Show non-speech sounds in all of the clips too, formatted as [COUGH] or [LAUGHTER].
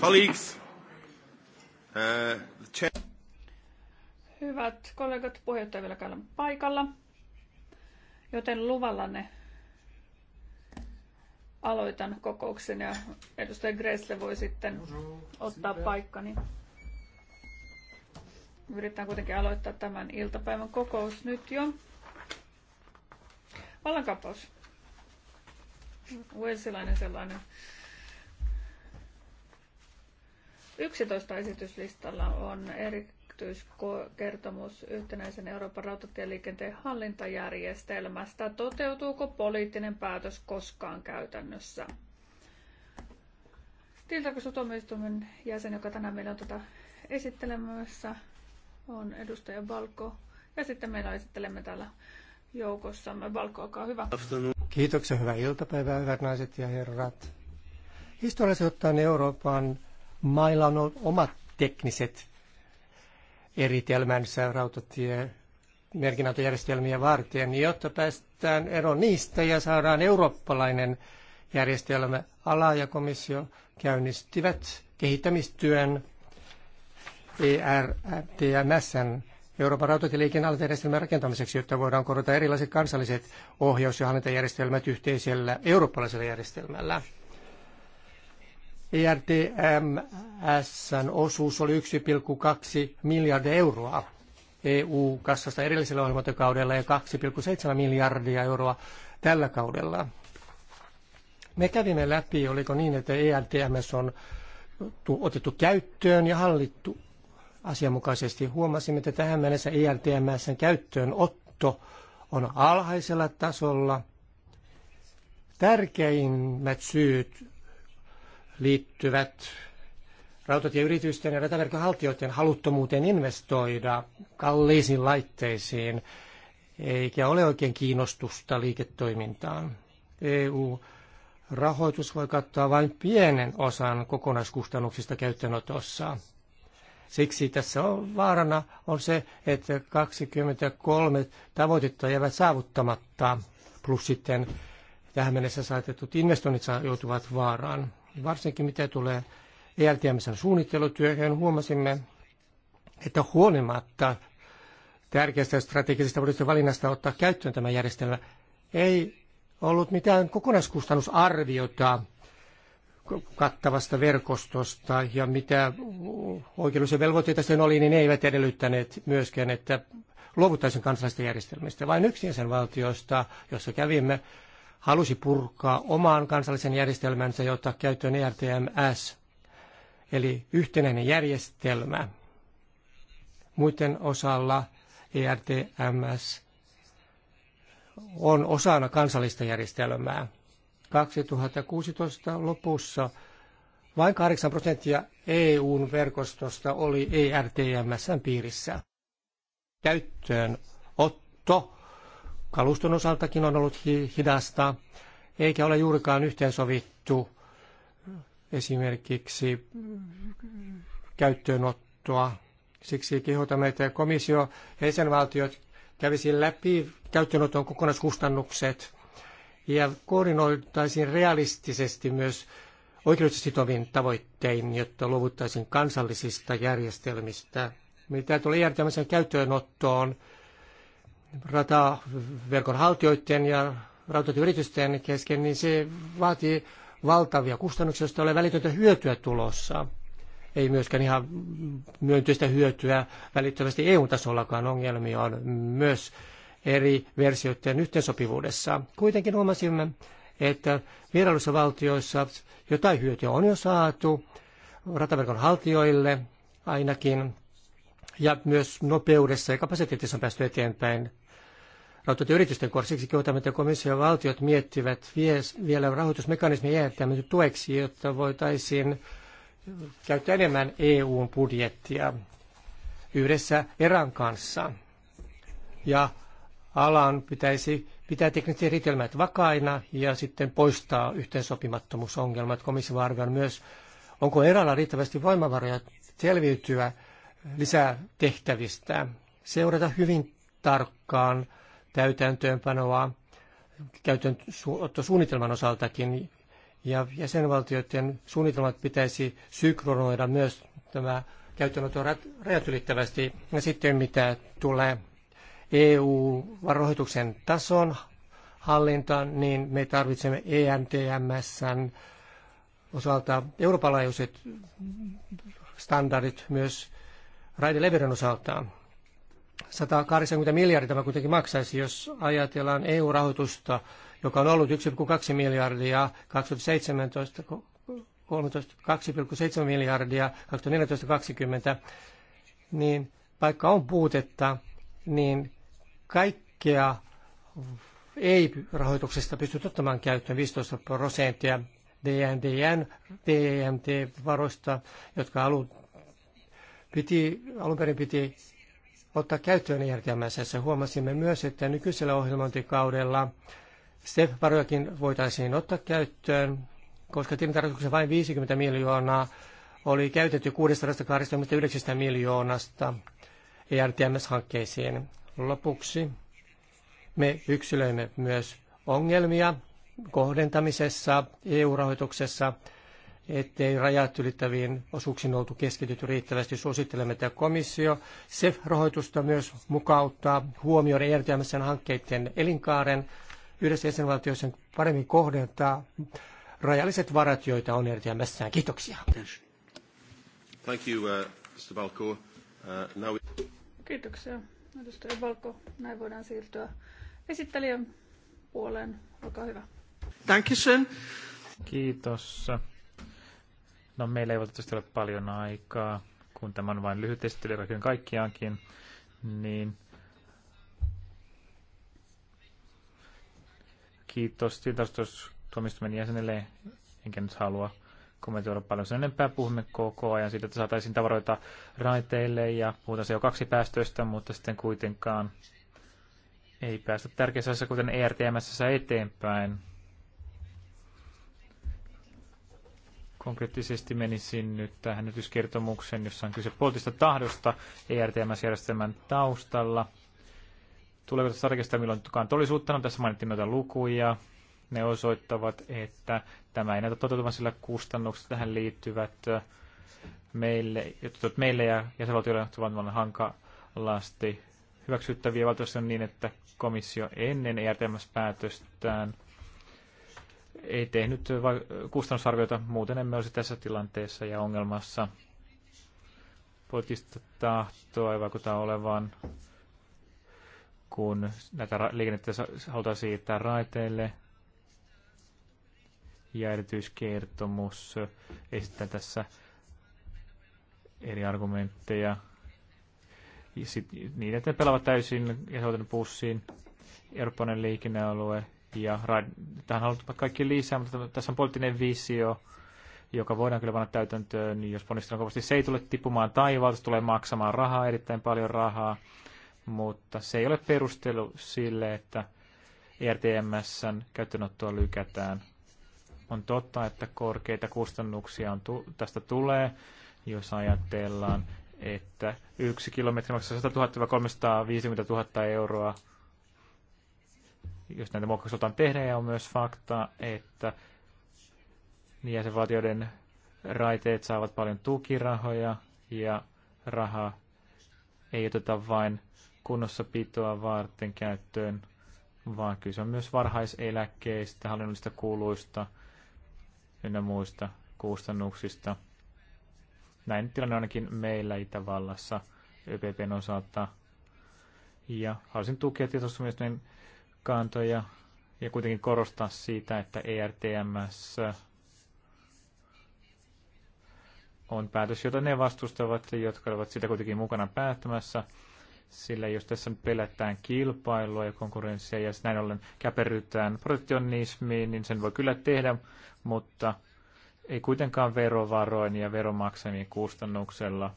Colleagues. Uh, Hyvät kollegat, puheenjohtaja vielä on paikalla, joten luvallanne aloitan kokouksen ja edustaja Gressle voi sitten ottaa paikkani. Yritetään kuitenkin aloittaa tämän iltapäivän kokous nyt jo. Vallankapaus. Uusilainen, sellainen. 11 esityslistalla on erityiskertomus yhtenäisen Euroopan rautatieliikenteen hallintajärjestelmästä. Toteutuuko poliittinen päätös koskaan käytännössä? Tiltakustuomioistuimen jäsen, joka tänään meillä on tätä esittelemässä, on edustaja Valko. Ja sitten meillä esittelemme täällä joukossamme. Valko, olkaa hyvä. Kiitoksia, hyvää iltapäivää, hyvät naiset ja herrat. Historiallisesti ottaen Euroopan mailla on omat tekniset eritelmänsä rautatie merkinantojärjestelmiä varten, jotta päästään eroon niistä ja saadaan eurooppalainen järjestelmä. Ala ja komissio käynnistivät kehittämistyön ERTMSn Euroopan alatajärjestelmän rakentamiseksi, jotta voidaan korjata erilaiset kansalliset ohjaus- ja hallintajärjestelmät yhteisellä eurooppalaisella järjestelmällä. ERTMSn osuus oli 1,2 miljardia euroa EU-kassasta edellisellä ohjelmatokaudella ja 2,7 miljardia euroa tällä kaudella. Me kävimme läpi, oliko niin, että ERTMS on otettu käyttöön ja hallittu asianmukaisesti. Huomasimme, että tähän mennessä ERTMSn käyttöönotto on alhaisella tasolla. Tärkeimmät syyt liittyvät rautatieyritysten ja rataverkon haltijoiden haluttomuuteen investoida kalliisiin laitteisiin, eikä ole oikein kiinnostusta liiketoimintaan. EU-rahoitus voi kattaa vain pienen osan kokonaiskustannuksista käyttöönotossa. Siksi tässä on vaarana on se, että 23 tavoitetta jäävät saavuttamatta, plus sitten tähän mennessä saatetut investoinnit joutuvat vaaraan varsinkin mitä tulee ELTMSn suunnittelutyöhön, huomasimme, että huolimatta tärkeästä strategisesta poliittisesta valinnasta ottaa käyttöön tämä järjestelmä, ei ollut mitään kokonaiskustannusarviota kattavasta verkostosta ja mitä oikeudellisia velvoitteita sen oli, niin ne eivät edellyttäneet myöskään, että luovuttaisiin kansallisista järjestelmistä. Vain yksi valtioista, jossa kävimme, halusi purkaa oman kansallisen järjestelmänsä ja ottaa käyttöön ERTMS, eli yhtenäinen järjestelmä. Muiden osalla ERTMS on osana kansallista järjestelmää. 2016 lopussa vain 8 prosenttia EUn verkostosta oli ERTMSn piirissä. Käyttöön otto kaluston osaltakin on ollut hidasta, eikä ole juurikaan yhteensovittu esimerkiksi käyttöönottoa. Siksi kehotamme, että komissio ja jäsenvaltiot kävisi läpi käyttöönoton kokonaiskustannukset ja koordinoitaisiin realistisesti myös oikeudellisesti sitovin tavoittein, jotta luovuttaisiin kansallisista järjestelmistä. Mitä tulee järjestelmisen käyttöönottoon, rataverkon haltijoiden ja rautatieyritysten kesken, niin se vaatii valtavia kustannuksia, joista ei ole välitöntä hyötyä tulossa. Ei myöskään ihan myöntyistä hyötyä välittömästi EU-tasollakaan ongelmia on myös eri versioiden yhteensopivuudessa. Kuitenkin huomasimme, että virallisissa valtioissa jotain hyötyä on jo saatu rataverkon haltijoille ainakin, ja myös nopeudessa ja kapasiteetissa on päästy eteenpäin rautatieyritysten kohdalla. Siksi kehotamme, että komissio ja valtiot miettivät vielä rahoitusmekanismien jäättämistä tueksi, jotta voitaisiin käyttää enemmän EUn budjettia yhdessä erän kanssa. Ja alan pitäisi pitää tekniset eritelmät vakaina ja sitten poistaa yhteensopimattomuusongelmat. Komissio arvioi myös, onko eralla riittävästi voimavaroja selviytyä lisää tehtävistä. Seurata hyvin tarkkaan täytäntöönpanoa käyttöönottosuunnitelman osaltakin. Ja jäsenvaltioiden suunnitelmat pitäisi synkronoida myös tämä käyttöönotto rajat ylittävästi. Ja sitten mitä tulee EU-rahoituksen tason hallintaan, niin me tarvitsemme ENTMSn osalta euroopan standardit myös raideleveren osaltaan. 180 miljardia tämä kuitenkin maksaisi, jos ajatellaan EU-rahoitusta, joka on ollut 1,2 miljardia 2017 13, 2,7 miljardia 2014-2020, niin vaikka on puutetta, niin kaikkea ei-rahoituksesta pystyt ottamaan käyttöön 15 prosenttia DNDN, DMT-varoista, jotka alun, piti, alun perin piti ottaa käyttöön järkemässä. Huomasimme myös, että nykyisellä ohjelmointikaudella STEP-varojakin voitaisiin ottaa käyttöön, koska tilintarkastuksen vain 50 miljoonaa oli käytetty 629 miljoonasta ERTMS-hankkeisiin. Lopuksi me yksilöimme myös ongelmia kohdentamisessa, EU-rahoituksessa ettei rajat ylittäviin osuuksiin oltu keskitytty riittävästi. Suosittelemme, että komissio SEF-rahoitusta myös mukauttaa huomioida ERTMSn hankkeiden elinkaaren yhdessä jäsenvaltioissa paremmin kohdentaa rajalliset varat, joita on ERTMSään. Kiitoksia. Thank you, uh, Mr. Balko. Uh, now... Kiitoksia, edustaja Valko. Näin voidaan siirtyä esittelijän puoleen. Olkaa hyvä. Thank you, Kiitos. No meillä ei valitettavasti ole paljon aikaa, kun tämä on vain lyhyt esittely kaiken kaikkiaankin, niin kiitos tilintarkastustuomioistuimen jäsenelle, enkä nyt halua kommentoida paljon sen enempää. Puhumme koko ajan siitä, että saataisiin tavaroita raiteille ja puhutaan se jo kaksi päästöistä, mutta sitten kuitenkaan ei päästä tärkeässä asiassa, kuten ERTMS eteenpäin. Konkreettisesti menisin nyt tähän nytyskertomukseen, jossa on kyse poltista tahdosta ERTMS-järjestelmän taustalla. Tuleeko tässä tarkistaa milloin todellisuutta? No, tässä mainittiin noita lukuja. Ne osoittavat, että tämä ei näytä toteutuvan, sillä kustannukset tähän liittyvät meille, meille ja jäsenvaltioille ovat hankalasti hyväksyttäviä valtioissa on niin, että komissio ennen ERTMS-päätöstään ei tehnyt kustannusarviota, muuten emme olisi tässä tilanteessa ja ongelmassa. Poliittista tahtoa ei vaikuta olevan, kun näitä liikennettä halutaan siirtää raiteille. Ja erityiskertomus esittää tässä eri argumentteja. Sit, niin, että ne pelaavat täysin ja pussiin. Eurooppainen liikennealue ja tähän halutaan kaikki lisää, mutta tässä on poliittinen visio, joka voidaan kyllä panna täytäntöön, niin jos ponnistetaan kovasti. Se ei tule tippumaan taivaalta, se tulee maksamaan rahaa, erittäin paljon rahaa, mutta se ei ole perustelu sille, että ERTMSn käyttöönottoa lykätään. On totta, että korkeita kustannuksia on tästä tulee, jos ajatellaan, että yksi kilometri maksaa 100 000-350 000 euroa jos näitä muokkauksia tehdä, ja on myös fakta, että jäsenvaltioiden raiteet saavat paljon tukirahoja, ja raha ei oteta vain kunnossapitoa varten käyttöön, vaan kyse on myös varhaiseläkkeistä, hallinnollisista kuluista ynnä muista kustannuksista. Näin tilanne ainakin meillä Itävallassa ÖPPn osalta. Ja haluaisin tukea tietoisuusmiesteen kantoja ja kuitenkin korostaa siitä, että ERTMS on päätös, jota ne vastustavat, jotka ovat sitä kuitenkin mukana päättämässä. Sillä jos tässä nyt pelätään kilpailua ja konkurenssia ja näin ollen käperrytään protektionismiin, niin sen voi kyllä tehdä, mutta ei kuitenkaan verovaroin ja veromaksamien kustannuksella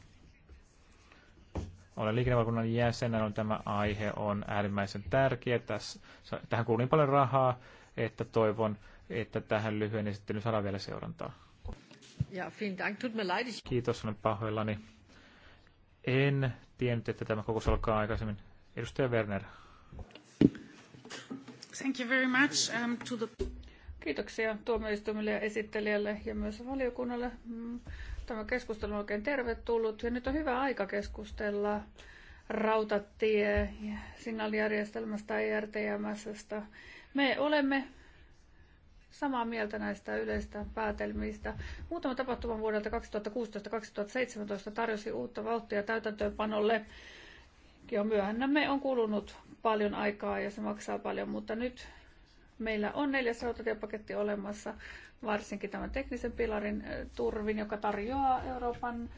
olen liikennevalkunnan jäsen, on tämä aihe on äärimmäisen tärkeä. Tässä, tähän kuuluu niin paljon rahaa, että toivon, että tähän lyhyen esittelyyn saadaan vielä seurantaa. Ja, dank. Tut me leid. Kiitos, olen pahoillani. En tiennyt, että tämä kokous alkaa aikaisemmin. Edustaja Werner. Thank you very much, um, to the... Kiitoksia tuomioistuimille ja esittelijälle ja myös valiokunnalle. Mm. Tämä keskustelu on oikein tervetullut ja nyt on hyvä aika keskustella rautatie signaalijärjestelmästä ERTMSstä. Me olemme samaa mieltä näistä yleistä päätelmistä. Muutama tapahtuma vuodelta 2016-2017 tarjosi uutta vauhtia täytäntöönpanolle. Jo myöhännämme on kulunut paljon aikaa ja se maksaa paljon, mutta nyt Meillä on neljäs rautatiepaketti olemassa, varsinkin tämän teknisen pilarin turvin, joka tarjoaa Euroopan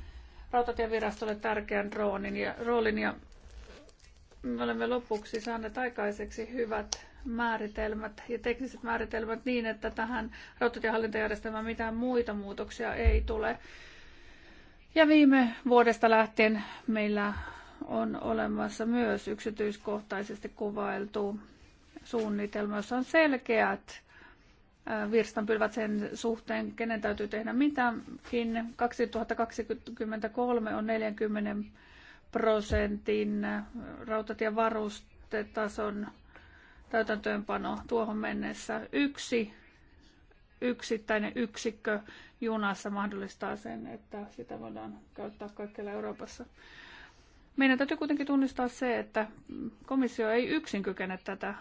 rautatievirastolle tärkeän roonin ja, roolin. Ja me olemme lopuksi saaneet aikaiseksi hyvät määritelmät ja tekniset määritelmät niin, että tähän rautatiehallintajärjestelmään mitään muita muutoksia ei tule. Ja viime vuodesta lähtien meillä on olemassa myös yksityiskohtaisesti kuvailtu suunnitelma, jossa on selkeät virstanpylvät sen suhteen, kenen täytyy tehdä mitäkin. 2023 on 40 prosentin varustetason täytäntöönpano tuohon mennessä. Yksi yksittäinen yksikkö junassa mahdollistaa sen, että sitä voidaan käyttää kaikkialla Euroopassa. Meidän täytyy kuitenkin tunnistaa se, että komissio ei yksin kykene tätä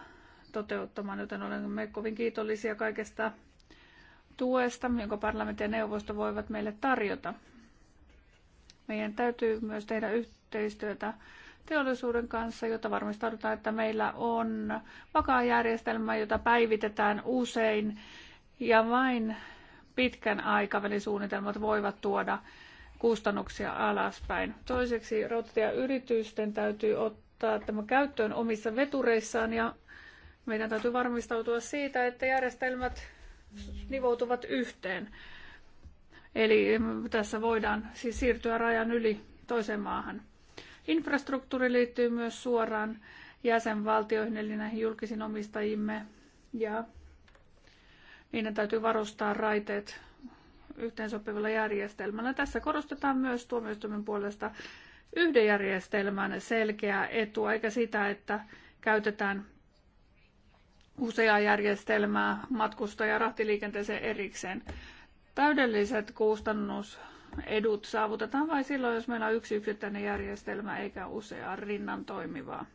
toteuttamaan, joten olemme kovin kiitollisia kaikesta tuesta, jonka parlamentti ja neuvosto voivat meille tarjota. Meidän täytyy myös tehdä yhteistyötä teollisuuden kanssa, jotta varmistaudutaan, että meillä on vakaa järjestelmä, jota päivitetään usein ja vain pitkän aikavälin suunnitelmat voivat tuoda kustannuksia alaspäin. Toiseksi rautatieyritysten täytyy ottaa tämä käyttöön omissa vetureissaan ja meidän täytyy varmistautua siitä, että järjestelmät nivoutuvat yhteen. Eli tässä voidaan siis siirtyä rajan yli toiseen maahan. Infrastruktuuri liittyy myös suoraan jäsenvaltioihin, eli näihin julkisiin omistajimme, ja niiden täytyy varustaa raiteet yhteensopivalla järjestelmällä. Tässä korostetaan myös tuomioistuimen puolesta yhden järjestelmän selkeää etua, eikä sitä, että käytetään useaa järjestelmää matkustaja- ja rahtiliikenteeseen erikseen. Täydelliset kustannusedut saavutetaan vain silloin, jos meillä on yksi yksittäinen järjestelmä eikä useaa rinnan toimivaa.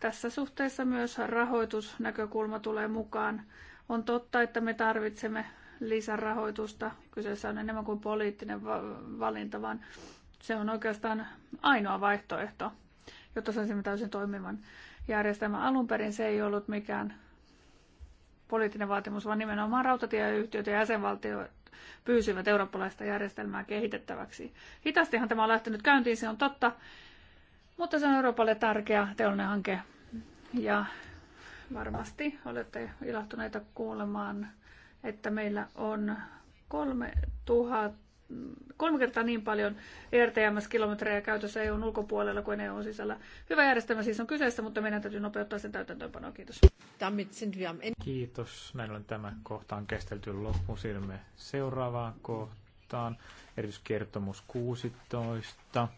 Tässä suhteessa myös rahoitusnäkökulma tulee mukaan. On totta, että me tarvitsemme lisärahoitusta. Kyseessä on enemmän kuin poliittinen valinta, vaan se on oikeastaan ainoa vaihtoehto, jotta saisimme täysin toimivan järjestelmä. Alun perin se ei ollut mikään poliittinen vaatimus, vaan nimenomaan rautatieyhtiöt ja jäsenvaltiot pyysivät eurooppalaista järjestelmää kehitettäväksi. Hitaastihan tämä on lähtenyt käyntiin, se on totta, mutta se on Euroopalle tärkeä teollinen hanke. Ja varmasti olette ilahtuneita kuulemaan, että meillä on 3000 kolme kertaa niin paljon ERTMS-kilometrejä käytössä EUn ulkopuolella kuin EUn sisällä. Hyvä järjestelmä siis on kyseessä, mutta meidän täytyy nopeuttaa sen täytäntöönpanoa. Kiitos. Kiitos. Näin ollen tämä kohta on kestelty loppuun. Siirrymme seuraavaan kohtaan. Erityiskertomus 16.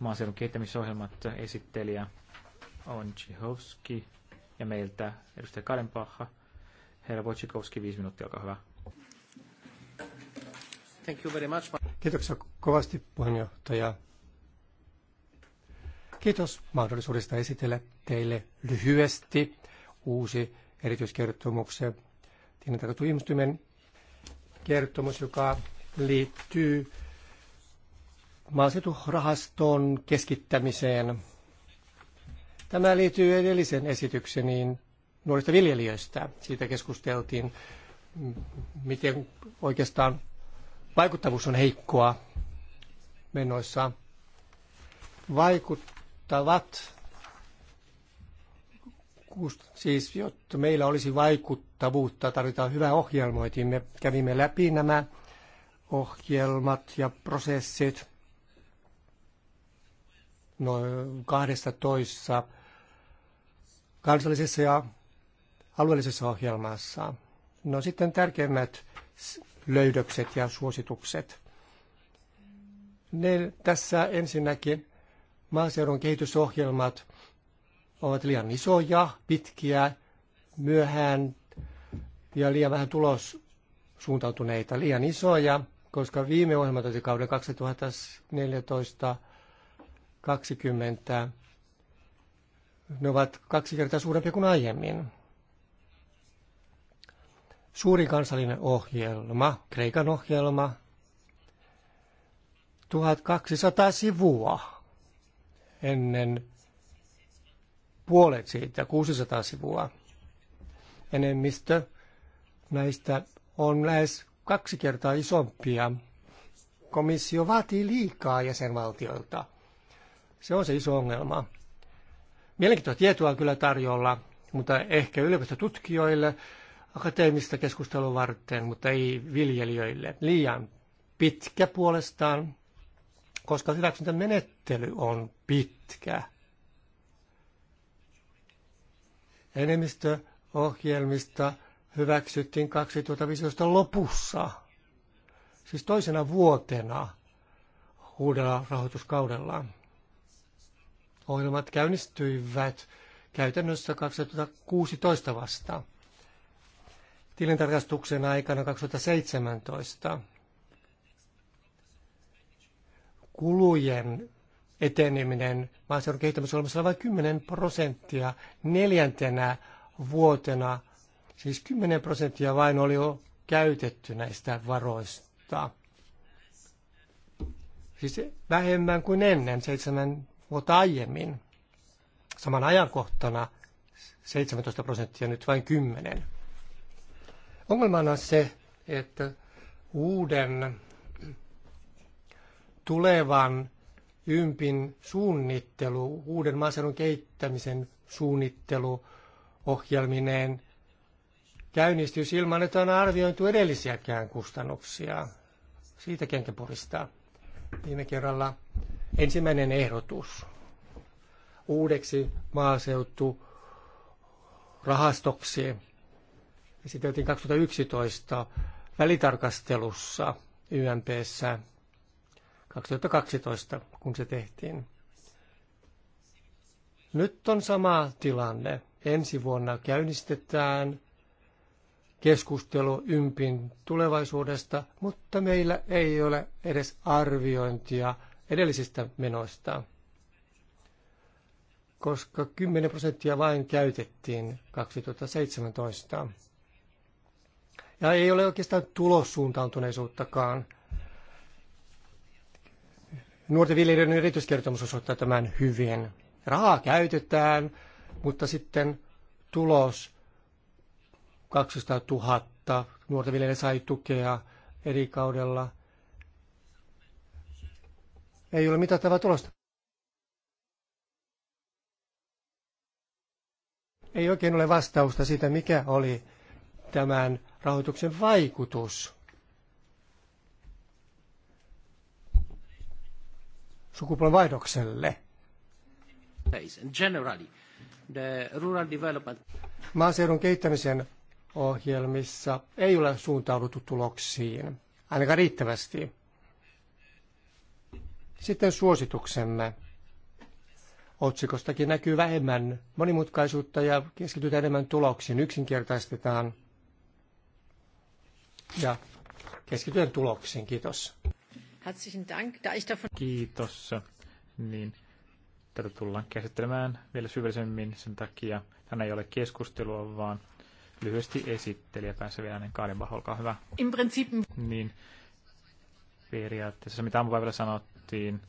Maaseudun kehittämisohjelmat esittelijä on Chihovski ja meiltä edustaja Kalenpaha. Herra Wojcikowski, viisi minuuttia, olkaa hyvä. Thank you very much. Kiitoksia kovasti puheenjohtaja. Kiitos mahdollisuudesta esitellä teille lyhyesti uusi erityiskertomuksen tilintarkastus ihmistymen kertomus, joka liittyy maaseuturahaston keskittämiseen. Tämä liittyy edellisen esitykseni nuorista viljelijöistä. Siitä keskusteltiin, miten oikeastaan vaikuttavuus on heikkoa menoissa. Vaikuttavat, siis jotta meillä olisi vaikuttavuutta, tarvitaan hyvää ohjelmointia. Me kävimme läpi nämä ohjelmat ja prosessit noin 12 kansallisessa ja alueellisessa ohjelmassa. No sitten tärkeimmät löydökset ja suositukset. Ne, tässä ensinnäkin maaseudun kehitysohjelmat ovat liian isoja, pitkiä, myöhään ja liian vähän tulossuuntautuneita, liian isoja, koska viime ohjelmatointikauden 2014 20 ne ovat kaksi kertaa suurempia kuin aiemmin suuri kansallinen ohjelma, Kreikan ohjelma, 1200 sivua ennen puolet siitä, 600 sivua. Enemmistö näistä on lähes kaksi kertaa isompia. Komissio vaatii liikaa jäsenvaltioilta. Se on se iso ongelma. Mielenkiintoista tietoa on kyllä tarjolla, mutta ehkä yliopistotutkijoille tutkijoille akateemista keskustelua varten, mutta ei viljelijöille. Liian pitkä puolestaan, koska hyväksyntämenettely on pitkä. Enemmistö ohjelmista hyväksyttiin 2015 lopussa, siis toisena vuotena uudella rahoituskaudella. Ohjelmat käynnistyivät käytännössä 2016 vasta tilintarkastuksen aikana 2017 kulujen eteneminen maaseudun kehittämisohjelmassa oli vain 10 prosenttia neljäntenä vuotena. Siis 10 prosenttia vain oli jo käytetty näistä varoista. Siis vähemmän kuin ennen, seitsemän vuotta aiemmin. Saman ajankohtana 17 prosenttia, nyt vain 10. Ongelmana se, että uuden tulevan ympin suunnittelu, uuden maaseudun kehittämisen suunnittelu ohjelmineen käynnistyy ilman, että on arvioitu edellisiäkään kustannuksia. Siitä kenkä puristaa. Viime kerralla ensimmäinen ehdotus uudeksi maaseutu rahastoksi esiteltiin 2011 välitarkastelussa YMPssä 2012, kun se tehtiin. Nyt on sama tilanne. Ensi vuonna käynnistetään keskustelu ympin tulevaisuudesta, mutta meillä ei ole edes arviointia edellisistä menoista, koska 10 prosenttia vain käytettiin 2017. Ja ei ole oikeastaan tulossuuntautuneisuuttakaan. Nuorten viljelijöiden erityiskertomus osoittaa tämän hyvin. Rahaa käytetään, mutta sitten tulos 200 000 nuorten viljelijöiden sai tukea eri kaudella. Ei ole mitattavaa tulosta. Ei oikein ole vastausta siitä, mikä oli tämän rahoituksen vaikutus. Sukupuolenvaihdokselle. Maaseudun kehittämisen ohjelmissa ei ole suuntauduttu tuloksiin, ainakaan riittävästi. Sitten suosituksemme. Otsikostakin näkyy vähemmän monimutkaisuutta ja keskitytään enemmän tuloksiin, yksinkertaistetaan ja keskityen tuloksiin. Kiitos. Kiitos. Niin, tätä tullaan käsittelemään vielä syvällisemmin sen takia. tänä ei ole keskustelua, vaan lyhyesti esittelijä pääsee vielä ennen Kaadenbach, olkaa hyvä. In Niin, periaatteessa mitä aamupäivällä sanottiin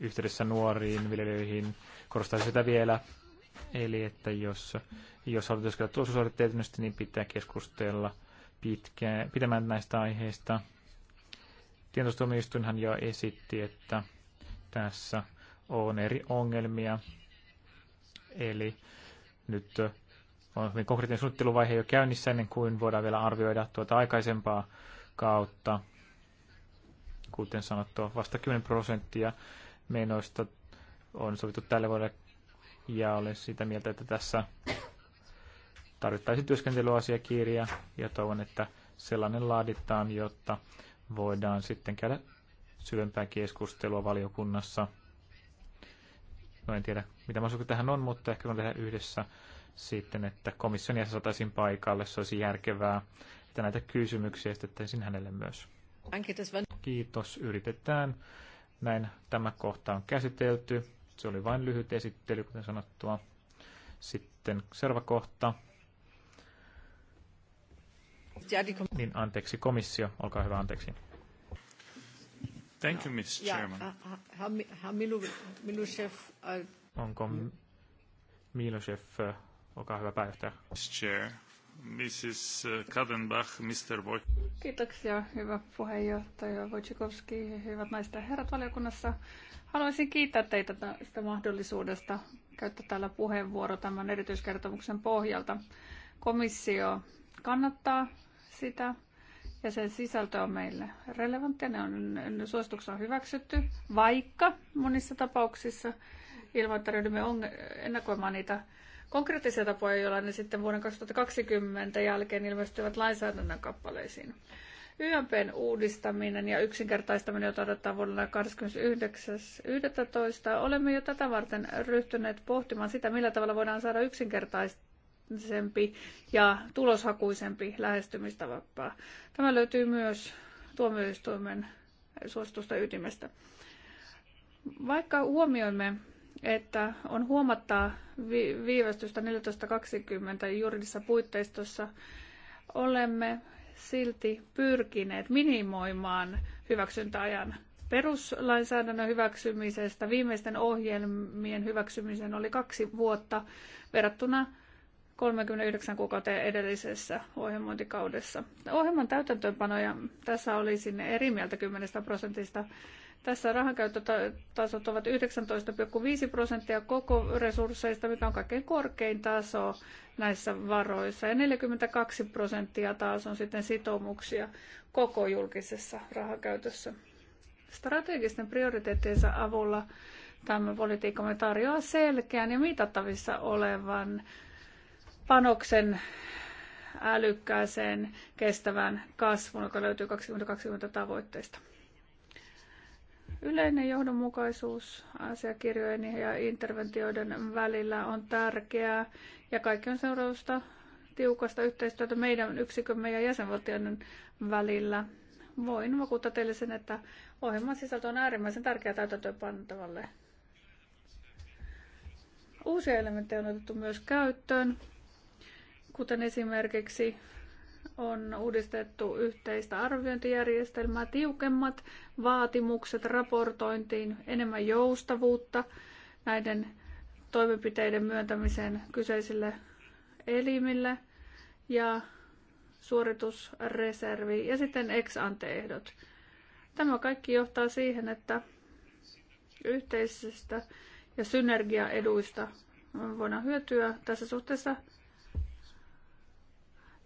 yhteydessä nuoriin viljelijöihin, korostaa sitä vielä. Eli että jos, jos haluat työskennellä tulosuoritteetymistä, niin pitää keskustella – pitkä, pitämään näistä aiheista. Tietostuomioistuinhan jo esitti, että tässä on eri ongelmia. Eli nyt on hyvin konkreettinen suunnitteluvaihe jo käynnissä ennen kuin voidaan vielä arvioida tuota aikaisempaa kautta. Kuten sanottu, vasta 10 prosenttia menoista on sovittu tälle vuodelle ja olen sitä mieltä, että tässä tarvittaisi työskentelyasiakirja ja toivon, että sellainen laaditaan, jotta voidaan sitten käydä syvempää keskustelua valiokunnassa. No en tiedä, mitä mahdollisuuksia tähän on, mutta ehkä voidaan tehdä yhdessä sitten, että komission jäsen saataisiin paikalle, se olisi järkevää, että näitä kysymyksiä esitettäisiin hänelle myös. Kiitos, yritetään. Näin tämä kohta on käsitelty. Se oli vain lyhyt esittely, kuten sanottua. Sitten seuraava kohta. Niin, anteeksi, komissio, olkaa hyvä, anteeksi. Thank you, Mr. Chairman. Onko Milosev, olkaa hyvä pääjohtaja. Chair, Mrs. Äh, Kadenbach, Mr. Voigt. Kiitoksia, hyvä puheenjohtaja Wojciechowski, hyvät naiset ja herrat valiokunnassa. Haluaisin kiittää teitä tästä mahdollisuudesta käyttää täällä puheenvuoro tämän erityiskertomuksen pohjalta. Komissio kannattaa sitä ja sen sisältö on meille relevanttia. Ne on ne on hyväksytty, vaikka monissa tapauksissa ilmoittaudumme ennakoimaan niitä konkreettisia tapoja, joilla ne sitten vuoden 2020 jälkeen ilmestyvät lainsäädännön kappaleisiin. YMPn uudistaminen ja yksinkertaistaminen, jota odotetaan vuonna 29.11. Olemme jo tätä varten ryhtyneet pohtimaan sitä, millä tavalla voidaan saada yksinkertaista sempi ja tuloshakuisempi lähestymistapa. Tämä löytyy myös tuomioistuimen suositusta ytimestä. Vaikka huomioimme, että on huomattaa viivästystä 14.20 juridisessa puitteistossa, olemme silti pyrkineet minimoimaan hyväksyntäajan peruslainsäädännön hyväksymisestä viimeisten ohjelmien hyväksymisen oli kaksi vuotta verrattuna 39 kuukauteen edellisessä ohjelmointikaudessa. Ohjelman täytäntöönpanoja tässä oli sinne eri mieltä 10 prosentista. Tässä rahankäyttötasot ovat 19,5 prosenttia koko resursseista, mikä on kaikkein korkein taso näissä varoissa. Ja 42 prosenttia taas on sitten sitoumuksia koko julkisessa rahankäytössä. Strategisten prioriteettiensa avulla tämä politiikkamme tarjoaa selkeän ja mitattavissa olevan panoksen älykkääseen kestävään kasvuun, joka löytyy 2020 tavoitteista. Yleinen johdonmukaisuus asiakirjojen ja interventioiden välillä on tärkeää ja kaikki on seurausta tiukasta yhteistyötä meidän yksikömme ja jäsenvaltioiden välillä. Voin vakuuttaa teille sen, että ohjelman sisältö on äärimmäisen tärkeä täytäntöönpantavalle. Uusia elementtejä on otettu myös käyttöön kuten esimerkiksi on uudistettu yhteistä arviointijärjestelmää, tiukemmat vaatimukset raportointiin, enemmän joustavuutta näiden toimenpiteiden myöntämiseen kyseisille elimille ja suoritusreservi ja sitten ex ante ehdot. Tämä kaikki johtaa siihen, että yhteisistä ja synergiaeduista voidaan hyötyä tässä suhteessa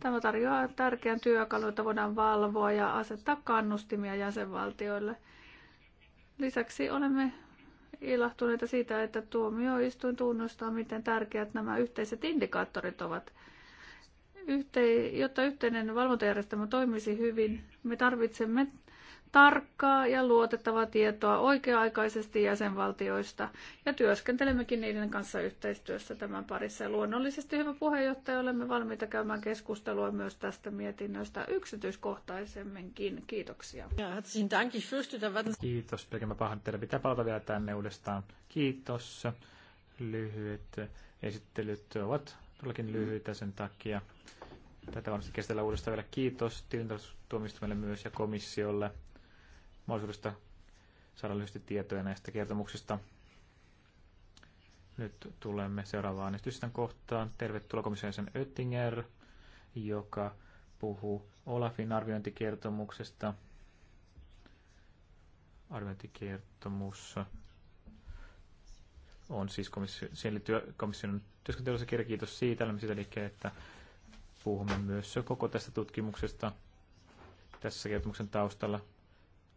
Tämä tarjoaa tärkeän työkalun, jota voidaan valvoa ja asettaa kannustimia jäsenvaltioille. Lisäksi olemme ilahtuneita siitä, että tuomioistuin tunnustaa, miten tärkeät nämä yhteiset indikaattorit ovat. Yhtei, jotta yhteinen valvontajärjestelmä toimisi hyvin, me tarvitsemme tarkkaa ja luotettavaa tietoa oikea-aikaisesti jäsenvaltioista ja työskentelemmekin niiden kanssa yhteistyössä tämän parissa. Ja luonnollisesti hyvä puheenjohtaja, olemme valmiita käymään keskustelua myös tästä mietinnöstä yksityiskohtaisemminkin. Kiitoksia. Kiitos, Pelkkä pahoittelen. Pitää palata vielä tänne uudestaan. Kiitos. Lyhyet esittelyt ovat todellakin lyhyitä sen takia. Tätä varmasti kestellä uudestaan vielä. Kiitos tilintarkastustuomistumille myös ja komissiolle mahdollisuudesta saada lyhyesti tietoja näistä kertomuksista. Nyt tulemme seuraavaan äänestysten kohtaan. Tervetuloa komission jäsen Oettinger, joka puhuu Olafin arviointikertomuksesta. Arviointikertomus on siis liittyy komission työskentelyssä kirja. Kiitos siitä. Olemme sitä liikkeen, että puhumme myös koko tästä tutkimuksesta tässä kertomuksen taustalla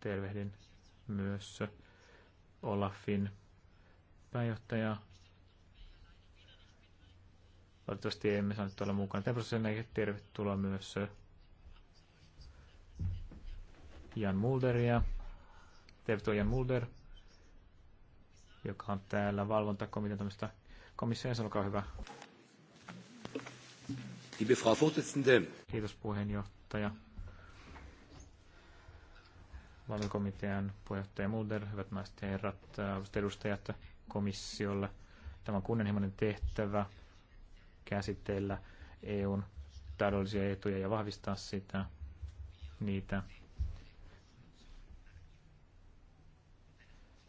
tervehdin myös Olafin pääjohtaja. Valitettavasti emme saaneet olla mukana. Tämä prosessi tervetuloa myös Jan Mulderia. Tervetuloa Jan Mulder, joka on täällä valvontakomitean tämmöistä komissiossa. Olkaa hyvä. Liebe Frau Vorsitzende. Kiitos puheenjohtaja valinkomitean puheenjohtaja Mulder, hyvät naiset ja herrat, edustajat komissiolle. Tämä on kunnianhimoinen tehtävä käsitellä EUn taloudellisia etuja ja vahvistaa sitä, niitä.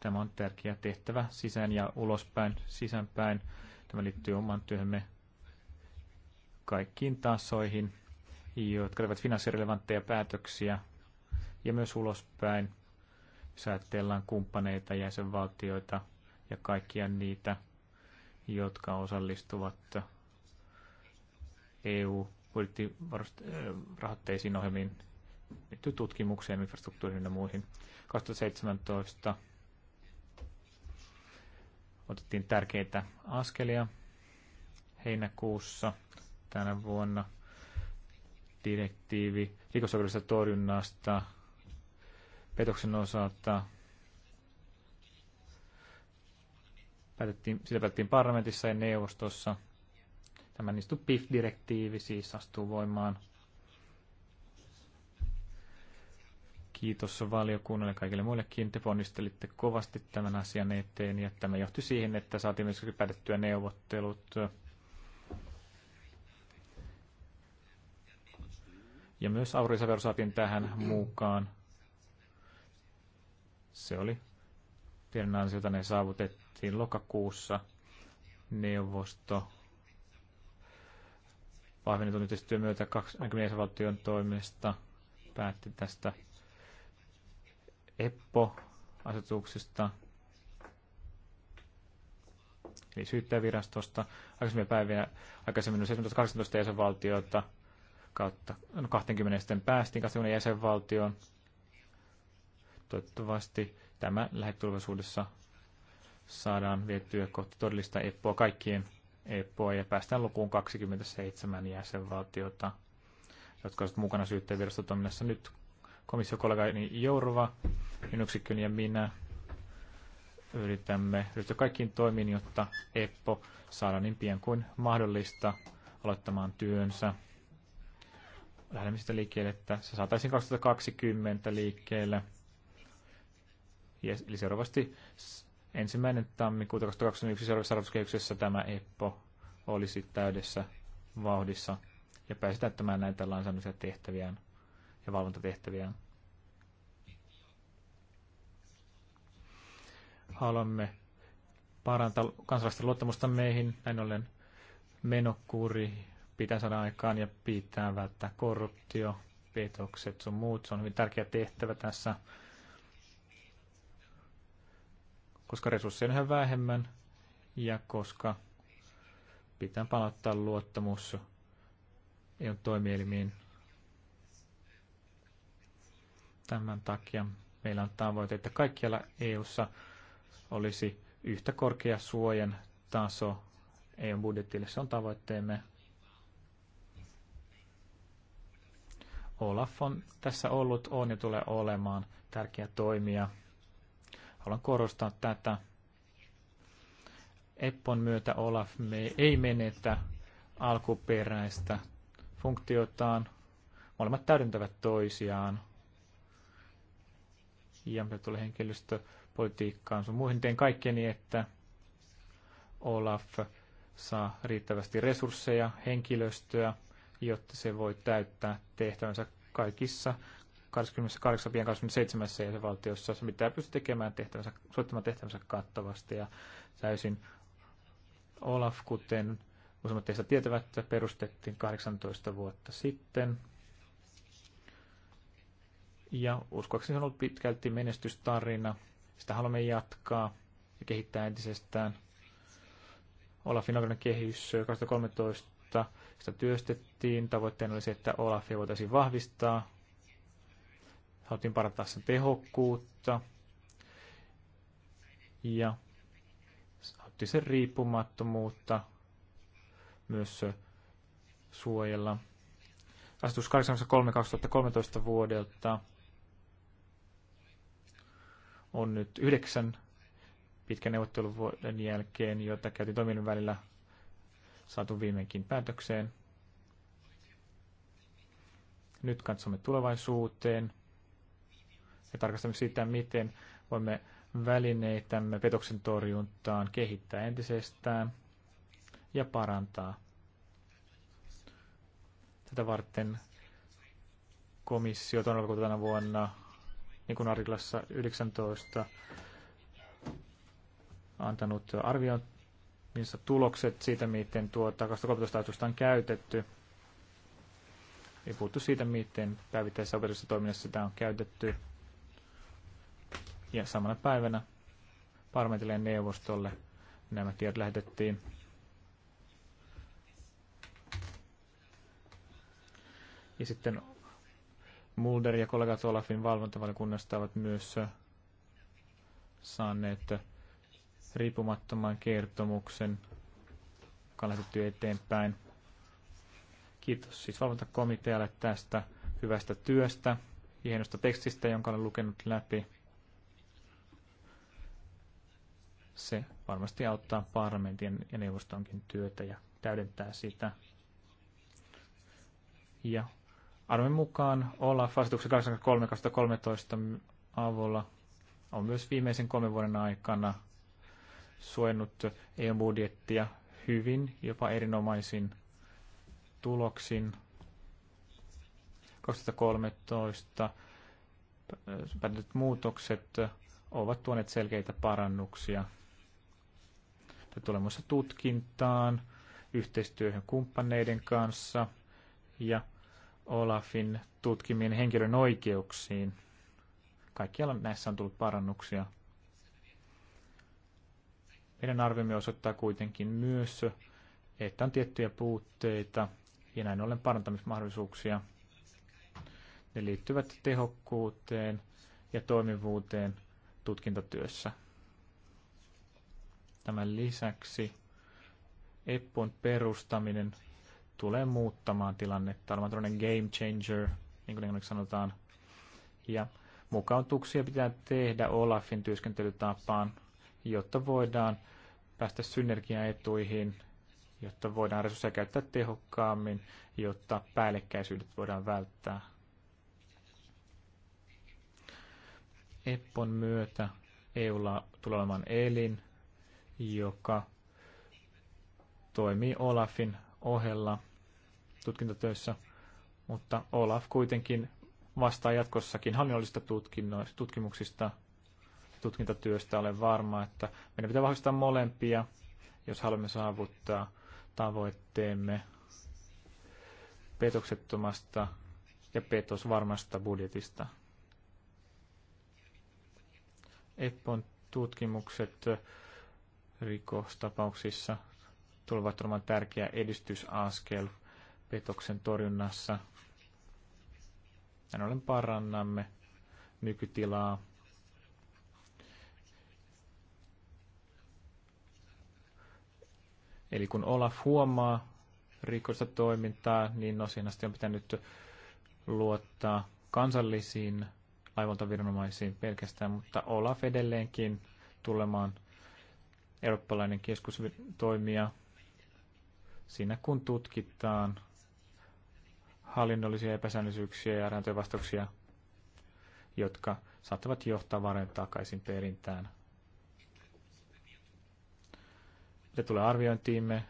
Tämä on tärkeä tehtävä sisään ja ulospäin, sisäänpäin. Tämä liittyy oman työhömme kaikkiin tasoihin, jotka olivat finanssirelevantteja päätöksiä ja myös ulospäin, jos ajatellaan kumppaneita, jäsenvaltioita ja kaikkia niitä, jotka osallistuvat eu rahoitteisiin ohjelmiin tutkimukseen, infrastruktuuriin ja muihin. 2017 otettiin tärkeitä askelia heinäkuussa tänä vuonna direktiivi rikosoikeudellisesta torjunnasta petoksen osalta. Päätettiin, sitä päätettiin parlamentissa ja neuvostossa. Tämä niin PIF-direktiivi siis astuu voimaan. Kiitos valiokunnalle ja kaikille muillekin. Te ponnistelitte kovasti tämän asian eteen ja tämä johti siihen, että saatiin myös päätettyä neuvottelut. Ja myös aurinsavero saatiin tähän mukaan. Se oli tiedon ansiota, ne saavutettiin lokakuussa. Neuvosto vahvennetun yhteistyön myötä 20 valtion toimesta päätti tästä EPPO-asetuksesta, eli syyttäjävirastosta. Aikaisemmin päivinä aikaisemmin 17-18 jäsenvaltiota kautta no 20 sitten päästiin 20 jäsenvaltioon Toivottavasti tämä lähetulvaisuudessa saadaan viettyä kohti todellista EPPOa kaikkien EPPOa ja päästään lukuun 27 jäsenvaltiota, jotka ovat mukana syyttäjävirastotoiminnassa nyt komissiokollegani Jourova, minun ja minä yritämme ryhtyä kaikkiin toimiin, jotta EPPO saadaan niin pian kuin mahdollista aloittamaan työnsä. Lähdemme sitä liikkeelle, että se saataisiin 2020 liikkeelle – ja, eli seuraavasti ensimmäinen tammikuuta 2021 seuraavassa rahoituskehyksessä tämä EPPO olisi täydessä vauhdissa ja pääsi täyttämään näitä lainsäädännöllisiä tehtäviään ja valvontatehtäviään. Haluamme parantaa kansalaisten luottamusta meihin, näin ollen menokuri pitää saada aikaan ja pitää välttää korruptio, petokset sun muut. Se on hyvin tärkeä tehtävä tässä koska resursseja on yhä vähemmän ja koska pitää palauttaa luottamus EUn toimielimiin. Tämän takia meillä on tavoite, että kaikkialla EUssa olisi yhtä korkea suojan taso EUn budjetille. Se on tavoitteemme. Olaf on tässä ollut, on ja tulee olemaan tärkeä toimija – Haluan korostaa tätä. Eppon myötä Olaf me ei menetä alkuperäistä funktiotaan. Molemmat täydentävät toisiaan. Ja mitä tulee henkilöstöpolitiikkaan sun muihin, teen kaikkeni, että Olaf saa riittävästi resursseja, henkilöstöä, jotta se voi täyttää tehtävänsä kaikissa 28 27 jäsenvaltiossa. Se mitä pysty tekemään tehtävänsä, suorittamaan tehtävänsä kattavasti ja täysin Olaf, kuten useimmat teistä tietävät, perustettiin 18 vuotta sitten. Ja uskoakseni se on ollut pitkälti menestystarina. Sitä haluamme jatkaa ja kehittää entisestään. Olafin oikeuden kehys 2013 sitä työstettiin. Tavoitteena oli se, että Olafia voitaisiin vahvistaa haluttiin parantaa sen tehokkuutta ja haluttiin sen riippumattomuutta myös suojella. Asetus 83-2013 vuodelta on nyt yhdeksän pitkän neuvotteluvuoden jälkeen, jota käytiin toiminnan välillä saatu viimeinkin päätökseen. Nyt katsomme tulevaisuuteen ja tarkastamme sitä, miten voimme välineitämme petoksen torjuntaan kehittää entisestään ja parantaa. Tätä varten komissio on tänä vuonna, niin kuin artiklassa 19, antanut arvion niissä tulokset siitä, miten tuota 2013 on käytetty. ei puhuttu siitä, miten päivittäisessä toiminnassa sitä on käytetty ja samana päivänä parlamentille neuvostolle nämä tiedot lähetettiin. Ja sitten Mulder ja kollegat Olafin valvontavaliokunnasta ovat myös saaneet riippumattoman kertomuksen, joka on lähetetty eteenpäin. Kiitos siis valvontakomitealle tästä hyvästä työstä, hienosta tekstistä, jonka olen lukenut läpi. Se varmasti auttaa parlamentin ja neuvostonkin työtä ja täydentää sitä. Ja arven mukaan Olaf asetuksen 83-2013 avulla on myös viimeisen kolmen vuoden aikana suojannut EU-budjettia hyvin, jopa erinomaisin tuloksin. 2013 päätetyt muutokset ovat tuoneet selkeitä parannuksia tulee muassa tutkintaan, yhteistyöhön kumppaneiden kanssa ja Olafin tutkimien henkilön oikeuksiin. Kaikkialla näissä on tullut parannuksia. Meidän arviomme osoittaa kuitenkin myös, että on tiettyjä puutteita ja näin ollen parantamismahdollisuuksia. Ne liittyvät tehokkuuteen ja toimivuuteen tutkintatyössä. Tämän lisäksi Eppon perustaminen tulee muuttamaan tilannetta, olemaan tämmöinen game changer, niin kuin englanniksi sanotaan. Ja mukautuksia pitää tehdä Olafin työskentelytapaan, jotta voidaan päästä synergiaetuihin, jotta voidaan resursseja käyttää tehokkaammin, jotta päällekkäisyydet voidaan välttää. Eppon myötä EUlla tulee olemaan elin, joka toimii Olafin ohella tutkintatöissä, mutta Olaf kuitenkin vastaa jatkossakin hallinnollisista tutkimuksista, tutkintatyöstä. Olen varma, että meidän pitää vahvistaa molempia, jos haluamme saavuttaa tavoitteemme petoksettomasta ja petosvarmasta budjetista. Eppon tutkimukset rikostapauksissa tulevat olemaan tärkeä edistysaskel petoksen torjunnassa. Näin ollen parannamme nykytilaa. Eli kun Olaf huomaa rikollista toimintaa, niin no asti on pitänyt luottaa kansallisiin laivontaviranomaisiin pelkästään, mutta Olaf edelleenkin tulemaan eurooppalainen keskustoimija siinä, kun tutkitaan hallinnollisia epäsäännöllisyyksiä ja sääntöjen jotka saattavat johtaa varojen takaisin perintään. Mitä tulee arviointiimme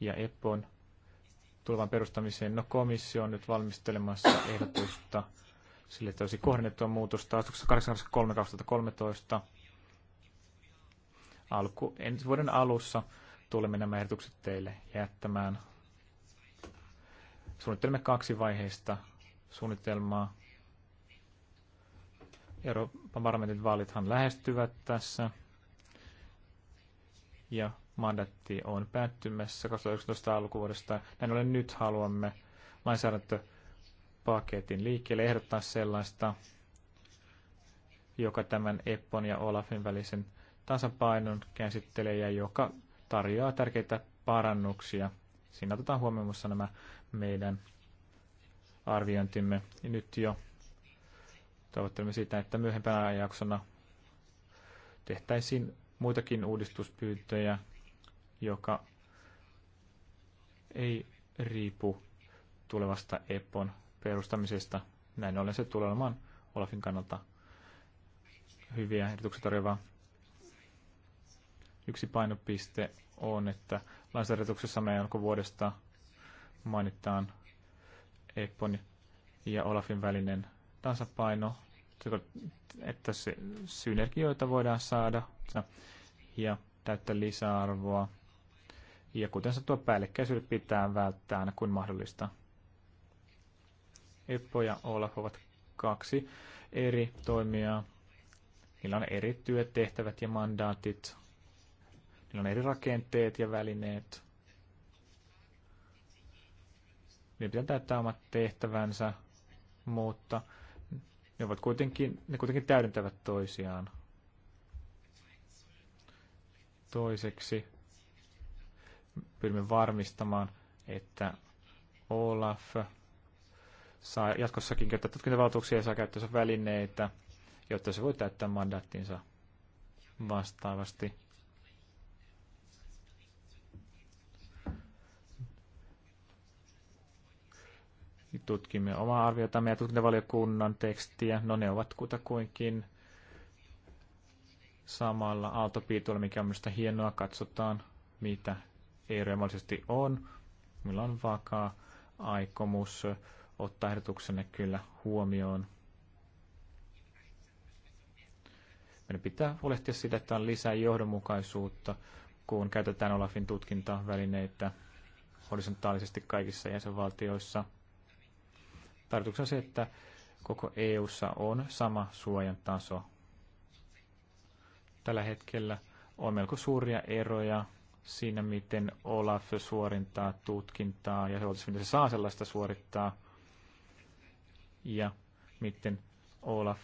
ja EPPOn tulevan perustamiseen? No komissio on nyt valmistelemassa ehdotusta sille, että olisi kohdennettua muutosta 83 2013 alku, ensi vuoden alussa tulemme nämä ehdotukset teille jättämään. Suunnittelemme kaksi vaiheista suunnitelmaa. Euroopan parlamentin vaalithan lähestyvät tässä. Ja mandatti on päättymässä 2019 alkuvuodesta. Näin ollen nyt haluamme lainsäädäntöpaketin liikkeelle ehdottaa sellaista, joka tämän EPPON ja OLAFin välisen tasapainon käsittelejä, joka tarjoaa tärkeitä parannuksia. Siinä otetaan huomioon muassa nämä meidän arviointimme. Ja nyt jo toivottelemme sitä, että myöhempänä ajanjaksona tehtäisiin muitakin uudistuspyyntöjä, joka ei riipu tulevasta EPON perustamisesta. Näin ollen se tulee olemaan Olafin kannalta hyviä ehdotuksia tarjoavaa Yksi painopiste on, että lainsäädäntöksessämme alkuvuodesta mainitaan EPON ja Olafin välinen tasapaino, että se synergioita voidaan saada ja täyttää lisäarvoa. Ja kuten sanottua, päällekkäisyydet pitää välttää aina kuin mahdollista. Eppo ja Olaf ovat kaksi eri toimijaa. Niillä on eri työtehtävät ja mandaatit. Niillä on eri rakenteet ja välineet. Ne pitää täyttää omat tehtävänsä, mutta ne, ovat kuitenkin, ne kuitenkin täydentävät toisiaan. Toiseksi pyrimme varmistamaan, että Olaf saa jatkossakin käyttää tutkintavaltuuksia ja saa käyttöönsä välineitä, jotta se voi täyttää mandaattinsa vastaavasti. tutkimme omaa arviotamme ja tutkintavaliokunnan tekstiä. No ne ovat kutakuinkin samalla aaltopiituilla, mikä on minusta hienoa. Katsotaan, mitä eroja mahdollisesti on. Meillä on vakaa aikomus ottaa ehdotuksenne kyllä huomioon. Meidän pitää huolehtia siitä, että on lisää johdonmukaisuutta, kun käytetään Olafin tutkintavälineitä horisontaalisesti kaikissa jäsenvaltioissa – Tarkoituksena se, että koko EU:ssa on sama suojan taso. Tällä hetkellä on melko suuria eroja siinä, miten Olaf suorintaa tutkintaa ja miten se saa sellaista suorittaa ja miten Olaf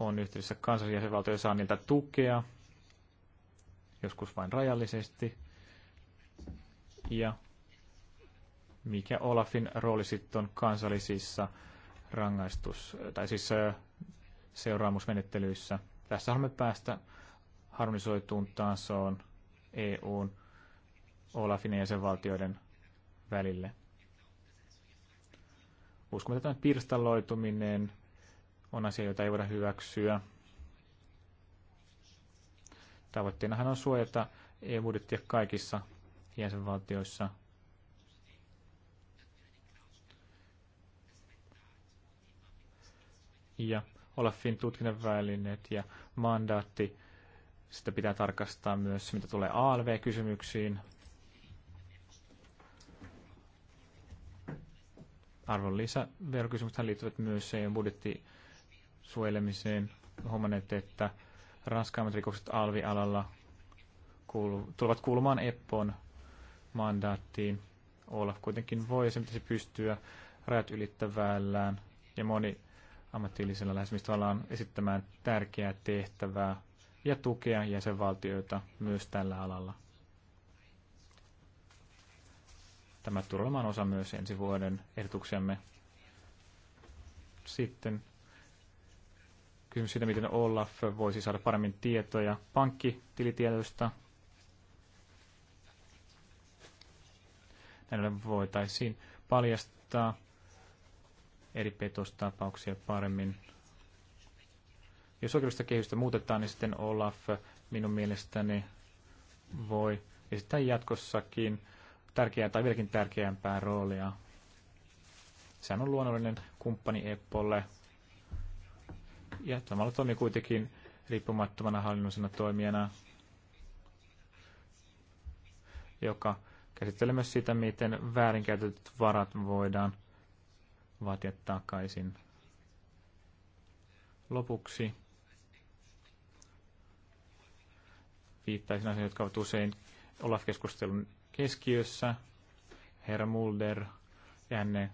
on yhteydessä ja saa niiltä tukea, joskus vain rajallisesti. Ja mikä Olafin rooli sitten on kansallisissa rangaistus- tai siis seuraamusmenettelyissä. Tässä haluamme päästä harmonisoituun tasoon EUn, Olafin ja jäsenvaltioiden välille. Uskomme, että tämä pirstaloituminen on asia, jota ei voida hyväksyä. Tavoitteenahan on suojata EU-budjettia kaikissa jäsenvaltioissa – ja Olafin tutkinnan ja mandaatti. Sitä pitää tarkastaa myös, mitä tulee ALV-kysymyksiin. Arvonlisäverokysymyksethän liittyvät myös EU-budjetti suojelemiseen. Huomanneet, että raskaimmat rikokset alalla kuulu, tulevat kuulumaan EPPOn mandaattiin. Olaf kuitenkin voi ja se pitäisi pystyä rajat ylittävällään ja moni ammatillisella lähestymistavallaan esittämään tärkeää tehtävää ja tukea jäsenvaltioita myös tällä alalla. Tämä tulee osa myös ensi vuoden ehdotuksemme. Sitten kysymys siitä, miten Olaf voisi saada paremmin tietoja pankkitilitiedoista. Näille voitaisiin paljastaa eri petostapauksia paremmin. Jos oikeudellista kehystä muutetaan, niin sitten Olaf minun mielestäni voi esittää jatkossakin tärkeää tai vieläkin tärkeämpää roolia. Sehän on luonnollinen kumppani Eppolle ja samalla toimii kuitenkin riippumattomana hallinnollisena toimijana, joka käsittelee myös sitä, miten väärinkäytetyt varat voidaan vaatia takaisin. Lopuksi viittaisin asioihin, jotka ovat usein Olaf-keskustelun keskiössä. Herra Mulder ja hänen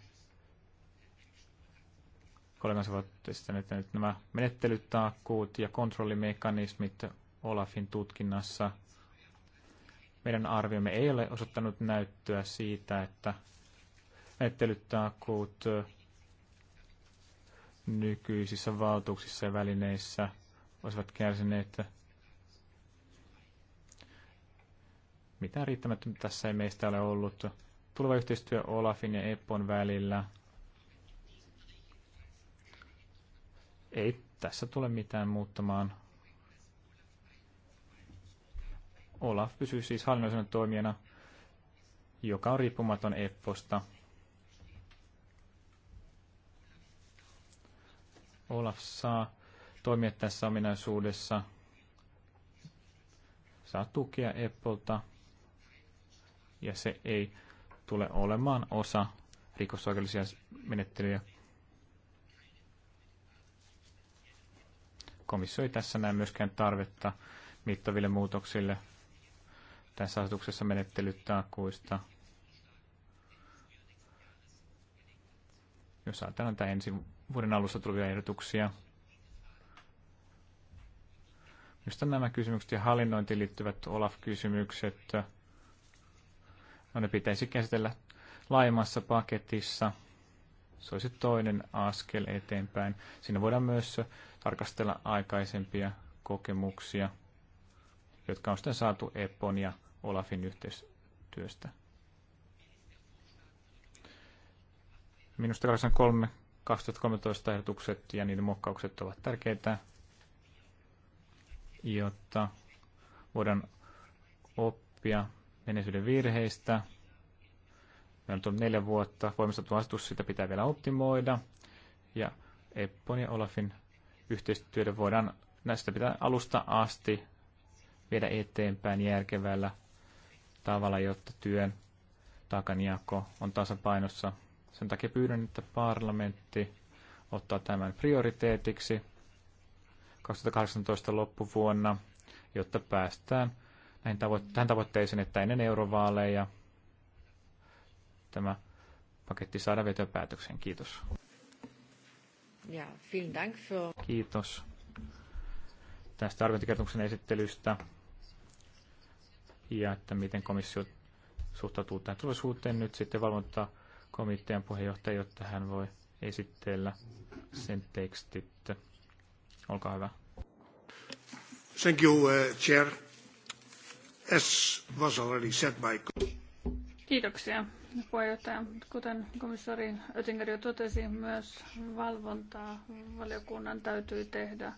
kollegansa ovat esittäneet, että nämä menettelytaakkuut ja kontrollimekanismit Olafin tutkinnassa. Meidän arviomme ei ole osoittanut näyttöä siitä, että menettelytakuut eh, nykyisissä valtuuksissa ja välineissä olisivat kärsineet mitään riittämätöntä tässä ei meistä ole ollut. Tuleva yhteistyö Olafin ja Epon välillä. Ei tässä tule mitään muuttamaan. Olaf pysyy siis hallinnollisena toimijana, joka on riippumaton Epposta. Olaf saa toimia tässä ominaisuudessa, saa tukea Applelta. ja se ei tule olemaan osa rikosoikeudellisia menettelyjä. Komissio ei tässä näe myöskään tarvetta mittaville muutoksille tässä asetuksessa menettelytakuista. Jos ajatellaan tämä ensi vuoden alussa tulevia ehdotuksia. Mistä nämä kysymykset ja hallinnointiin liittyvät Olaf-kysymykset, no ne pitäisi käsitellä laajemmassa paketissa. Se olisi toinen askel eteenpäin. Siinä voidaan myös tarkastella aikaisempia kokemuksia, jotka on sitten saatu EPON ja Olafin yhteistyöstä. Minusta 83 2013 ehdotukset ja niiden muokkaukset ovat tärkeitä, jotta voidaan oppia menneisyyden virheistä. Meillä on tullut neljä vuotta voimistettu asetus, sitä pitää vielä optimoida. Ja Eppon ja Olafin yhteistyötä voidaan näistä pitää alusta asti viedä eteenpäin järkevällä tavalla, jotta työn taakanjako on tasapainossa sen takia pyydän, että parlamentti ottaa tämän prioriteetiksi 2018 loppuvuonna, jotta päästään näihin tavo- tähän tavoitteeseen, että ennen eurovaaleja tämä paketti saadaan vietyä päätökseen. Kiitos. Ja, vielen Dank für... Kiitos tästä arviointikertomuksen esittelystä ja että miten komissio suhtautuu tähän tulevaisuuteen nyt sitten valvontaa komitean puheenjohtaja, jotta hän voi esitellä sen tekstit. Olkaa hyvä. Thank you, uh, Chair. As was already said by... Kiitoksia puheenjohtaja. Kuten komissori Oettinger jo totesi, myös valvontaa valiokunnan täytyy tehdä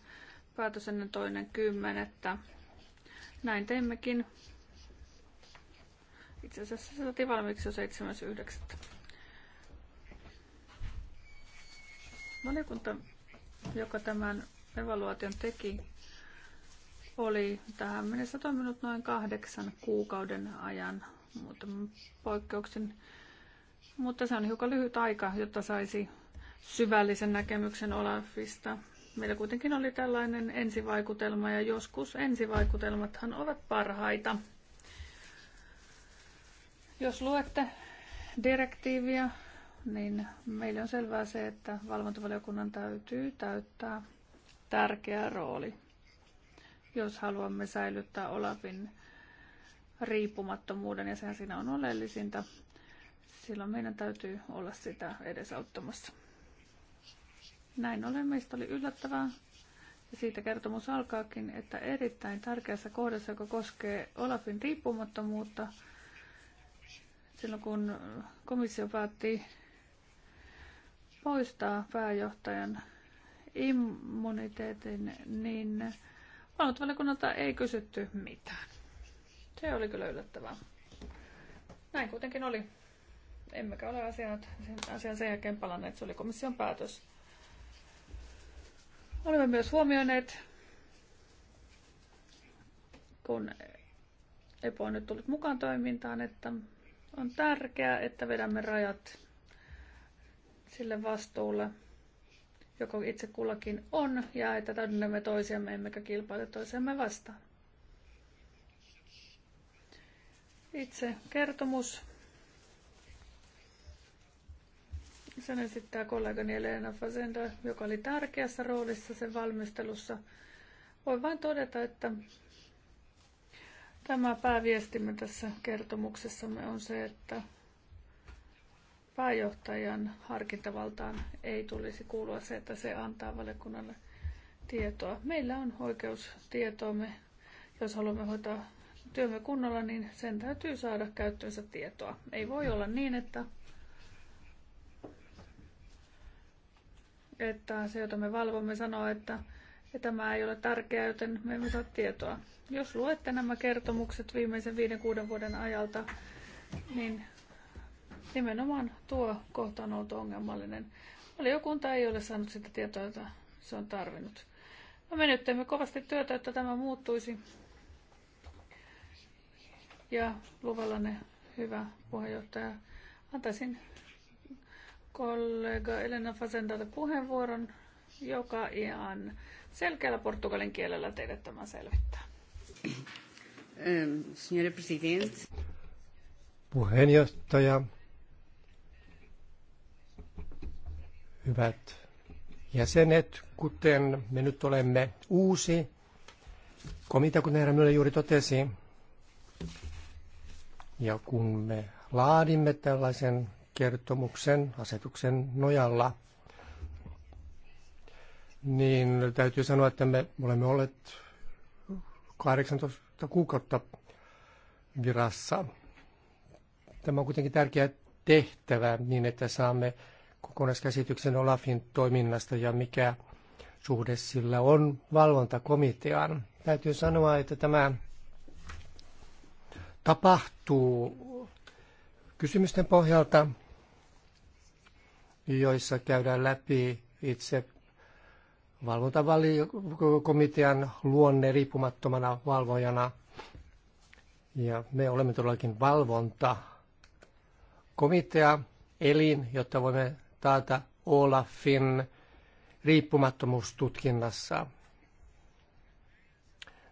päätös ennen toinen kymmenettä. Näin teimmekin. Itse asiassa se saatiin valmiiksi jo 7.9. Valiokunta, joka tämän evaluaation teki, oli tähän mennessä toiminut noin kahdeksan kuukauden ajan muutaman poikkeuksen. Mutta se on hiukan lyhyt aika, jotta saisi syvällisen näkemyksen Olafista. Meillä kuitenkin oli tällainen ensivaikutelma ja joskus ensivaikutelmathan ovat parhaita. Jos luette direktiiviä, niin meille on selvää se, että valvontavaliokunnan täytyy täyttää tärkeä rooli, jos haluamme säilyttää Olafin riippumattomuuden, ja sehän siinä on oleellisinta. Silloin meidän täytyy olla sitä edesauttamassa. Näin ollen meistä oli yllättävää, ja siitä kertomus alkaakin, että erittäin tärkeässä kohdassa, joka koskee Olafin riippumattomuutta, silloin kun komissio päätti poistaa pääjohtajan immuniteetin, niin valvontavaliokunnalta ei kysytty mitään. Se oli kyllä yllättävää. Näin kuitenkin oli. Emmekä ole asian, asian sen jälkeen palanneet. Se oli komission päätös. Olemme myös huomioineet, kun EPO on nyt tullut mukaan toimintaan, että on tärkeää, että vedämme rajat sille vastuulle, joka itse kullakin on, ja että täydennämme toisiamme emmekä kilpaile toisiamme vastaan. Itse kertomus. Sen esittää kollegani Elena Fazenda, joka oli tärkeässä roolissa sen valmistelussa. Voin vain todeta, että tämä pääviestimme tässä kertomuksessamme on se, että pääjohtajan harkintavaltaan ei tulisi kuulua se, että se antaa valiokunnalle tietoa. Meillä on oikeus tietoomme. Jos haluamme hoitaa työmme kunnolla, niin sen täytyy saada käyttöönsä tietoa. Ei voi olla niin, että, että se, jota me valvomme, sanoo, että ja tämä ei ole tärkeää, joten me emme saa tietoa. Jos luette nämä kertomukset viimeisen viiden kuuden vuoden ajalta, niin Nimenomaan tuo kohta on ollut ongelmallinen. Valiokunta ei ole saanut sitä tietoa, jota se on tarvinnut. No me nyt teemme kovasti työtä, että tämä muuttuisi. Ja luvallanne hyvä puheenjohtaja. Antaisin kollega Elena Fasendalle puheenvuoron, joka ihan selkeällä portugalin kielellä teille tämä selvittää. Puheenjohtaja, hyvät jäsenet, kuten me nyt olemme uusi komitea, kuten herra Mylle juuri totesi, ja kun me laadimme tällaisen kertomuksen asetuksen nojalla, niin täytyy sanoa, että me olemme olleet 18 kuukautta virassa. Tämä on kuitenkin tärkeä tehtävä niin, että saamme kokonaiskäsityksen Olafin toiminnasta ja mikä suhde sillä on valvontakomiteaan. Täytyy sanoa, että tämä tapahtuu kysymysten pohjalta, joissa käydään läpi itse valvontakomitean luonne riippumattomana valvojana. Ja me olemme todellakin valvontakomitea elin, jotta voimme taata Olafin riippumattomuustutkinnassa.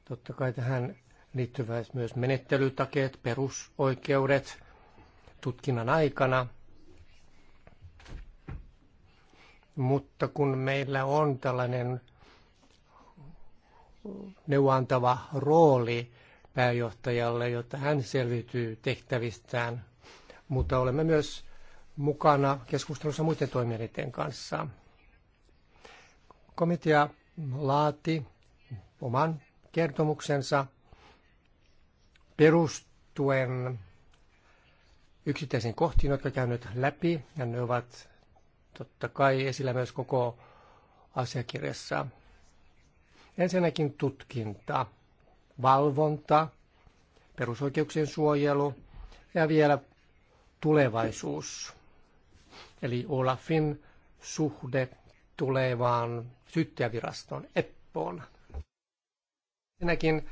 Totta kai tähän liittyvät myös menettelytakeet, perusoikeudet tutkinnan aikana. Mutta kun meillä on tällainen neuvontava rooli pääjohtajalle, jotta hän selviytyy tehtävistään, mutta olemme myös mukana keskustelussa muiden toimijoiden kanssa. Komitea laati oman kertomuksensa perustuen yksittäisiin kohtiin, jotka käynyt läpi, ja ne ovat totta kai esillä myös koko asiakirjassa. Ensinnäkin tutkinta, valvonta, perusoikeuksien suojelu ja vielä tulevaisuus eli Olafin suhde tulevaan syyttäjäviraston Eppoon. Ensinnäkin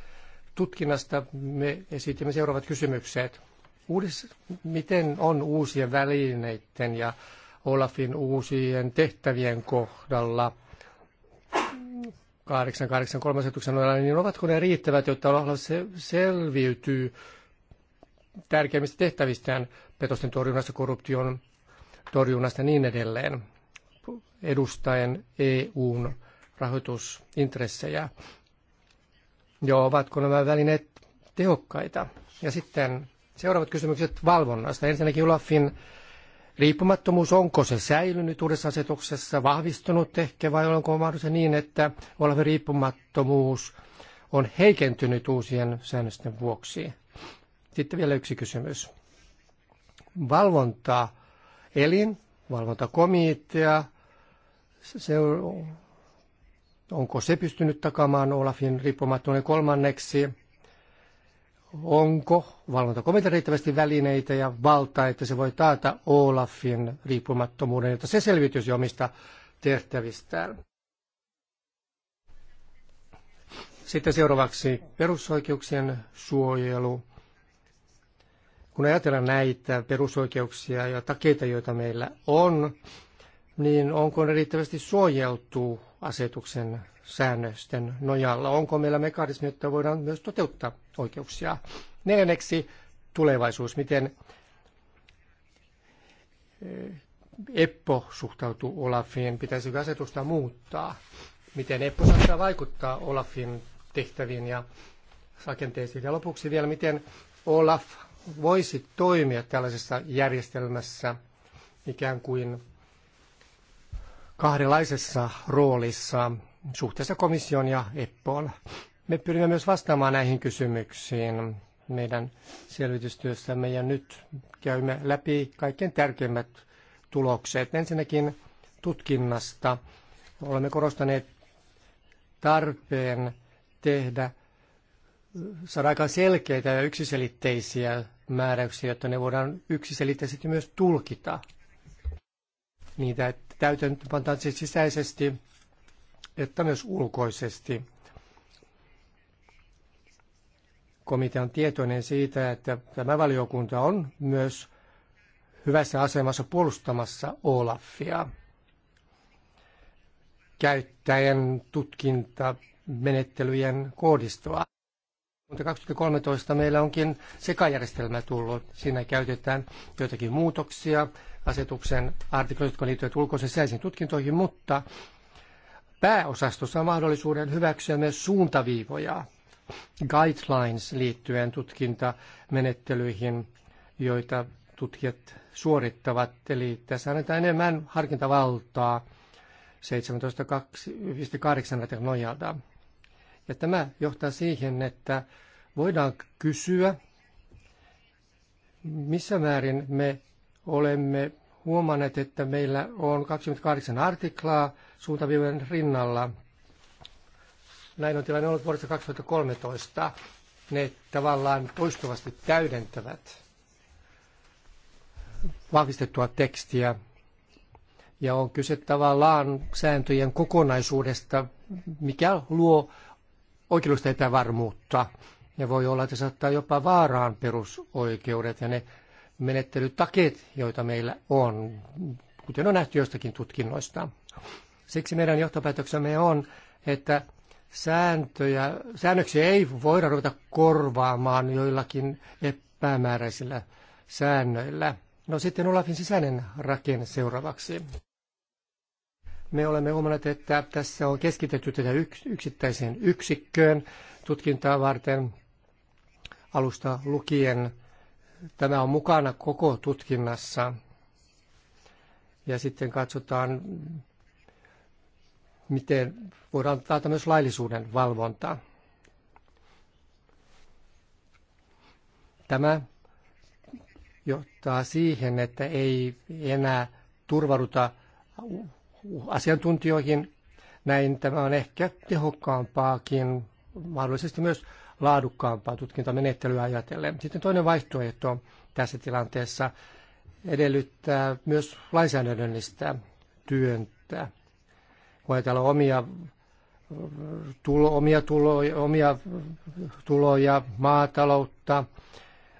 tutkinnasta me esitimme seuraavat kysymykset. Uudis, miten on uusien välineiden ja Olafin uusien tehtävien kohdalla 883 asetuksen nojalla, niin ovatko ne riittävät, jotta Olaf selviytyy tärkeimmistä tehtävistään petosten torjunnassa, korruption torjunnasta ja niin edelleen, edustaen EUn rahoitusintressejä. Ja ovatko nämä välineet tehokkaita? Ja sitten seuraavat kysymykset valvonnasta. Ensinnäkin Ulafin riippumattomuus, onko se säilynyt uudessa asetuksessa, vahvistunut ehkä, vai onko mahdollista niin, että Ulafin riippumattomuus on heikentynyt uusien säännösten vuoksi? Sitten vielä yksi kysymys. Valvontaa elin, valvontakomitea, se, onko se pystynyt takamaan Olafin riippumattomuuden kolmanneksi, onko valvontakomitea riittävästi välineitä ja valtaa, että se voi taata Olafin riippumattomuuden, jotta se selvitys jo omista tehtävistään. Sitten seuraavaksi perusoikeuksien suojelu kun ajatellaan näitä perusoikeuksia ja takeita, joita meillä on, niin onko ne riittävästi suojeltu asetuksen säännösten nojalla? Onko meillä mekanismi, että voidaan myös toteuttaa oikeuksia? Neljänneksi tulevaisuus. Miten eh, Eppo suhtautuu Olafiin? Pitäisikö asetusta muuttaa? Miten Eppo saattaa vaikuttaa Olafin tehtäviin ja rakenteisiin? Ja lopuksi vielä, miten Olaf voisi toimia tällaisessa järjestelmässä ikään kuin kahdenlaisessa roolissa suhteessa komission ja EPPOon. Me pyrimme myös vastaamaan näihin kysymyksiin meidän selvitystyössämme ja nyt käymme läpi kaikkein tärkeimmät tulokset. Ensinnäkin tutkinnasta olemme korostaneet tarpeen tehdä saada aika selkeitä ja yksiselitteisiä määräyksiä, jotta ne voidaan yksiselitteisesti myös tulkita. Niitä täytäntö siis sisäisesti, että myös ulkoisesti. Komitea on tietoinen siitä, että tämä valiokunta on myös hyvässä asemassa puolustamassa Olafia käyttäjän tutkintamenettelyjen koodistoa. 2013 meillä onkin sekajärjestelmä tullut. Siinä käytetään joitakin muutoksia asetuksen artikloihin, jotka liittyvät ulkoisen sisäisiin tutkintoihin, mutta pääosastossa on mahdollisuuden hyväksyä myös suuntaviivoja, guidelines liittyen tutkintamenettelyihin, joita tutkijat suorittavat. Eli tässä annetaan enemmän harkintavaltaa 17.58 nojalla. Ja tämä johtaa siihen, että voidaan kysyä, missä määrin me olemme huomanneet, että meillä on 28 artiklaa suuntaviivojen rinnalla. Näin on tilanne ollut vuodesta 2013. Ne tavallaan toistuvasti täydentävät vahvistettua tekstiä. Ja on kyse tavallaan sääntöjen kokonaisuudesta, mikä luo oikeudellista epävarmuutta. Ja voi olla, että se saattaa jopa vaaraan perusoikeudet ja ne menettelytakeet, joita meillä on, kuten on nähty jostakin tutkinnoista. Siksi meidän johtopäätöksemme on, että sääntöjä, säännöksiä ei voida ruveta korvaamaan joillakin epämääräisillä säännöillä. No sitten Olafin sisäinen rakenne seuraavaksi. Me olemme huomanneet, että tässä on keskitetty tätä yksittäiseen yksikköön tutkintaa varten alusta lukien. Tämä on mukana koko tutkinnassa. Ja sitten katsotaan, miten voidaan taata myös laillisuuden valvontaa. Tämä johtaa siihen, että ei enää turvaruta asiantuntijoihin. Näin tämä on ehkä tehokkaampaakin, mahdollisesti myös laadukkaampaa tutkintamenettelyä ajatellen. Sitten toinen vaihtoehto tässä tilanteessa edellyttää myös lainsäädännöllistä työntä. Kun ajatellaan omia, tulo, omia, tuloja, omia tuloja, maataloutta,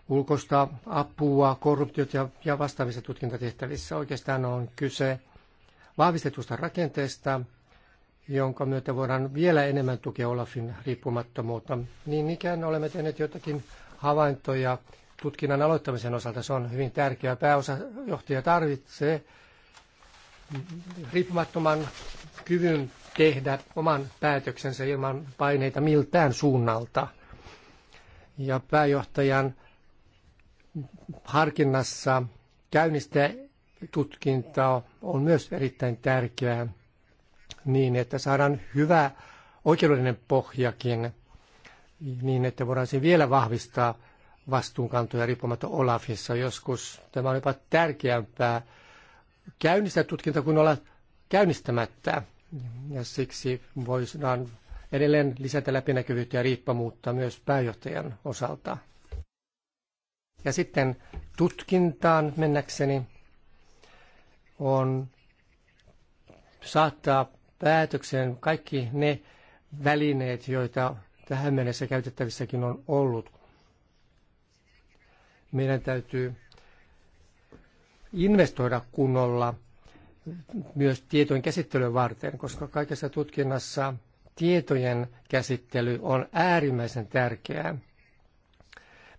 ulkoista apua, korruptiot ja, ja vastaavissa tutkintatehtävissä oikeastaan on kyse vahvistetusta rakenteesta, jonka myötä voidaan vielä enemmän tukea Olafin riippumattomuutta. Niin ikään olemme tehneet jotakin havaintoja tutkinnan aloittamisen osalta. Se on hyvin tärkeää. Pääosajohtaja tarvitsee riippumattoman kyvyn tehdä oman päätöksensä ilman paineita miltään suunnalta. Ja pääjohtajan harkinnassa käynnistää tutkinta on myös erittäin tärkeää niin, että saadaan hyvä oikeudellinen pohjakin, niin että voidaan sen vielä vahvistaa vastuunkantoja riippumatta Olafissa. Joskus tämä on jopa tärkeämpää käynnistää tutkinta kuin olla käynnistämättä. Ja siksi voidaan edelleen lisätä läpinäkyvyyttä ja riippumatta myös pääjohtajan osalta. Ja sitten tutkintaan mennäkseni on saattaa päätökseen kaikki ne välineet, joita tähän mennessä käytettävissäkin on ollut. Meidän täytyy investoida kunnolla myös tietojen käsittelyä varten, koska kaikessa tutkinnassa tietojen käsittely on äärimmäisen tärkeää.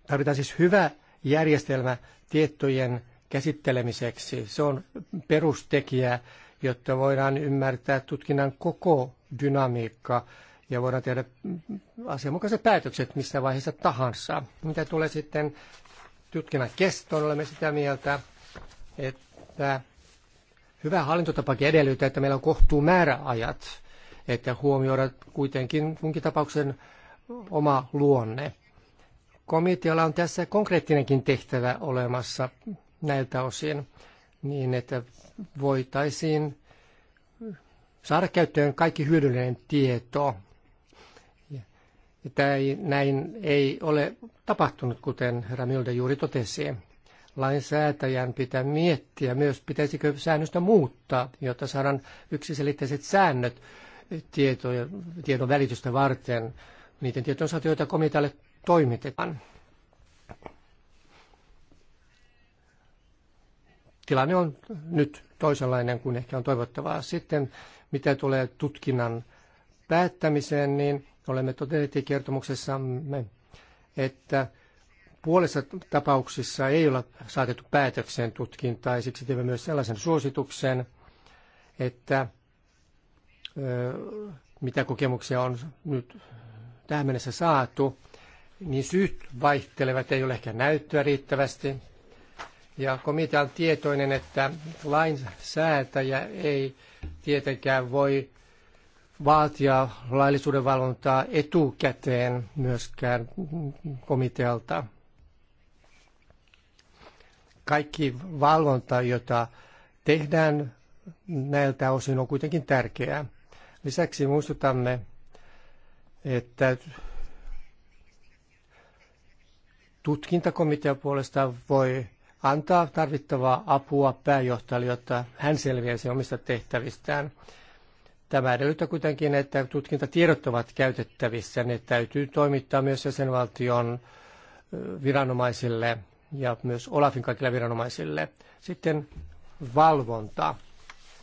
Tarvitaan siis hyvä järjestelmä tietojen käsittelemiseksi. Se on perustekijä, jotta voidaan ymmärtää tutkinnan koko dynamiikka ja voidaan tehdä asianmukaiset päätökset missä vaiheessa tahansa. Mitä tulee sitten tutkinnan kestoon, olemme sitä mieltä, että hyvä hallintotapa edellyttää, että meillä on kohtuu määräajat, että huomioida kuitenkin kunkin tapauksen oma luonne. Komitealla on tässä konkreettinenkin tehtävä olemassa näiltä osin niin, että voitaisiin saada käyttöön kaikki hyödyllinen tieto. Tämä näin ei ole tapahtunut, kuten herra Milde juuri totesi. Lainsäätäjän pitää miettiä myös, pitäisikö säännöstä muuttaa, jotta saadaan yksiselitteiset säännöt tietoja, tiedon välitystä varten niiden tietojen saatioita komitealle toimitetaan. tilanne on nyt toisenlainen kuin ehkä on toivottavaa. Sitten mitä tulee tutkinnan päättämiseen, niin olemme todenneet kertomuksessamme, että puolessa tapauksissa ei ole saatettu päätökseen tutkintaa, ja siksi teemme myös sellaisen suosituksen, että mitä kokemuksia on nyt tähän mennessä saatu, niin syyt vaihtelevat, ei ole ehkä näyttöä riittävästi, ja komitea on tietoinen, että lainsäätäjä ei tietenkään voi vaatia laillisuuden valvontaa etukäteen myöskään komitealta. Kaikki valvonta, jota tehdään näiltä osin, on kuitenkin tärkeää. Lisäksi muistutamme, että tutkintakomitea puolestaan voi antaa tarvittavaa apua pääjohtajalle, jotta hän selviäisi omista tehtävistään. Tämä edellyttää kuitenkin, että tutkintatiedot ovat käytettävissä. Ne täytyy toimittaa myös jäsenvaltion viranomaisille ja myös Olafin kaikille viranomaisille. Sitten valvonta.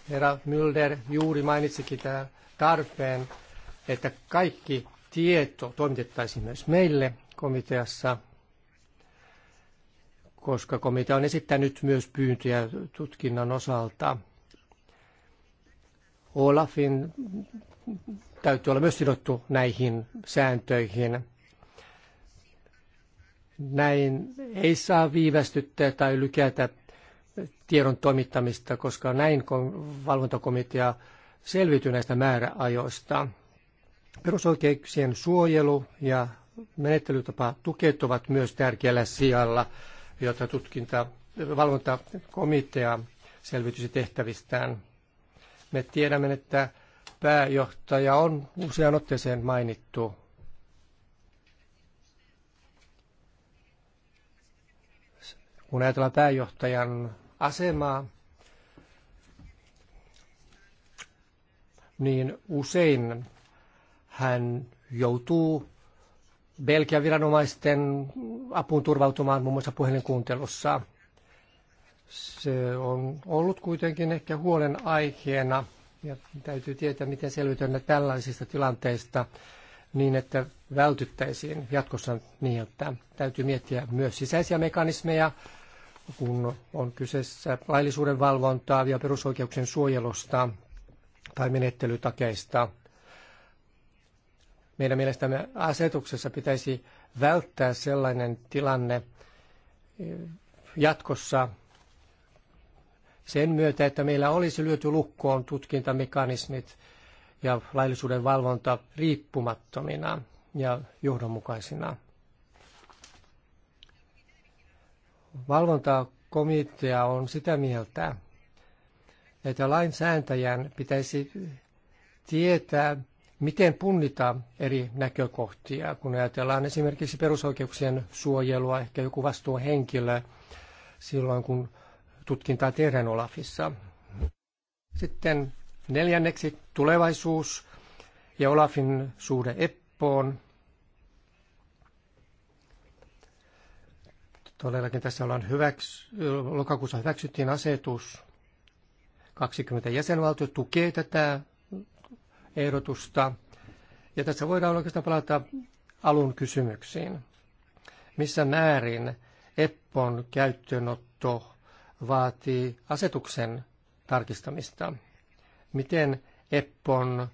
Herra Mulder juuri mainitsikin tämän tarpeen, että kaikki tieto toimitettaisiin myös meille komiteassa – koska komitea on esittänyt myös pyyntöjä tutkinnan osalta. Olafin täytyy olla myös sidottu näihin sääntöihin. Näin ei saa viivästyttää tai lykätä tiedon toimittamista, koska näin valvontakomitea selviytyy näistä määräajoista. Perusoikeuksien suojelu ja menettelytapa tuket ovat myös tärkeällä sijalla jota tutkinta, valvontakomitea selvitys tehtävistään. Me tiedämme, että pääjohtaja on usean otteeseen mainittu. Kun ajatellaan pääjohtajan asemaa, niin usein hän joutuu Belgian viranomaisten apuun turvautumaan muun muassa puhelinkuuntelussa. Se on ollut kuitenkin ehkä huolen aiheena ja täytyy tietää, miten selvitään tällaisista tilanteista niin, että vältyttäisiin jatkossa niin, että Täytyy miettiä myös sisäisiä mekanismeja, kun on kyseessä laillisuuden valvontaa ja perusoikeuksien suojelusta tai menettelytakeista – meidän mielestämme asetuksessa pitäisi välttää sellainen tilanne eh, jatkossa sen myötä, että meillä olisi lyöty lukkoon tutkintamekanismit ja laillisuuden valvonta riippumattomina ja johdonmukaisina. Valvontakomitea on sitä mieltä, että lainsääntäjän pitäisi tietää, miten punnita eri näkökohtia, kun ajatellaan esimerkiksi perusoikeuksien suojelua, ehkä joku vastuuhenkilö silloin, kun tutkintaa tehdään Olafissa. Sitten neljänneksi tulevaisuus ja Olafin suhde Eppoon. Todellakin tässä ollaan hyväks... lokakuussa hyväksyttiin asetus. 20 jäsenvaltio tukee tätä ehdotusta. Ja tässä voidaan oikeastaan palata alun kysymyksiin. Missä määrin EPPON käyttöönotto vaatii asetuksen tarkistamista? Miten EPPON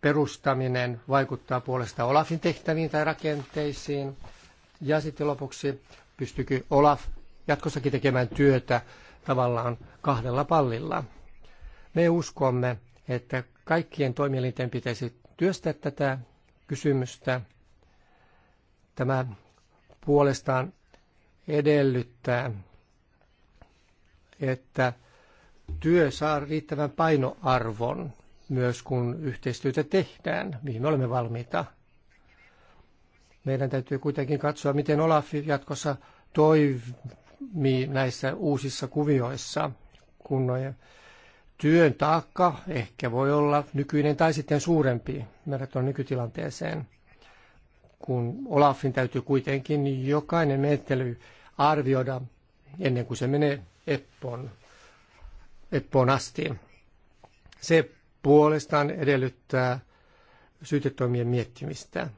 perustaminen vaikuttaa puolesta Olafin tehtäviin tai rakenteisiin? Ja sitten lopuksi, pystyykö Olaf jatkossakin tekemään työtä tavallaan kahdella pallilla? Me uskomme, että Kaikkien toimielinten pitäisi työstää tätä kysymystä. Tämä puolestaan edellyttää, että työ saa riittävän painoarvon myös kun yhteistyötä tehdään, mihin me olemme valmiita. Meidän täytyy kuitenkin katsoa, miten Olaf jatkossa toimii näissä uusissa kuvioissa, kun työn taakka ehkä voi olla nykyinen tai sitten suurempi verrattuna nykytilanteeseen, kun Olafin täytyy kuitenkin jokainen menettely arvioida ennen kuin se menee Eppoon, Eppoon asti. Se puolestaan edellyttää syytetoimien miettimistä.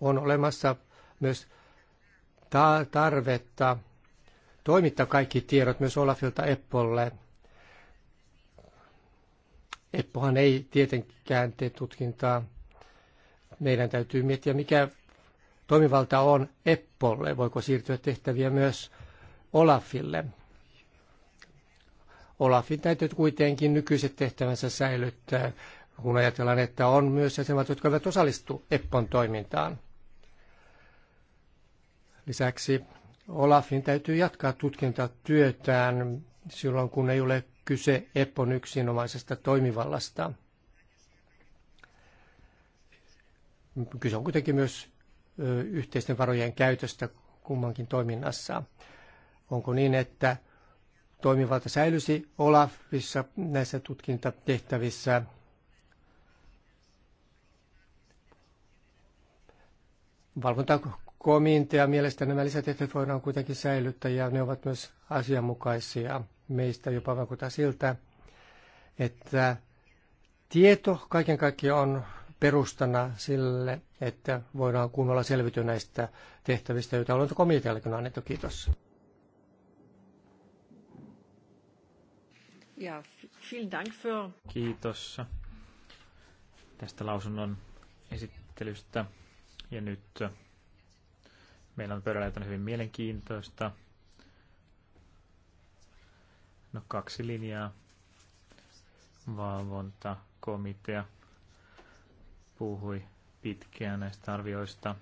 On olemassa myös tarvetta toimittaa kaikki tiedot myös Olafilta Eppolle – Eppohan ei tietenkään tee tutkintaa. Meidän täytyy miettiä, mikä toimivalta on Eppolle. Voiko siirtyä tehtäviä myös Olafille? Olafin täytyy kuitenkin nykyiset tehtävänsä säilyttää, kun ajatellaan, että on myös jäsenmaat, jotka eivät osallistu Eppon toimintaan. Lisäksi Olafin täytyy jatkaa tutkintatyötään silloin, kun ei ole kyse Epon yksinomaisesta toimivallasta. Kyse on kuitenkin myös yhteisten varojen käytöstä kummankin toiminnassa. Onko niin, että toimivalta säilyisi Olafissa näissä tutkintatehtävissä? Valvontakomitea mielestäni nämä lisätehtävät voidaan kuitenkin säilyttää ja ne ovat myös asianmukaisia – meistä jopa vaikuttaa siltä, että tieto kaiken kaikkiaan on perustana sille, että voidaan kunnolla selvityä näistä tehtävistä, joita aluekomiteallekin on annettu. Kiitos. Ja, vielen Dank für... Kiitos tästä lausunnon esittelystä. Ja nyt meillä on pöydällä jotain hyvin mielenkiintoista No kaksi linjaa. Valvontakomitea puhui pitkään näistä arvioista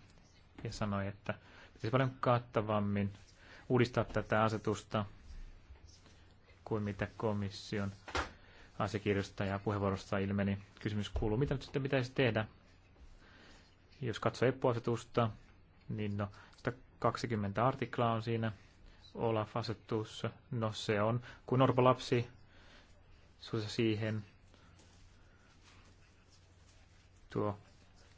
ja sanoi, että pitäisi paljon kattavammin uudistaa tätä asetusta kuin mitä komission asiakirjasta ja puheenvuorosta ilmeni. Kysymys kuuluu, mitä nyt sitten pitäisi tehdä? Jos katsoo EPPO-asetusta, niin no 120 artiklaa on siinä – Olaf-asetus, no se on, kun orpo lapsi suosa siihen, tuo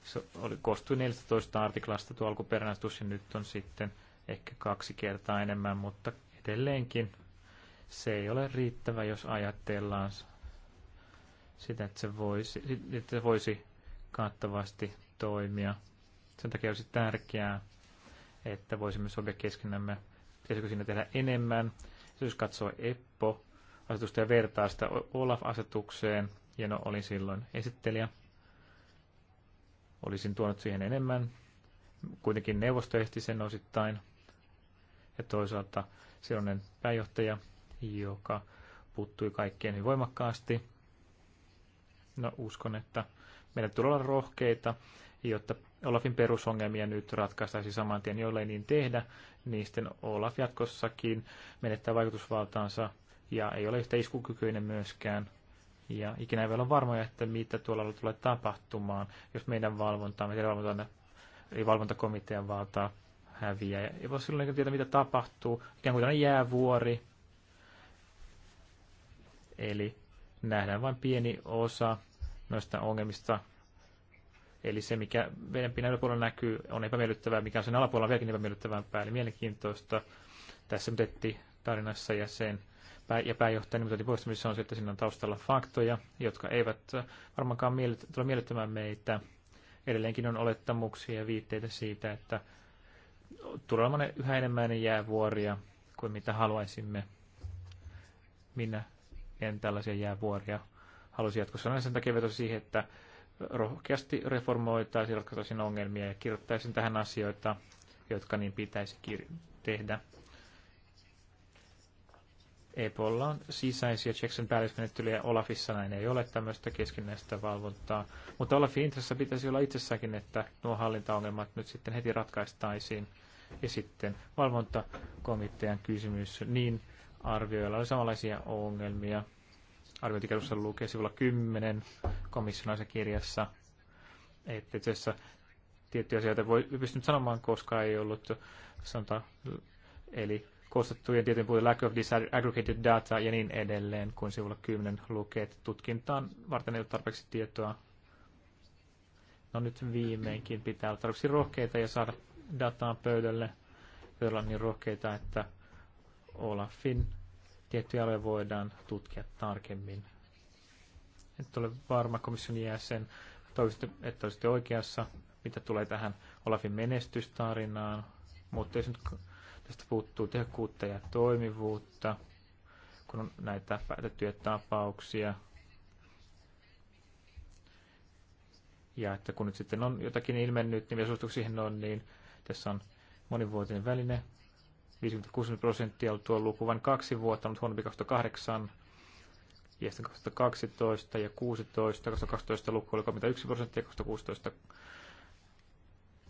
se oli, koostui 14 artiklasta tuo alkuperäistus ja nyt on sitten ehkä kaksi kertaa enemmän, mutta edelleenkin se ei ole riittävä, jos ajatellaan sitä, että se voisi, että se voisi kattavasti toimia. Sen takia olisi tärkeää, että voisimme sopia keskenämme pitäisikö siinä tehdä enemmän. Jos katsoo EPPO, asetusta ja vertaa sitä Olaf-asetukseen, ja no olin silloin esittelijä, olisin tuonut siihen enemmän. Kuitenkin neuvosto ehti sen osittain. Ja toisaalta silloinen pääjohtaja, joka puuttui kaikkeen hyvin voimakkaasti. No uskon, että meidän tulee olla rohkeita, jotta Olafin perusongelmia nyt ratkaistaisi saman tien, jollei niin tehdä, niin sitten Olaf jatkossakin menettää vaikutusvaltaansa ja ei ole yhtä iskukykyinen myöskään. Ja ikinä ei vielä ole varmoja, että mitä tuolla tulee tapahtumaan, jos meidän valvontaa, meidän valvontaa, ei valvontakomitean valtaa häviää. Ja ei voi silloin niinku tietää, mitä tapahtuu. Ikään kuin tämmöinen jäävuori. Eli nähdään vain pieni osa noista ongelmista, Eli se, mikä vedenpinnan yläpuolella näkyy, on epämiellyttävää, mikä on sen alapuolella on vieläkin epämiellyttävämpää. Eli mielenkiintoista tässä Mutetti tarinassa ja sen pää- ja pääjohtajan nimitoinnin poistamisessa on se, että siinä on taustalla faktoja, jotka eivät varmaankaan miellyt- tule miellyttämään meitä. Edelleenkin on olettamuksia ja viitteitä siitä, että tulemaan yhä enemmän jäävuoria kuin mitä haluaisimme. Minä en tällaisia jäävuoria halusi jatkossa. sen takia vetosi siihen, että rohkeasti reformoitaisiin, ratkaistaisiin ongelmia ja kirjoittaisin tähän asioita, jotka niin pitäisi tehdä. EPOlla on sisäisiä checks and balance-menettelyjä, Olafissa näin ei ole tämmöistä keskinäistä valvontaa, mutta Olafin intressissä pitäisi olla itsessäkin, että nuo hallintaongelmat nyt sitten heti ratkaistaisiin. Ja sitten valvontakomitean kysymys, niin arvioilla oli samanlaisia ongelmia arviointikerroksessa lukee sivulla 10 komissionaisen kirjassa, että itse asiassa tiettyjä asioita voi pystynyt sanomaan, koska ei ollut sanotaan, eli koostettujen tietojen puolella lack of disaggregated data ja niin edelleen, kun sivulla 10 lukee, että tutkintaan varten ei ole tarpeeksi tietoa. No nyt viimeinkin pitää olla tarpeeksi rohkeita ja saada dataa pöydälle. Pöydällä on niin rohkeita, että Olafin tiettyjä aloja voidaan tutkia tarkemmin. Et ole varma komission jäsen, toivottavasti, että olisitte oikeassa, mitä tulee tähän Olafin menestystarinaan, mutta jos nyt tästä puuttuu tehokkuutta ja toimivuutta, kun on näitä päätettyjä tapauksia, ja että kun nyt sitten on jotakin ilmennyt, niin vielä siihen on, niin tässä on monivuotinen väline, 56 prosenttia on tuo luku vain kaksi vuotta, mutta huonompi 2008 ja sitten 2012 ja 16, 2012 luku oli 31 prosenttia, 2016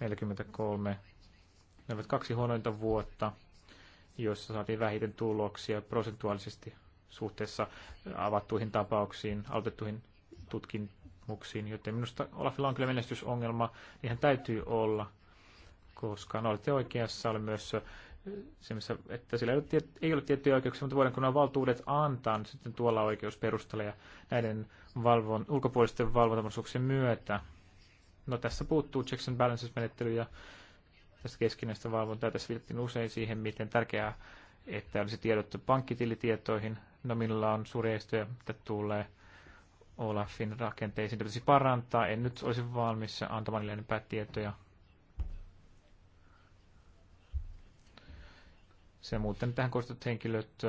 43. Ne ovat kaksi huonointa vuotta, joissa saatiin vähiten tuloksia prosentuaalisesti suhteessa avattuihin tapauksiin, autettuihin tutkimuksiin, joten minusta Olafilla on kyllä menestysongelma, hän täytyy olla, koska no, olette oikeassa, oli myös se, missä, että sillä ei ole, tiet, ei ole tiettyjä oikeuksia, mutta voidaanko nämä valtuudet antaa niin sitten tuolla oikeusperustalla ja näiden valvon, ulkopuolisten valvontamahdollisuuksien myötä. No tässä puuttuu checks and balances-menettely ja tästä keskinäistä valvontaa. Tässä viitattiin usein siihen, miten tärkeää, että olisi tiedottu pankkitilitietoihin. No millä on suuri estoja, mitä tulee Olafin rakenteisiin. Pitäisi parantaa. En nyt olisi valmis antamaan niille enempää tietoja se muuten tähän kohdistut henkilöt,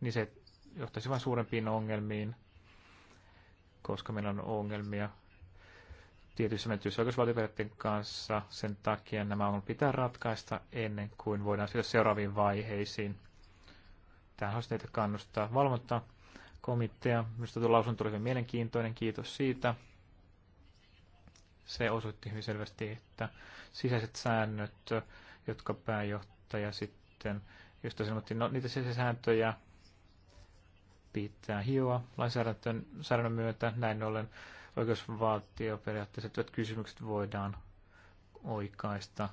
niin se johtaisi vain suurempiin ongelmiin, koska meillä on ongelmia tietyissä menetyissä kanssa. Sen takia nämä on pitää ratkaista ennen kuin voidaan siirtyä seuraaviin vaiheisiin. Tähän olisi teitä kannustaa valvonta komitea. Minusta tuo lausunto oli hyvin mielenkiintoinen, kiitos siitä. Se osoitti hyvin selvästi, että sisäiset säännöt, jotka pääjohtaja sitten sitten, josta sanottiin, no niitä sääntöjä pitää hioa lainsäädännön myötä. Näin ollen oikeusvaltioperiaatteessa kysymykset voidaan oikaista.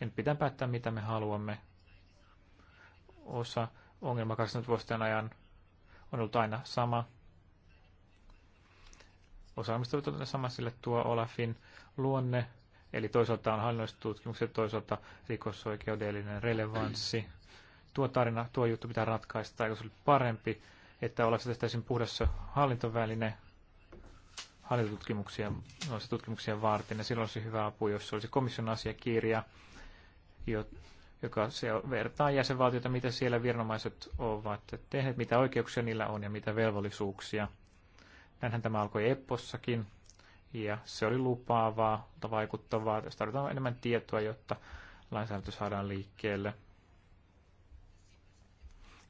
En pitää päättää, mitä me haluamme. Osa ongelma 20 vuosien ajan on ollut aina sama. Osaamista on aina sama, sille tuo Olafin luonne Eli toisaalta on hallinnolliset tutkimukset, toisaalta rikosoikeudellinen relevanssi. Tuo tarina, tuo juttu pitää ratkaista, eikö se oli parempi, että ollaanko täysin puhdassa hallintoväline hallintotutkimuksia, noissa tutkimuksia varten, ja silloin olisi hyvä apu, jos se olisi komission asiakirja, joka se vertaa jäsenvaltioita, mitä siellä viranomaiset ovat tehneet, mitä oikeuksia niillä on ja mitä velvollisuuksia. Näinhän tämä alkoi Eppossakin, ja se oli lupaavaa, mutta vaikuttavaa. Tästä tarvitaan enemmän tietoa, jotta lainsäädäntö saadaan liikkeelle.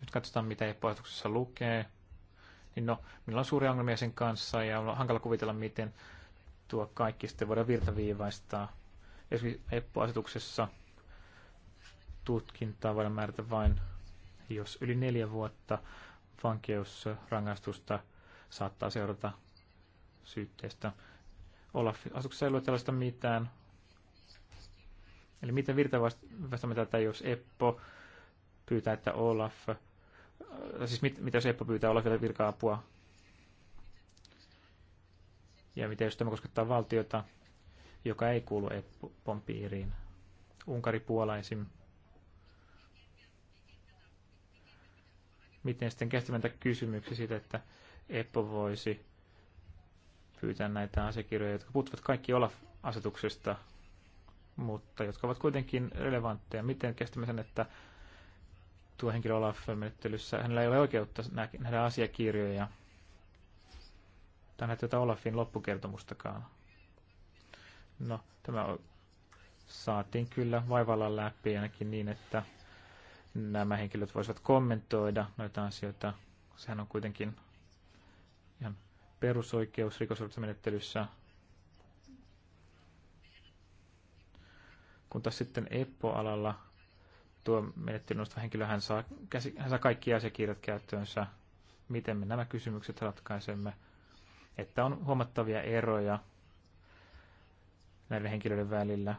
Nyt katsotaan, mitä epäohjatuksessa lukee. Niin no, minulla on suuria ongelmia sen kanssa ja on hankala kuvitella, miten tuo kaikki sitten voidaan virtaviivaistaa. Esimerkiksi EPPO-asetuksessa tutkintaa voidaan määrätä vain, jos yli neljä vuotta vankeusrangaistusta saattaa seurata syytteestä. Olaf asuksessa sinä tällaista mitään. Eli miten mitä tätä, jos Eppo pyytää, että Olaf... Äh, siis mit, mitä jos Eppo pyytää Olafilta virka-apua? Ja mitä jos tämä koskettaa valtiota, joka ei kuulu Eppon piiriin? Unkari, Puola esim. Miten sitten käsittämään kysymyksiä siitä, että Eppo voisi pyytää näitä asiakirjoja, jotka puuttuvat kaikki Olaf-asetuksesta, mutta jotka ovat kuitenkin relevantteja. Miten kestämme sen, että tuo henkilö Olaf-menettelyssä, hänellä ei ole oikeutta nähdä asiakirjoja tai näitä Olafin loppukertomustakaan. No, tämä saatiin kyllä vaivalla läpi ainakin niin, että nämä henkilöt voisivat kommentoida noita asioita. Sehän on kuitenkin perusoikeus rikosoikeusmenettelyssä. kun taas sitten EPPO-alalla tuo menettely nostava henkilö, hän saa, käsi, hän saa kaikki asiakirjat käyttöönsä, miten me nämä kysymykset ratkaisemme, että on huomattavia eroja näiden henkilöiden välillä.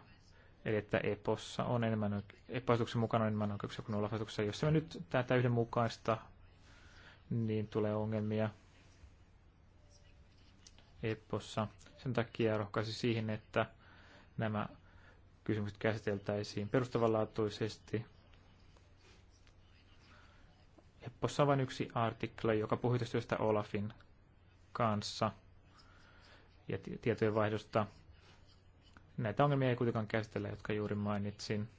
Eli että EPOssa on enemmän, epäasetuksen mukana on enemmän oikeuksia kuin nollafasetuksessa. Jos me nyt tätä yhdenmukaista, niin tulee ongelmia. EPOssa. Sen takia rohkaisi siihen, että nämä kysymykset käsiteltäisiin perustavanlaatuisesti. Eppossa on vain yksi artikla, joka puhui tästä Olafin kanssa ja tietojen vaihdosta. Näitä ongelmia ei kuitenkaan käsitellä, jotka juuri mainitsin,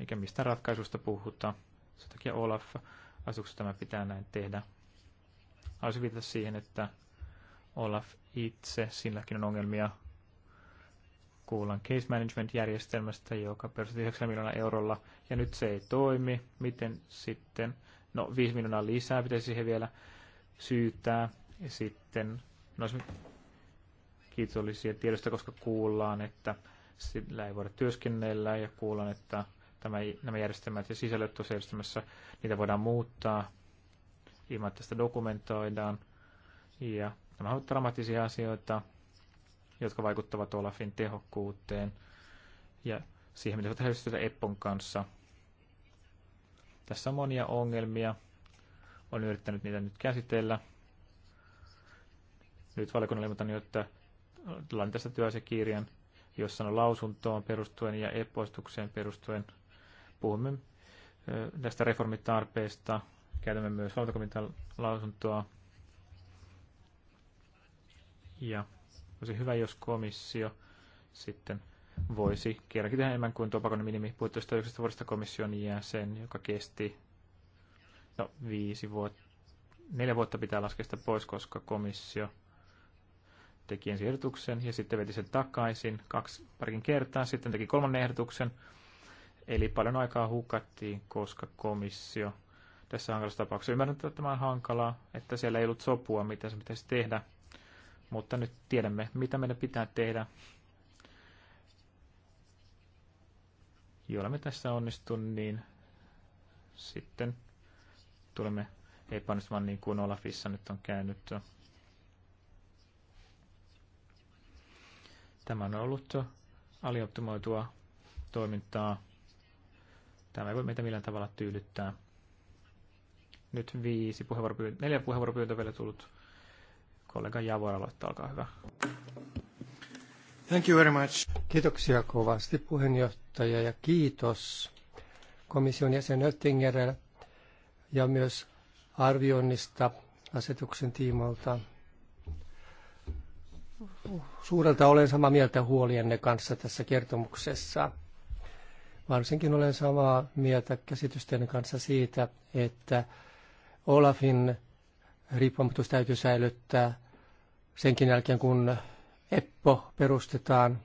eikä mistä ratkaisusta puhuta. Sen takia Olaf-asuksessa tämä pitää näin tehdä. Haluaisin viitata siihen, että Olaf itse, silläkin on ongelmia. Kuullaan case management-järjestelmästä, joka perustui 9 miljoonaa eurolla, ja nyt se ei toimi. Miten sitten? No, 5 miljoonaa lisää pitäisi siihen vielä syyttää Ja sitten, no kiitollisia tiedosta, koska kuullaan, että sillä ei voida työskennellä, ja kuullaan, että tämä, nämä järjestelmät ja sisällöt tuossa järjestelmässä, niitä voidaan muuttaa ilman, että sitä dokumentoidaan. Ja Nämä ovat dramaattisia asioita, jotka vaikuttavat Olafin tehokkuuteen ja siihen, mitä tehdään yhteistyötä Eppon kanssa. Tässä on monia ongelmia. Olen yrittänyt niitä nyt käsitellä. Nyt valiokunnan ilmoitan, että laitan tästä työasiakirjan, jossa on lausuntoon perustuen ja epoistukseen perustuen. Puhumme tästä reformitarpeesta. Käytämme myös valtakomitean lausuntoa ja olisi hyvä, jos komissio sitten voisi kerrankin tehdä enemmän kuin tupakon minimi 16 vuodesta komission jäsen, joka kesti no, viisi vuotta. Neljä vuotta pitää laskea sitä pois, koska komissio teki ensi ehdotuksen ja sitten veti sen takaisin kaksi parikin kertaa, sitten teki kolmannen ehdotuksen. Eli paljon aikaa hukattiin, koska komissio tässä hankalassa tapauksessa ymmärrän, että tämä on hankalaa, että siellä ei ollut sopua, mitä se pitäisi tehdä – mutta nyt tiedämme, mitä meidän pitää tehdä, Jolla me tässä onnistun, niin sitten tulemme epäonnistumaan niin kuin Olafissa nyt on käynyt. Tämä on ollut alioptimoitua toimintaa. Tämä ei voi meitä millään tavalla tyydyttää. Nyt viisi puheenvuoropyyntöä, neljä puheenvuoropyyntöä vielä tullut. Kollega Javor aloittaa, olkaa hyvä. Thank you very much. Kiitoksia kovasti puheenjohtaja ja kiitos komission jäsen Oettingerelle ja myös arvioinnista asetuksen tiimoilta. Suurelta olen samaa mieltä huolienne kanssa tässä kertomuksessa. Varsinkin olen samaa mieltä käsitysten kanssa siitä, että Olafin riippumattomuus täytyy säilyttää senkin jälkeen, kun Eppo perustetaan,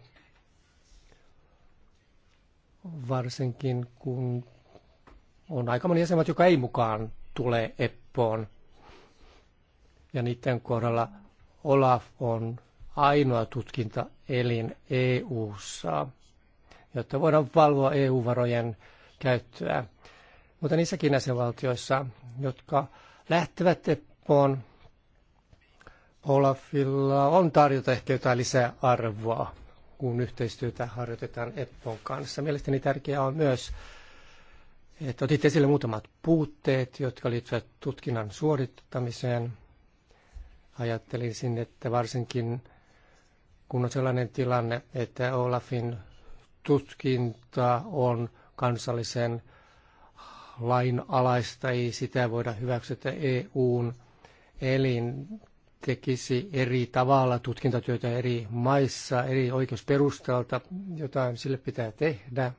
varsinkin kun on aika moni jäsenmaat, joka ei mukaan tule Eppoon. Ja niiden kohdalla Olaf on ainoa tutkintaelin EU-ssa, jotta voidaan valvoa EU-varojen käyttöä. Mutta niissäkin jäsenvaltioissa, jotka lähtevät Eppoon, Olafilla on tarjota ehkä jotain lisää arvoa, kun yhteistyötä harjoitetaan Eppon kanssa. Mielestäni tärkeää on myös, että otit esille muutamat puutteet, jotka liittyvät tutkinnan suorittamiseen. Ajattelisin, että varsinkin kun on sellainen tilanne, että Olafin tutkinta on kansallisen lain alaista, ei sitä voida hyväksyä EUn e elin tekisi eri tavalla tutkintatyötä eri maissa, eri oikeusperustalta, jotain sille pitää tehdä.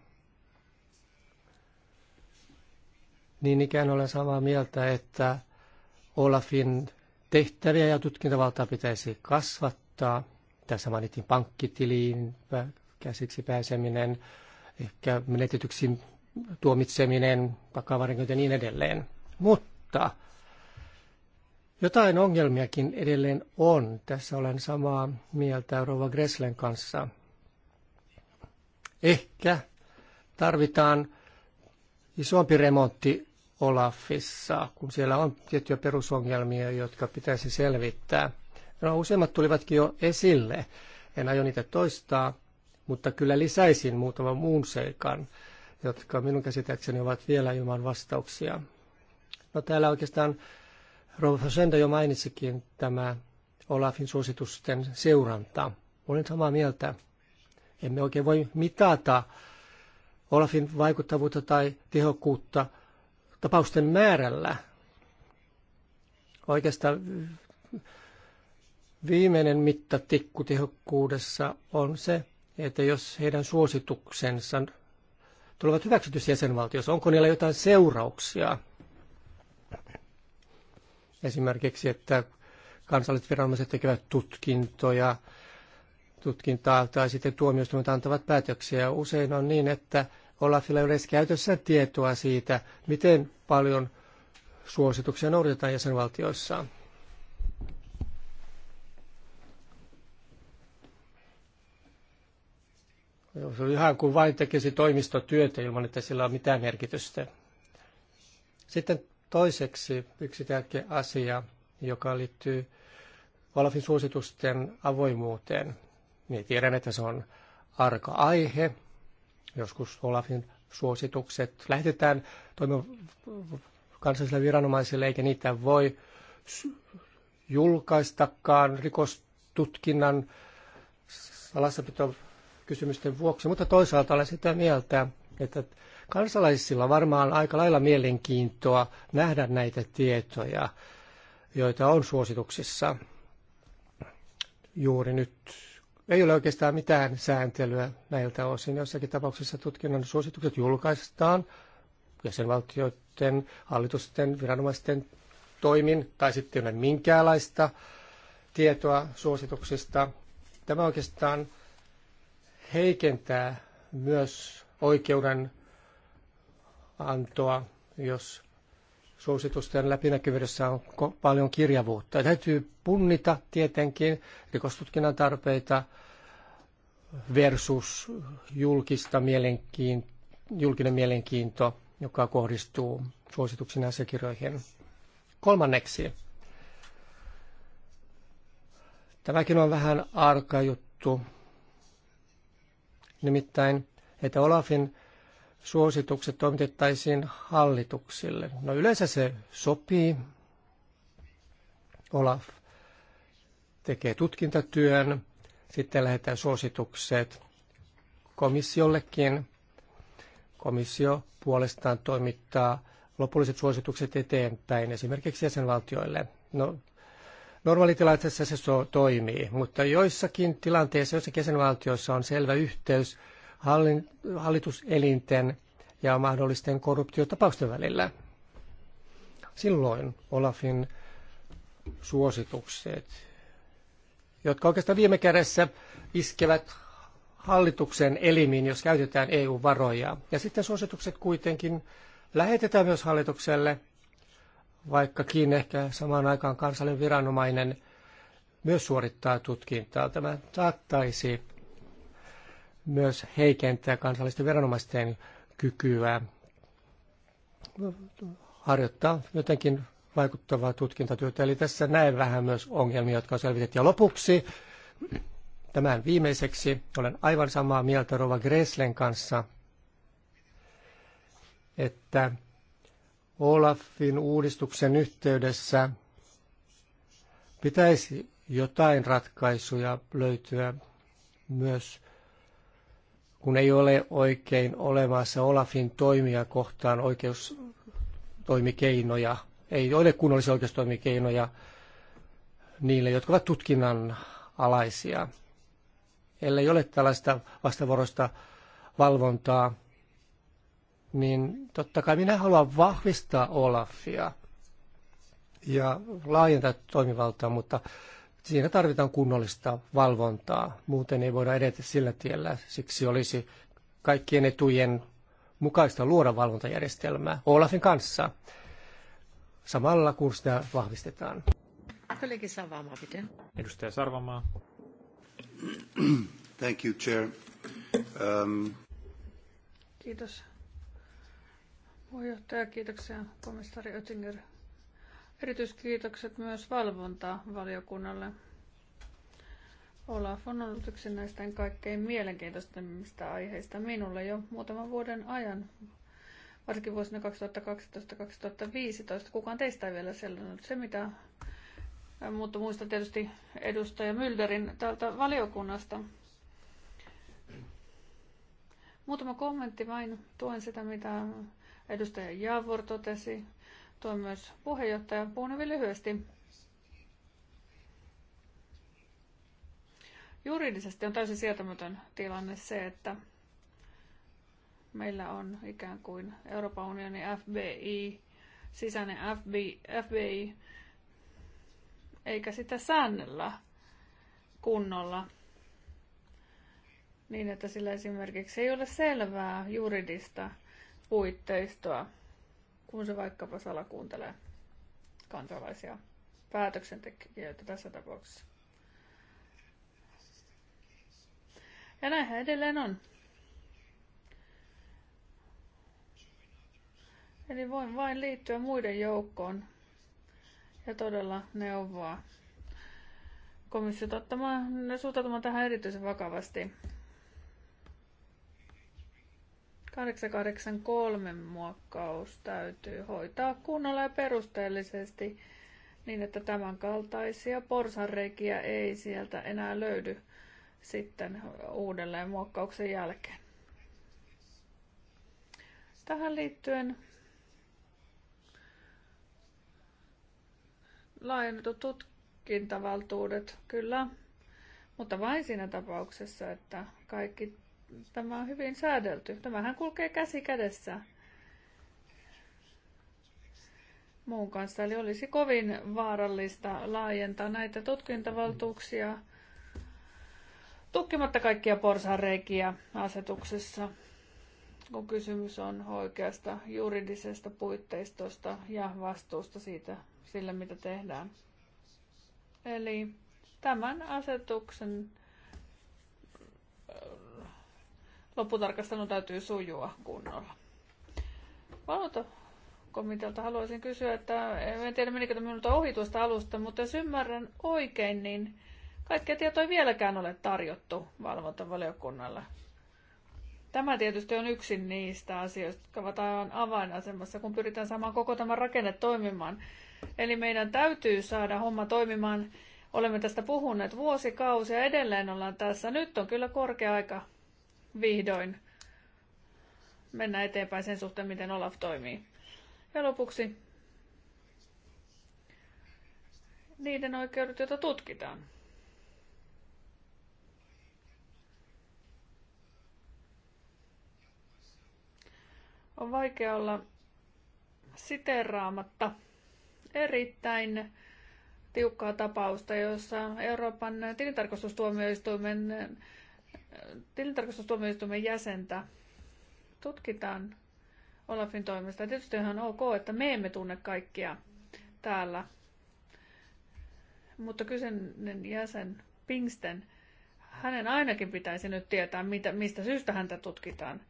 Niin ikään olen samaa mieltä, että Olafin tehtäviä ja tutkintavaltaa pitäisi kasvattaa. Tässä mainittiin pankkitiliin käsiksi pääseminen, ehkä menetetyksi tuomitseminen, vakavarinkointi ja niin edelleen. Mutta jotain ongelmiakin edelleen on. Tässä olen samaa mieltä Rova Greslen kanssa. Ehkä tarvitaan isompi remontti Olafissa, kun siellä on tiettyjä perusongelmia, jotka pitäisi selvittää. No, useimmat tulivatkin jo esille. En aio niitä toistaa, mutta kyllä lisäisin muutaman muun seikan, jotka minun käsittääkseni ovat vielä ilman vastauksia. No täällä oikeastaan Rouva Fasenda jo mainitsikin tämä Olafin suositusten seuranta. Olen samaa mieltä. Emme oikein voi mitata Olafin vaikuttavuutta tai tehokkuutta tapausten määrällä. Oikeastaan viimeinen mittatikku tehokkuudessa on se, että jos heidän suosituksensa tulevat hyväksytys jäsenvaltiossa, onko niillä jotain seurauksia? Esimerkiksi, että kansalliset viranomaiset tekevät tutkintoja, tutkintaa tai sitten tuomioistuimet antavat päätöksiä. Usein on niin, että Olafilla ei ole edes käytössä tietoa siitä, miten paljon suosituksia noudatetaan jäsenvaltioissaan. Se on ihan kuin vain tekisi toimistotyötä ilman, että sillä on mitään merkitystä. Sitten Toiseksi yksi tärkeä asia, joka liittyy Olafin suositusten avoimuuteen. Niin tiedän, että se on arka aihe. Joskus Olafin suositukset lähetetään toimia kansallisille viranomaisille, eikä niitä voi julkaistakaan rikostutkinnan salassapitokysymysten kysymysten vuoksi. Mutta toisaalta olen sitä mieltä, että Kansalaisilla varmaan aika lailla mielenkiintoa nähdä näitä tietoja, joita on suosituksissa juuri nyt. Ei ole oikeastaan mitään sääntelyä näiltä osin. Jossakin tapauksessa tutkinnan suositukset julkaistaan jäsenvaltioiden, hallitusten, viranomaisten toimin tai sitten ei ole minkäänlaista tietoa suosituksista. Tämä oikeastaan heikentää myös oikeuden antoa, jos suositusten läpinäkyvyydessä on paljon kirjavuutta. täytyy punnita tietenkin rikostutkinnan tarpeita versus julkista mielenkiin, julkinen mielenkiinto, joka kohdistuu suosituksiin asiakirjoihin. Kolmanneksi. Tämäkin on vähän arka juttu. Nimittäin, että Olafin suositukset toimitettaisiin hallituksille. No yleensä se sopii. Olaf tekee tutkintatyön, sitten lähetetään suositukset komissiollekin. Komissio puolestaan toimittaa lopulliset suositukset eteenpäin esimerkiksi jäsenvaltioille. No, normaalitilanteessa se toimii, mutta joissakin tilanteissa, joissakin jäsenvaltioissa on selvä yhteys – hallituselinten ja mahdollisten korruptiotapausten välillä. Silloin Olafin suositukset, jotka oikeastaan viime kädessä iskevät hallituksen elimiin, jos käytetään EU-varoja. Ja sitten suositukset kuitenkin lähetetään myös hallitukselle, vaikkakin ehkä samaan aikaan kansallinen viranomainen myös suorittaa tutkintaa. Tämä saattaisi myös heikentää kansallisten viranomaisten kykyä harjoittaa jotenkin vaikuttavaa tutkintatyötä. Eli tässä näen vähän myös ongelmia, jotka on selvitetty. Ja lopuksi tämän viimeiseksi olen aivan samaa mieltä Rova Greslen kanssa, että Olafin uudistuksen yhteydessä pitäisi jotain ratkaisuja löytyä myös kun ei ole oikein olemassa Olafin toimia kohtaan oikeustoimikeinoja, ei ole kunnollisia oikeustoimikeinoja niille, jotka ovat tutkinnan alaisia. Ellei ole tällaista vastavuoroista valvontaa, niin totta kai minä haluan vahvistaa Olafia ja laajentaa toimivaltaa, mutta Siinä tarvitaan kunnollista valvontaa, muuten ei voida edetä sillä tiellä. Siksi olisi kaikkien etujen mukaista luoda valvontajärjestelmää Olafin kanssa samalla kun sitä vahvistetaan. Kollegi Sarvamaa, miten? Edustaja Sarvamaa. Thank you, Chair. Um... Kiitos. Puheenjohtaja, kiitoksia Komissaari Oettinger Erityiskiitokset myös valvontavaliokunnalle. Olaf on ollut yksi näistä kaikkein mielenkiintoisimmista aiheista minulle jo muutaman vuoden ajan, varsinkin vuosina 2012-2015. Kukaan teistä ei vielä sellainen. Se, mitä mutta muista tietysti edustaja Mylderin täältä valiokunnasta. Muutama kommentti vain. Tuen sitä, mitä edustaja Javor totesi tuo myös puheenjohtajan Puhun hyvin lyhyesti. Juridisesti on täysin sietämätön tilanne se, että meillä on ikään kuin Euroopan unionin FBI, sisäinen FBI, FBI eikä sitä säännellä kunnolla niin, että sillä esimerkiksi ei ole selvää juridista puitteistoa kun se vaikkapa salakuuntelee kansalaisia päätöksentekijöitä tässä tapauksessa. Ja näinhän edelleen on. Eli voin vain liittyä muiden joukkoon ja todella neuvoa komissiota ottamaan, suhtautumaan tähän erityisen vakavasti. 883 muokkaus täytyy hoitaa kunnolla ja perusteellisesti niin, että tämänkaltaisia porsanreikiä ei sieltä enää löydy sitten uudelleen muokkauksen jälkeen. Tähän liittyen laajennetut tutkintavaltuudet, kyllä, mutta vain siinä tapauksessa, että kaikki Tämä on hyvin säädelty. Tämähän kulkee käsi kädessä muun kanssa. Eli olisi kovin vaarallista laajentaa näitä tutkintavaltuuksia tukkimatta kaikkia porsareikiä asetuksessa, kun kysymys on oikeasta juridisesta puitteistosta ja vastuusta siitä, sillä mitä tehdään. Eli tämän asetuksen lopputarkastelun täytyy sujua kunnolla. komitealta haluaisin kysyä, että en tiedä menikö minulta ohi tuosta alusta, mutta jos ymmärrän oikein, niin kaikkea tietoa ei vieläkään ole tarjottu valvontavaliokunnalle. Tämä tietysti on yksi niistä asioista, jotka ovat aivan avainasemassa, kun pyritään saamaan koko tämä rakenne toimimaan. Eli meidän täytyy saada homma toimimaan. Olemme tästä puhuneet vuosikausia, edelleen ollaan tässä. Nyt on kyllä korkea aika vihdoin mennä eteenpäin sen suhteen, miten Olaf toimii. Ja lopuksi niiden oikeudet, joita tutkitaan. On vaikea olla siteraamatta erittäin tiukkaa tapausta, jossa Euroopan tilintarkastustuomioistuimen tilintarkastustuomioistuimen jäsentä tutkitaan Olafin toimesta. Tietysti ihan ok, että me emme tunne kaikkia täällä, mutta kyseinen jäsen Pingsten, hänen ainakin pitäisi nyt tietää, mitä, mistä syystä häntä tutkitaan.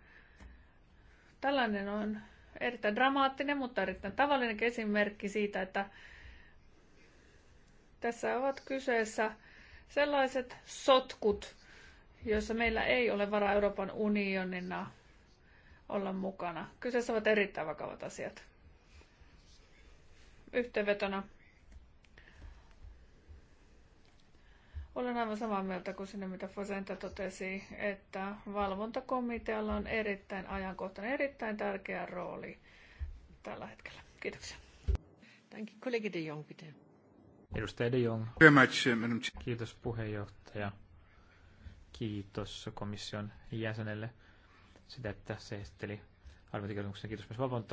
Tällainen on erittäin dramaattinen, mutta erittäin tavallinen esimerkki siitä, että tässä ovat kyseessä sellaiset sotkut, joissa meillä ei ole varaa Euroopan unionina olla mukana. Kyseessä ovat erittäin vakavat asiat. Yhteenvetona Olen aivan samaa mieltä kuin sinne, mitä Fosenta totesi, että valvontakomitealla on erittäin ajankohtainen, erittäin tärkeä rooli tällä hetkellä. Kiitoksia. Thank Kollegi de Jong, Edustaja de Jong. Very much, uh, Kiitos puheenjohtaja kiitos komission jäsenelle sitä, että se esitteli arviointikertomuksen. Kiitos myös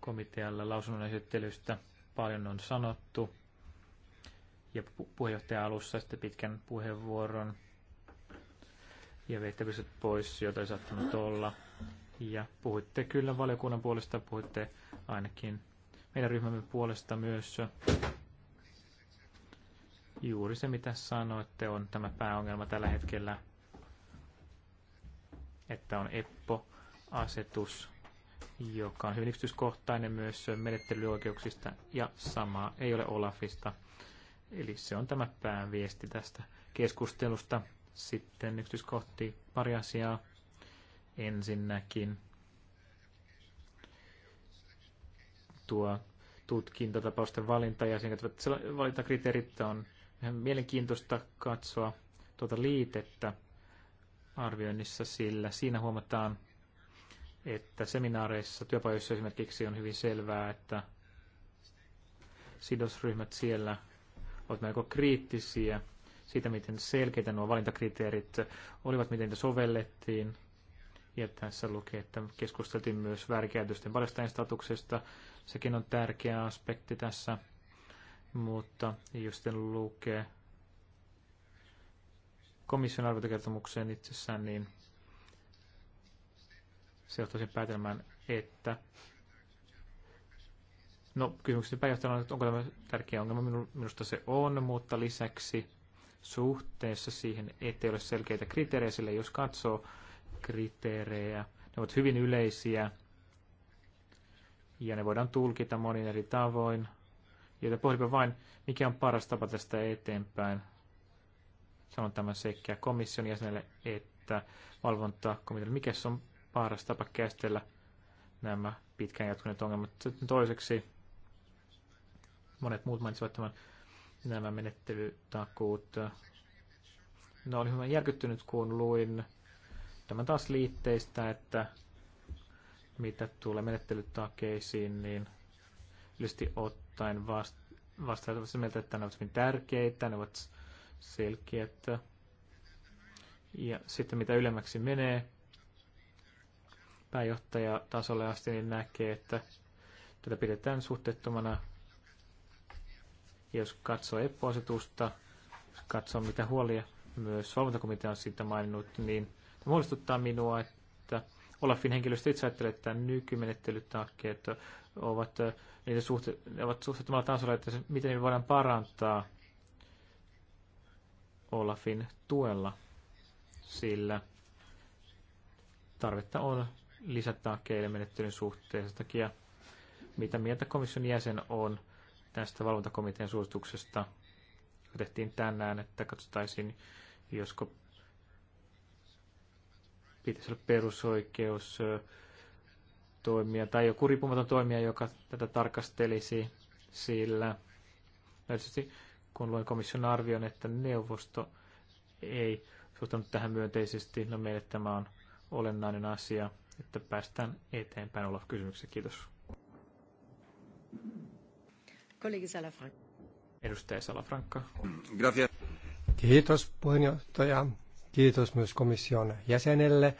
komitealle lausunnon esittelystä. Paljon on sanottu. Ja puheenjohtaja alussa sitten pitkän puheenvuoron. Ja veitte pois, joita ei saattanut olla. Ja puhuitte kyllä valiokunnan puolesta, puhuitte ainakin meidän ryhmämme puolesta myös. Juuri se, mitä sanoitte, on tämä pääongelma tällä hetkellä, että on EPPO-asetus, joka on hyvin yksityiskohtainen myös menettelyoikeuksista ja sama ei ole Olafista. Eli se on tämä pääviesti tästä keskustelusta. Sitten yksityiskohti pari asiaa. Ensinnäkin tuo tutkintatapausten valinta ja sen valintakriteerit on ihan mielenkiintoista katsoa tuota liitettä arvioinnissa, sillä siinä huomataan, että seminaareissa, työpajoissa esimerkiksi on hyvin selvää, että sidosryhmät siellä ovat melko kriittisiä siitä, miten selkeitä nuo valintakriteerit olivat, miten niitä sovellettiin. Ja tässä lukee, että keskusteltiin myös väärinkäytösten paljastajan statuksesta. Sekin on tärkeä aspekti tässä mutta just sitten lukee komission arviointikertomukseen itsessään, niin se johtaa sen päätelmään, että No kysymyksen pääjohtajana on, että onko tämä tärkeä ongelma. Minusta se on, mutta lisäksi suhteessa siihen, ettei ole selkeitä kriteerejä, sillä jos katsoo kriteerejä, ne ovat hyvin yleisiä ja ne voidaan tulkita monin eri tavoin joita pohdimme vain, mikä on paras tapa tästä eteenpäin. Sanon tämän sekä komission jäsenelle että valvontakomitealle, mikä se on paras tapa käsitellä nämä pitkään jatkuneet ongelmat. Sitten toiseksi, monet muut mainitsivat tämän, nämä menettelytakuut. No olin hyvin järkyttynyt, kun luin tämän taas liitteistä, että mitä tulee menettelytakeisiin, niin yleisesti ottaa jotain vasta vastaavasti sitä mieltä, että ne ovat hyvin tärkeitä, ne ovat selkeät. Ja sitten mitä ylemmäksi menee pääjohtajatasolle asti, niin näkee, että tätä pidetään suhteettomana. Jos katsoo epäositusta, jos katsoo mitä huolia myös valvontakomitea on siitä maininnut, niin huolestuttaa minua, että Olafin henkilöstö itse ajattelee, että nykymenettelytakkeet ovat, niiden suhte, ne ovat suhteettomalla tasolla, että miten niitä voidaan parantaa Olafin tuella, sillä tarvetta on keille menettelyn suhteen. Sen takia, mitä mieltä komission jäsen on tästä valvontakomitean suosituksesta, joka tehtiin tänään, että katsotaisiin, josko pitäisi olla perusoikeus toimija tai joku riippumaton toimija, joka tätä tarkastelisi sillä. Tietysti kun luin komission arvion, että neuvosto ei suhtautunut tähän myönteisesti, no meille tämä on olennainen asia, että päästään eteenpäin olla kysymyksiä. Kiitos. Kollegi Salafranca. Edustaja Salafranca. Gracias. Kiitos puheenjohtaja. Kiitos myös komission jäsenelle,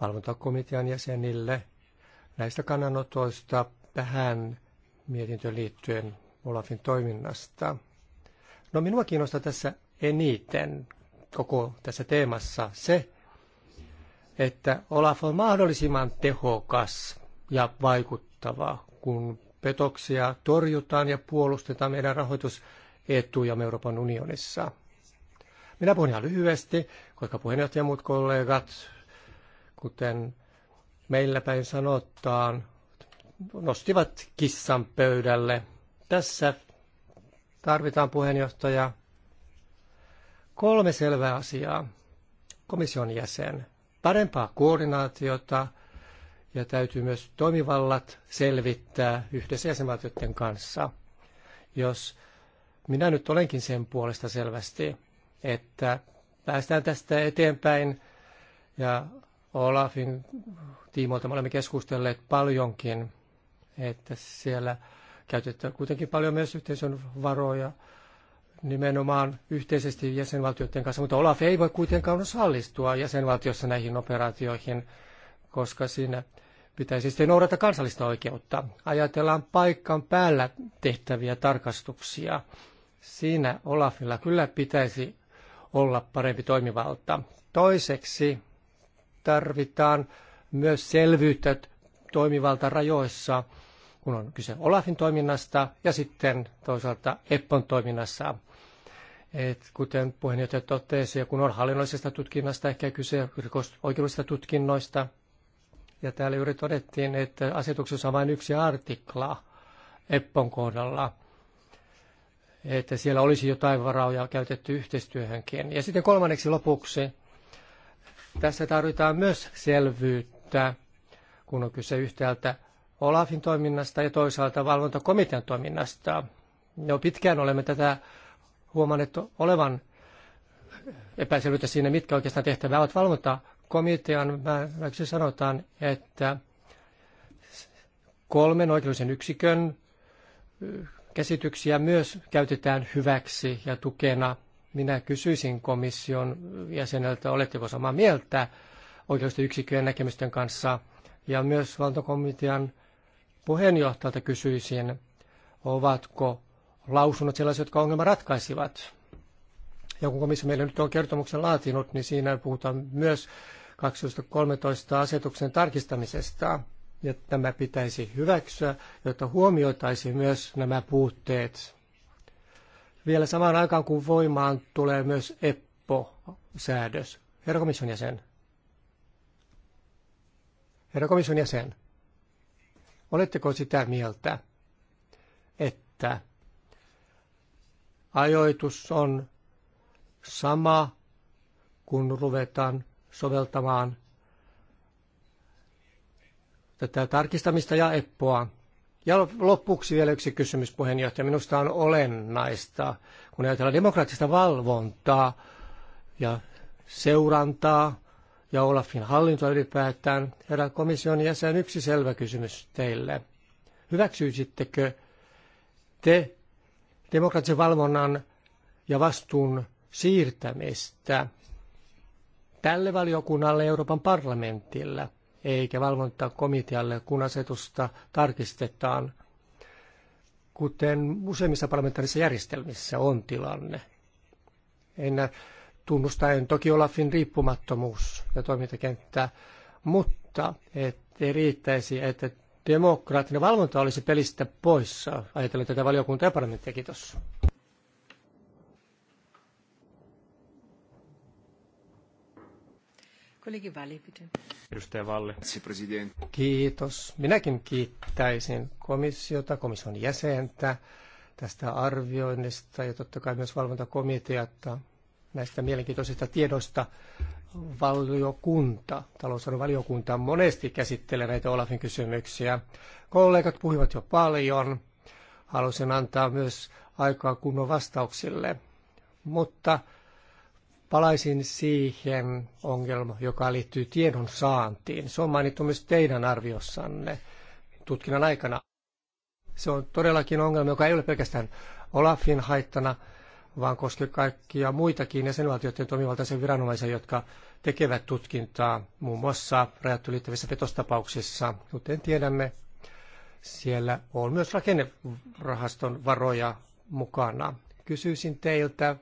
valvontakomitean jäsenille näistä kannanotoista tähän mietintöön liittyen Olafin toiminnasta. No minua kiinnostaa tässä eniten koko tässä teemassa se, että Olaf on mahdollisimman tehokas ja vaikuttava, kun petoksia torjutaan ja puolustetaan meidän rahoitusetujamme Euroopan unionissa. Minä puhun ihan lyhyesti, koska puheenjohtaja ja muut kollegat, kuten meillä päin sanotaan, nostivat kissan pöydälle. Tässä tarvitaan puheenjohtaja kolme selvää asiaa. Komission jäsen, parempaa koordinaatiota ja täytyy myös toimivallat selvittää yhdessä jäsenvaltioiden kanssa. Jos minä nyt olenkin sen puolesta selvästi, että päästään tästä eteenpäin ja Olafin tiimoilta me olemme keskustelleet paljonkin, että siellä käytetään kuitenkin paljon myös yhteisön varoja nimenomaan yhteisesti jäsenvaltioiden kanssa, mutta Olaf ei voi kuitenkaan osallistua jäsenvaltiossa näihin operaatioihin, koska siinä pitäisi sitten noudata kansallista oikeutta. Ajatellaan paikan päällä tehtäviä tarkastuksia. Siinä Olafilla kyllä pitäisi olla parempi toimivalta. Toiseksi tarvitaan myös selvyyttä toimivalta rajoissa, kun on kyse Olafin toiminnasta ja sitten toisaalta EPPON toiminnassa. Et kuten puheenjohtaja totesi, kun on hallinnollisesta tutkinnasta ehkä kyse rikosoikeudellisista tutkinnoista, ja täällä juuri todettiin, että asetuksessa on vain yksi artikla EPPON kohdalla, että siellä olisi jotain varauja käytetty yhteistyöhönkin. Ja sitten kolmanneksi lopuksi tässä tarvitaan myös selvyyttä, kun on kyse yhtäältä Olafin toiminnasta ja toisaalta valvontakomitean toiminnasta. Jo pitkään olemme tätä huomanneet olevan epäselvyyttä siinä, mitkä oikeastaan tehtävät ovat valvontakomitean. Mä, sanotaan, että kolmen oikeudellisen yksikön käsityksiä myös käytetään hyväksi ja tukena minä kysyisin komission jäseneltä, oletteko samaa mieltä yksikköjen näkemysten kanssa. Ja myös valtakomitean puheenjohtajalta kysyisin, ovatko lausunnot sellaisia, jotka ongelma ratkaisivat. Ja kun komissio meille nyt on kertomuksen laatinut, niin siinä puhutaan myös 2013 asetuksen tarkistamisesta. Ja tämä pitäisi hyväksyä, jotta huomioitaisiin myös nämä puutteet vielä samaan aikaan, kun voimaan tulee myös EPPO-säädös. Herra komission jäsen. Herra komission jäsen, oletteko sitä mieltä, että ajoitus on sama, kun ruvetaan soveltamaan tätä tarkistamista ja EPPOa ja lopuksi vielä yksi kysymys, puheenjohtaja. Minusta on olennaista, kun ajatellaan demokraattista valvontaa ja seurantaa ja Olafin hallintoa ylipäätään. Herra komission jäsen, yksi selvä kysymys teille. Hyväksyisittekö te demokraattisen valvonnan ja vastuun siirtämistä tälle valiokunnalle Euroopan parlamentille? eikä valvontakomitealle, kun asetusta tarkistetaan, kuten useimmissa parlamentaarisissa järjestelmissä on tilanne. En tunnustaen toki Olafin riippumattomuus ja toimintakenttä, mutta ettei riittäisi, että demokraattinen valvonta olisi pelistä poissa. Ajatellen tätä valiokuntaa ja parlamenttia. Kiitos. Kollegi Valli, bitte. Edustaja Valli. Kiitos. Minäkin kiittäisin komissiota, komission jäsentä tästä arvioinnista ja totta kai myös valvontakomiteatta näistä mielenkiintoisista tiedoista. Valiokunta, talousarvovaliokunta monesti käsittelee näitä Olafin kysymyksiä. Kollegat puhuivat jo paljon. Halusin antaa myös aikaa kunnon vastauksille. Mutta palaisin siihen ongelma, joka liittyy tiedon saantiin. Se on mainittu myös teidän arviossanne tutkinnan aikana. Se on todellakin ongelma, joka ei ole pelkästään Olafin haittana, vaan koskee kaikkia muitakin jäsenvaltioiden toimivaltaisen viranomaisia, jotka tekevät tutkintaa muun muassa rajat ylittävissä petostapauksissa. Kuten tiedämme, siellä on myös rakennerahaston varoja mukana. Kysyisin teiltä,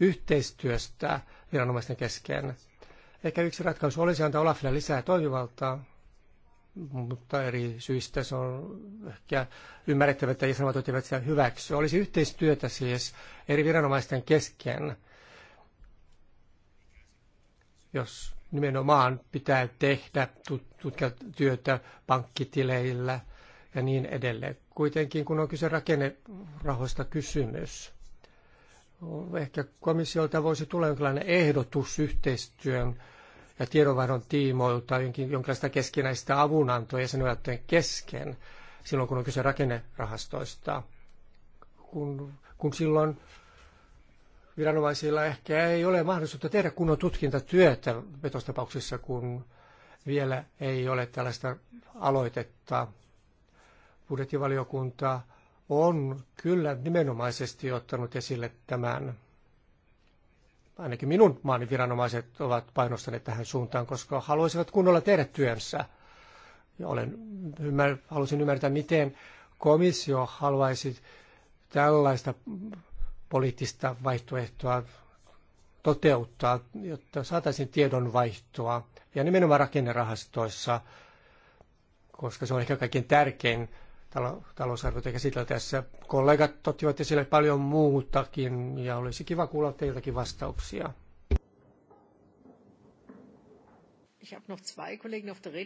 yhteistyöstä viranomaisten kesken. Ehkä yksi ratkaisu olisi antaa Olafille lisää toimivaltaa, mutta eri syistä se on ehkä ymmärrettävä, että jäsenvaltiot eivät sitä hyväksy. Olisi yhteistyötä siis eri viranomaisten kesken, jos nimenomaan pitää tehdä tutkijatyötä pankkitileillä ja niin edelleen. Kuitenkin kun on kyse rakennerahoista kysymys, Ehkä komissiolta voisi tulla jonkinlainen ehdotus yhteistyön ja tiedonvaihdon tiimoilta, jonkin, jonkinlaista keskinäistä avunantoa jäsenvaltioiden kesken silloin, kun on kyse rakennerahastoista. Kun, kun silloin viranomaisilla ehkä ei ole mahdollisuutta tehdä kunnon tutkintatyötä vetostapauksissa, kun vielä ei ole tällaista aloitetta. Budjettivaliokunta on kyllä nimenomaisesti ottanut esille tämän. Ainakin minun maani viranomaiset ovat painostaneet tähän suuntaan, koska haluaisivat kunnolla tehdä työnsä. Ja olen, ymmär, halusin ymmärtää, miten komissio haluaisi tällaista poliittista vaihtoehtoa toteuttaa, jotta saataisiin tiedonvaihtoa ja nimenomaan rakennerahastoissa, koska se on ehkä kaikkein tärkein talousarviota käsiteltäessä. tässä. Kollegat ottivat esille paljon muutakin ja olisi kiva kuulla teiltäkin vastauksia.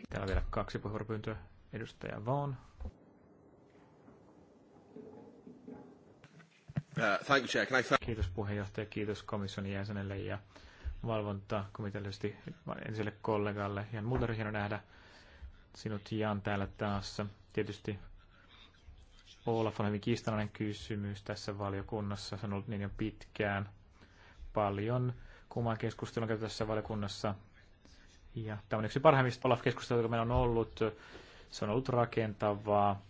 Täällä on vielä kaksi puheenvuoropyyntöä. Edustaja Vaan. Uh, kiitos puheenjohtaja, kiitos komission jäsenelle ja valvontakomiteallisesti ensille kollegalle. Ja Mulder, hieno nähdä sinut Jan täällä taas. Tietysti Olaf on hyvin kiistanainen kysymys tässä valiokunnassa. Se on ollut niin jo pitkään. Paljon kuumaa keskustelua käyty tässä valiokunnassa. Ja tämä on yksi parhaimmista Olaf-keskusteluja, joka meillä on ollut. Se on ollut rakentavaa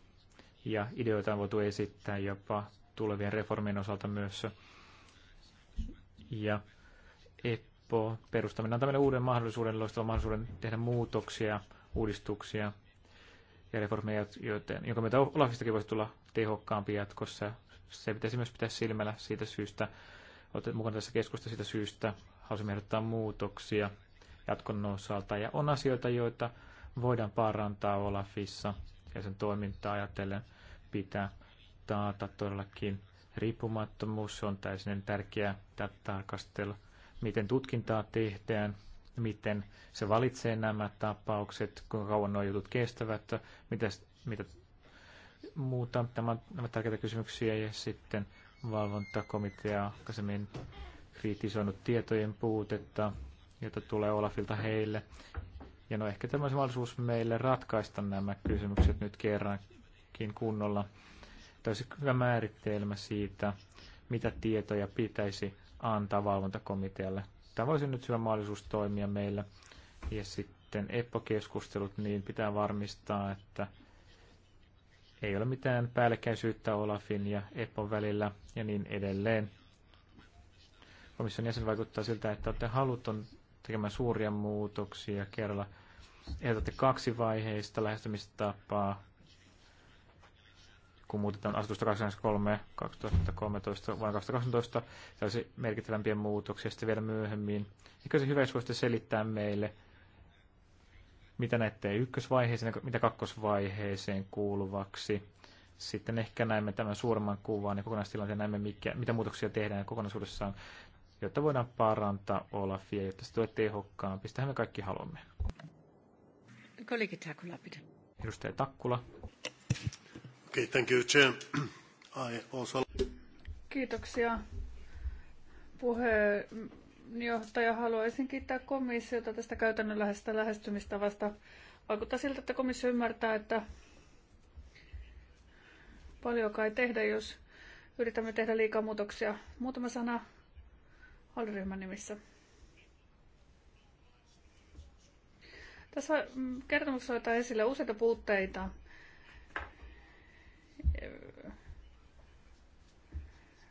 ja ideoita on voitu esittää jopa tulevien reformien osalta myös. Ja EPPO perustaminen on tämmöinen uuden mahdollisuuden, loistava mahdollisuuden tehdä muutoksia, uudistuksia ja reformeja, joten, jonka meitä Olafistakin voisi tulla tehokkaampi jatkossa. Se pitäisi myös pitää silmällä siitä syystä, olette mukana tässä keskustelussa siitä syystä, halusimme ehdottaa muutoksia jatkon osalta. Ja on asioita, joita voidaan parantaa Olafissa ja sen toimintaa ajatellen pitää taata todellakin riippumattomuus. on täysin tärkeää tarkastella, miten tutkintaa tehdään miten se valitsee nämä tapaukset, kuinka kauan nuo jutut kestävät, mitä, mitä muuta. Tämä, nämä ovat tärkeitä kysymyksiä ja sitten valvontakomitea aikaisemmin kritisoinut tietojen puutetta, jota tulee Olafilta heille. Ja no ehkä tämä mahdollisuus meille ratkaista nämä kysymykset nyt kerrankin kunnolla. Täysin siis hyvä määritelmä siitä, mitä tietoja pitäisi antaa valvontakomitealle Tämä voisi nyt hyvä mahdollisuus toimia meillä. Ja sitten EPPO-keskustelut, niin pitää varmistaa, että ei ole mitään päällekkäisyyttä Olafin ja EPPOn välillä ja niin edelleen. Komission jäsen vaikuttaa siltä, että olette haluton tekemään suuria muutoksia kerralla ehdotatte kaksi vaiheista lähestymistapaa kun muutetaan asetusta 83 2013 vuonna 2012, tällaisia merkittävämpiä muutoksia sitten vielä myöhemmin. Eikö se hyvä, jos selittää meille, mitä näette ykkösvaiheeseen ja mitä kakkosvaiheeseen kuuluvaksi. Sitten ehkä näemme tämän suuremman kuvan ja kokonaistilanteen, näemme mikä, mitä muutoksia tehdään kokonaisuudessaan, jotta voidaan parantaa Olafia, jotta se tulee tehokkaampi. Sitähän me kaikki haluamme. Kollegi Takkula, pidä. Edustaja Takkula. Okay, thank you, Chair. [CLEARS THROAT] I also... Kiitoksia. Puheenjohtaja, haluaisin kiittää komissiota tästä käytännönläheisestä lähestymistavasta. Vaikuttaa siltä, että komissio ymmärtää, että paljonkaan ei tehdä, jos yritämme tehdä liikaa muutoksia. Muutama sana halliryhmän nimissä. Tässä mm, kertomuksessa otetaan esille useita puutteita,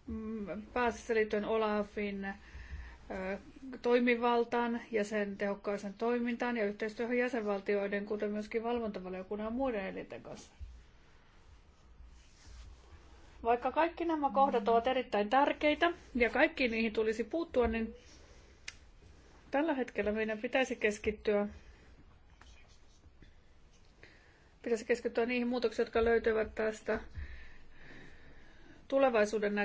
Mm, pääasiassa liittyen Olafin toimivaltaan ja sen tehokkaaseen toimintaan ja yhteistyöhön jäsenvaltioiden, kuten myöskin valvontavaliokunnan ja muiden elinten kanssa. Vaikka kaikki nämä kohdat ovat erittäin tärkeitä ja kaikki niihin tulisi puuttua, niin tällä hetkellä meidän pitäisi keskittyä pitäisi keskittyä niihin muutoksiin, jotka löytyvät tästä tulevaisuuden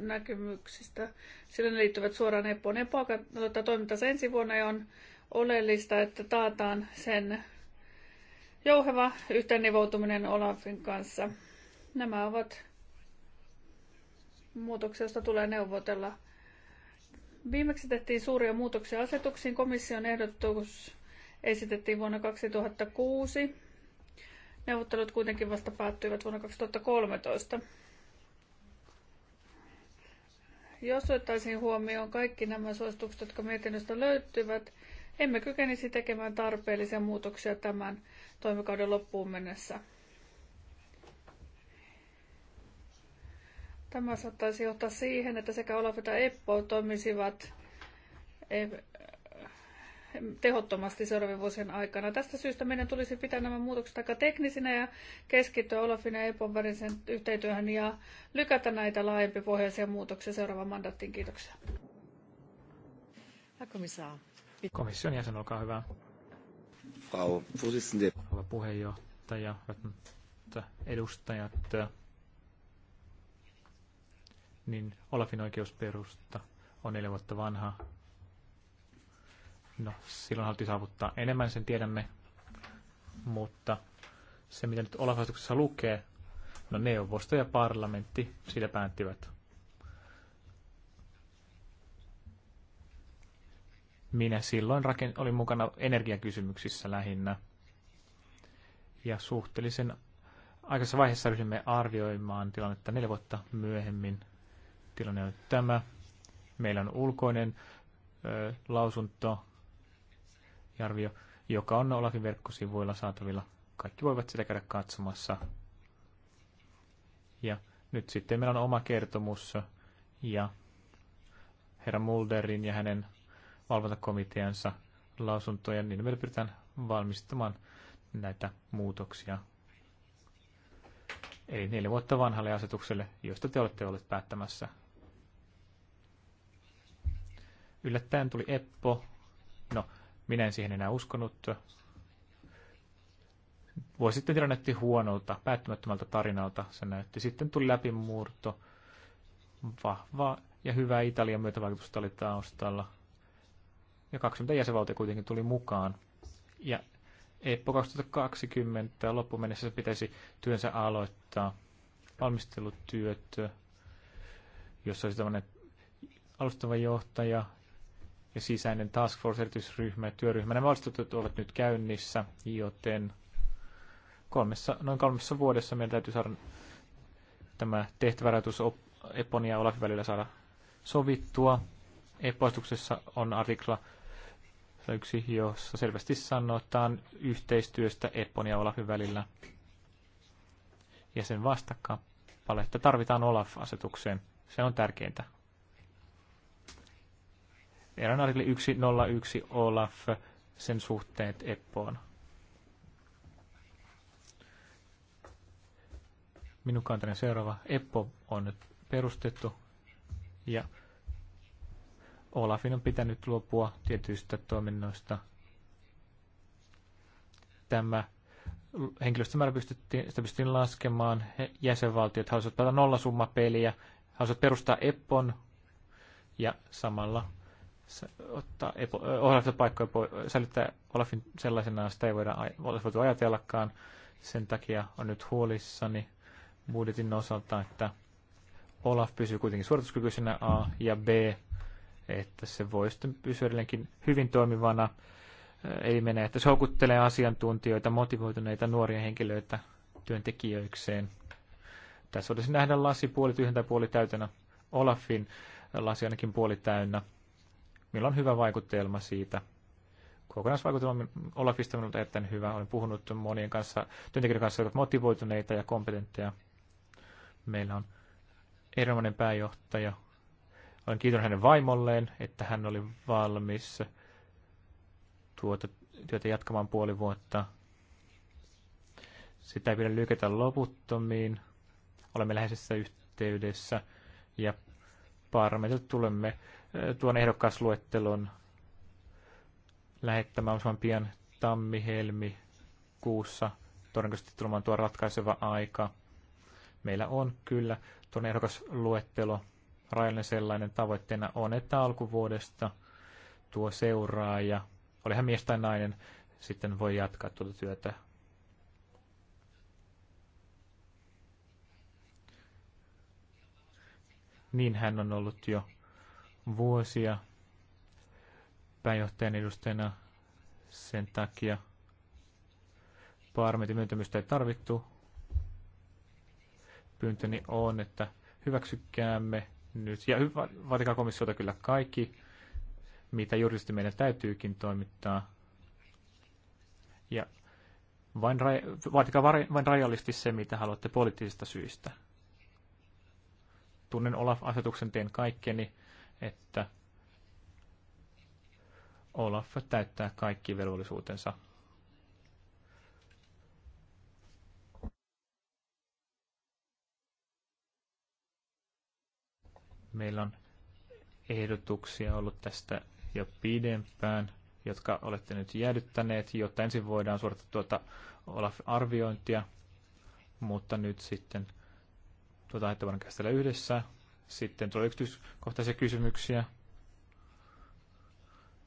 näkymyksistä, sillä ne liittyvät suoraan EPOon. EPO aloittaa toimintansa ensi vuonna ja on oleellista, että taataan sen jouheva yhteennivoutuminen Olafin kanssa. Nämä ovat muutoksia, joista tulee neuvotella. Viimeksi tehtiin suuria muutoksia asetuksiin. Komission ehdotus esitettiin vuonna 2006. Neuvottelut kuitenkin vasta päättyivät vuonna 2013. Jos ottaisiin huomioon kaikki nämä suositukset, jotka mietinnöstä löytyvät, emme kykenisi tekemään tarpeellisia muutoksia tämän toimikauden loppuun mennessä. Tämä saattaisi johtaa siihen, että sekä Olaf että Eppo toimisivat e- tehottomasti seuraavien vuosien aikana. Tästä syystä meidän tulisi pitää nämä muutokset aika teknisinä ja keskittyä Olafin ja Epon välisen yhteytyöhön ja lykätä näitä laajempi pohjaisia muutoksia seuraavaan mandaattiin. Kiitoksia. Komission jäsen, olkaa hyvä. Frau Vorsitzende. Rouva puheenjohtaja, edustajat, niin Olafin oikeusperusta on neljä vuotta vanha No, silloin haluttiin saavuttaa enemmän, sen tiedämme, mutta se, mitä nyt olafastuksessa lukee, no neuvosto ja parlamentti sitä päättivät. Minä silloin raken, olin mukana energiakysymyksissä lähinnä. Ja suhteellisen aikaisessa vaiheessa ryhdymme arvioimaan tilannetta neljä vuotta myöhemmin. Tilanne on tämä. Meillä on ulkoinen ö, lausunto arvio, joka on Olafin verkkosivuilla saatavilla. Kaikki voivat sitä käydä katsomassa. Ja nyt sitten meillä on oma kertomus ja herra Mulderin ja hänen valvontakomiteansa lausuntoja, niin me pyritään valmistamaan näitä muutoksia. Eli neljä vuotta vanhalle asetukselle, josta te olette olleet päättämässä. Yllättäen tuli Eppo minä en siihen enää uskonut. Vuosi sitten tilanne näytti huonolta, päättymättömältä tarinalta. Se näytti. Sitten tuli läpimurto. Vahva ja hyvä Italian myötävaikutusta oli taustalla. Ja 20 jäsenvaltio kuitenkin tuli mukaan. Ja Eppo 2020 loppuun mennessä pitäisi työnsä aloittaa. Valmistelutyöt, jossa olisi tämmöinen alustava johtaja, ja sisäinen task force erityisryhmä ja työryhmä. Nämä valmistelut ovat nyt käynnissä, joten kolmessa, noin kolmessa vuodessa meidän täytyy saada tämä tehtävärajoitus Epon ja Olafin välillä saada sovittua. Epoistuksessa on artikla yksi, jossa selvästi sanotaan yhteistyöstä Epon ja Olafin välillä. Ja sen vastakappaletta tarvitaan Olaf-asetukseen. Se on tärkeintä erään artikli 101 Olaf sen suhteet Eppoon. Minun kantani seuraava. Eppo on nyt perustettu ja Olafin on pitänyt luopua tietyistä toiminnoista. Tämä henkilöstömäärä pystyttiin, sitä pystyttiin laskemaan. He, jäsenvaltiot halusivat pelata nollasummapeliä, halusivat perustaa Eppon ja samalla ottaa Olafin paikkoja säilyttää Olafin sellaisena, sitä ei voida, olisi voitu ajatellakaan. Sen takia on nyt huolissani budjetin osalta, että Olaf pysyy kuitenkin suorituskykyisenä A ja B, että se voi sitten pysyä edelleenkin hyvin toimivana elimenä, että se houkuttelee asiantuntijoita, motivoituneita nuoria henkilöitä työntekijöikseen. Tässä olisi nähdä lasi puoli tyhjän tai puoli täytänä. Olafin lasi ainakin puoli täynnä Meillä on hyvä vaikutelma siitä. Kokonaisvaikutelma Olafista on ollut erittäin hyvä. Olen puhunut monien kanssa, työntekijöiden kanssa, jotka ovat motivoituneita ja kompetentteja. Meillä on erinomainen pääjohtaja. Olen kiitollinen hänen vaimolleen, että hän oli valmis tuota työtä jatkamaan puoli vuotta. Sitä ei pidä lykätä loputtomiin. Olemme läheisessä yhteydessä ja parametrit tulemme tuon ehdokasluettelon lähettämään osan pian tammi-helmi kuussa. Todennäköisesti tulemaan tuo ratkaiseva aika. Meillä on kyllä tuon ehdokasluettelo, rajallinen sellainen tavoitteena on, että alkuvuodesta tuo seuraaja, olihan mies tai nainen, sitten voi jatkaa tuota työtä. Niin hän on ollut jo vuosia pääjohtajan edustajana sen takia parlamentin myöntämystä ei tarvittu. Pyyntöni on, että hyväksykäämme nyt, ja vaatikaa komissiota kyllä kaikki, mitä juridisesti meidän täytyykin toimittaa. Ja vain raj- vaatikaa vain rajallisesti se, mitä haluatte poliittisista syistä. Tunnen Olaf-asetuksen, teen kaikkeni, että Olaf täyttää kaikki velvollisuutensa. Meillä on ehdotuksia ollut tästä jo pidempään, jotka olette nyt jäädyttäneet, jotta ensin voidaan suorittaa tuota Olaf-arviointia, mutta nyt sitten tuota aihetta voidaan käsitellä yhdessä sitten tulee yksityiskohtaisia kysymyksiä,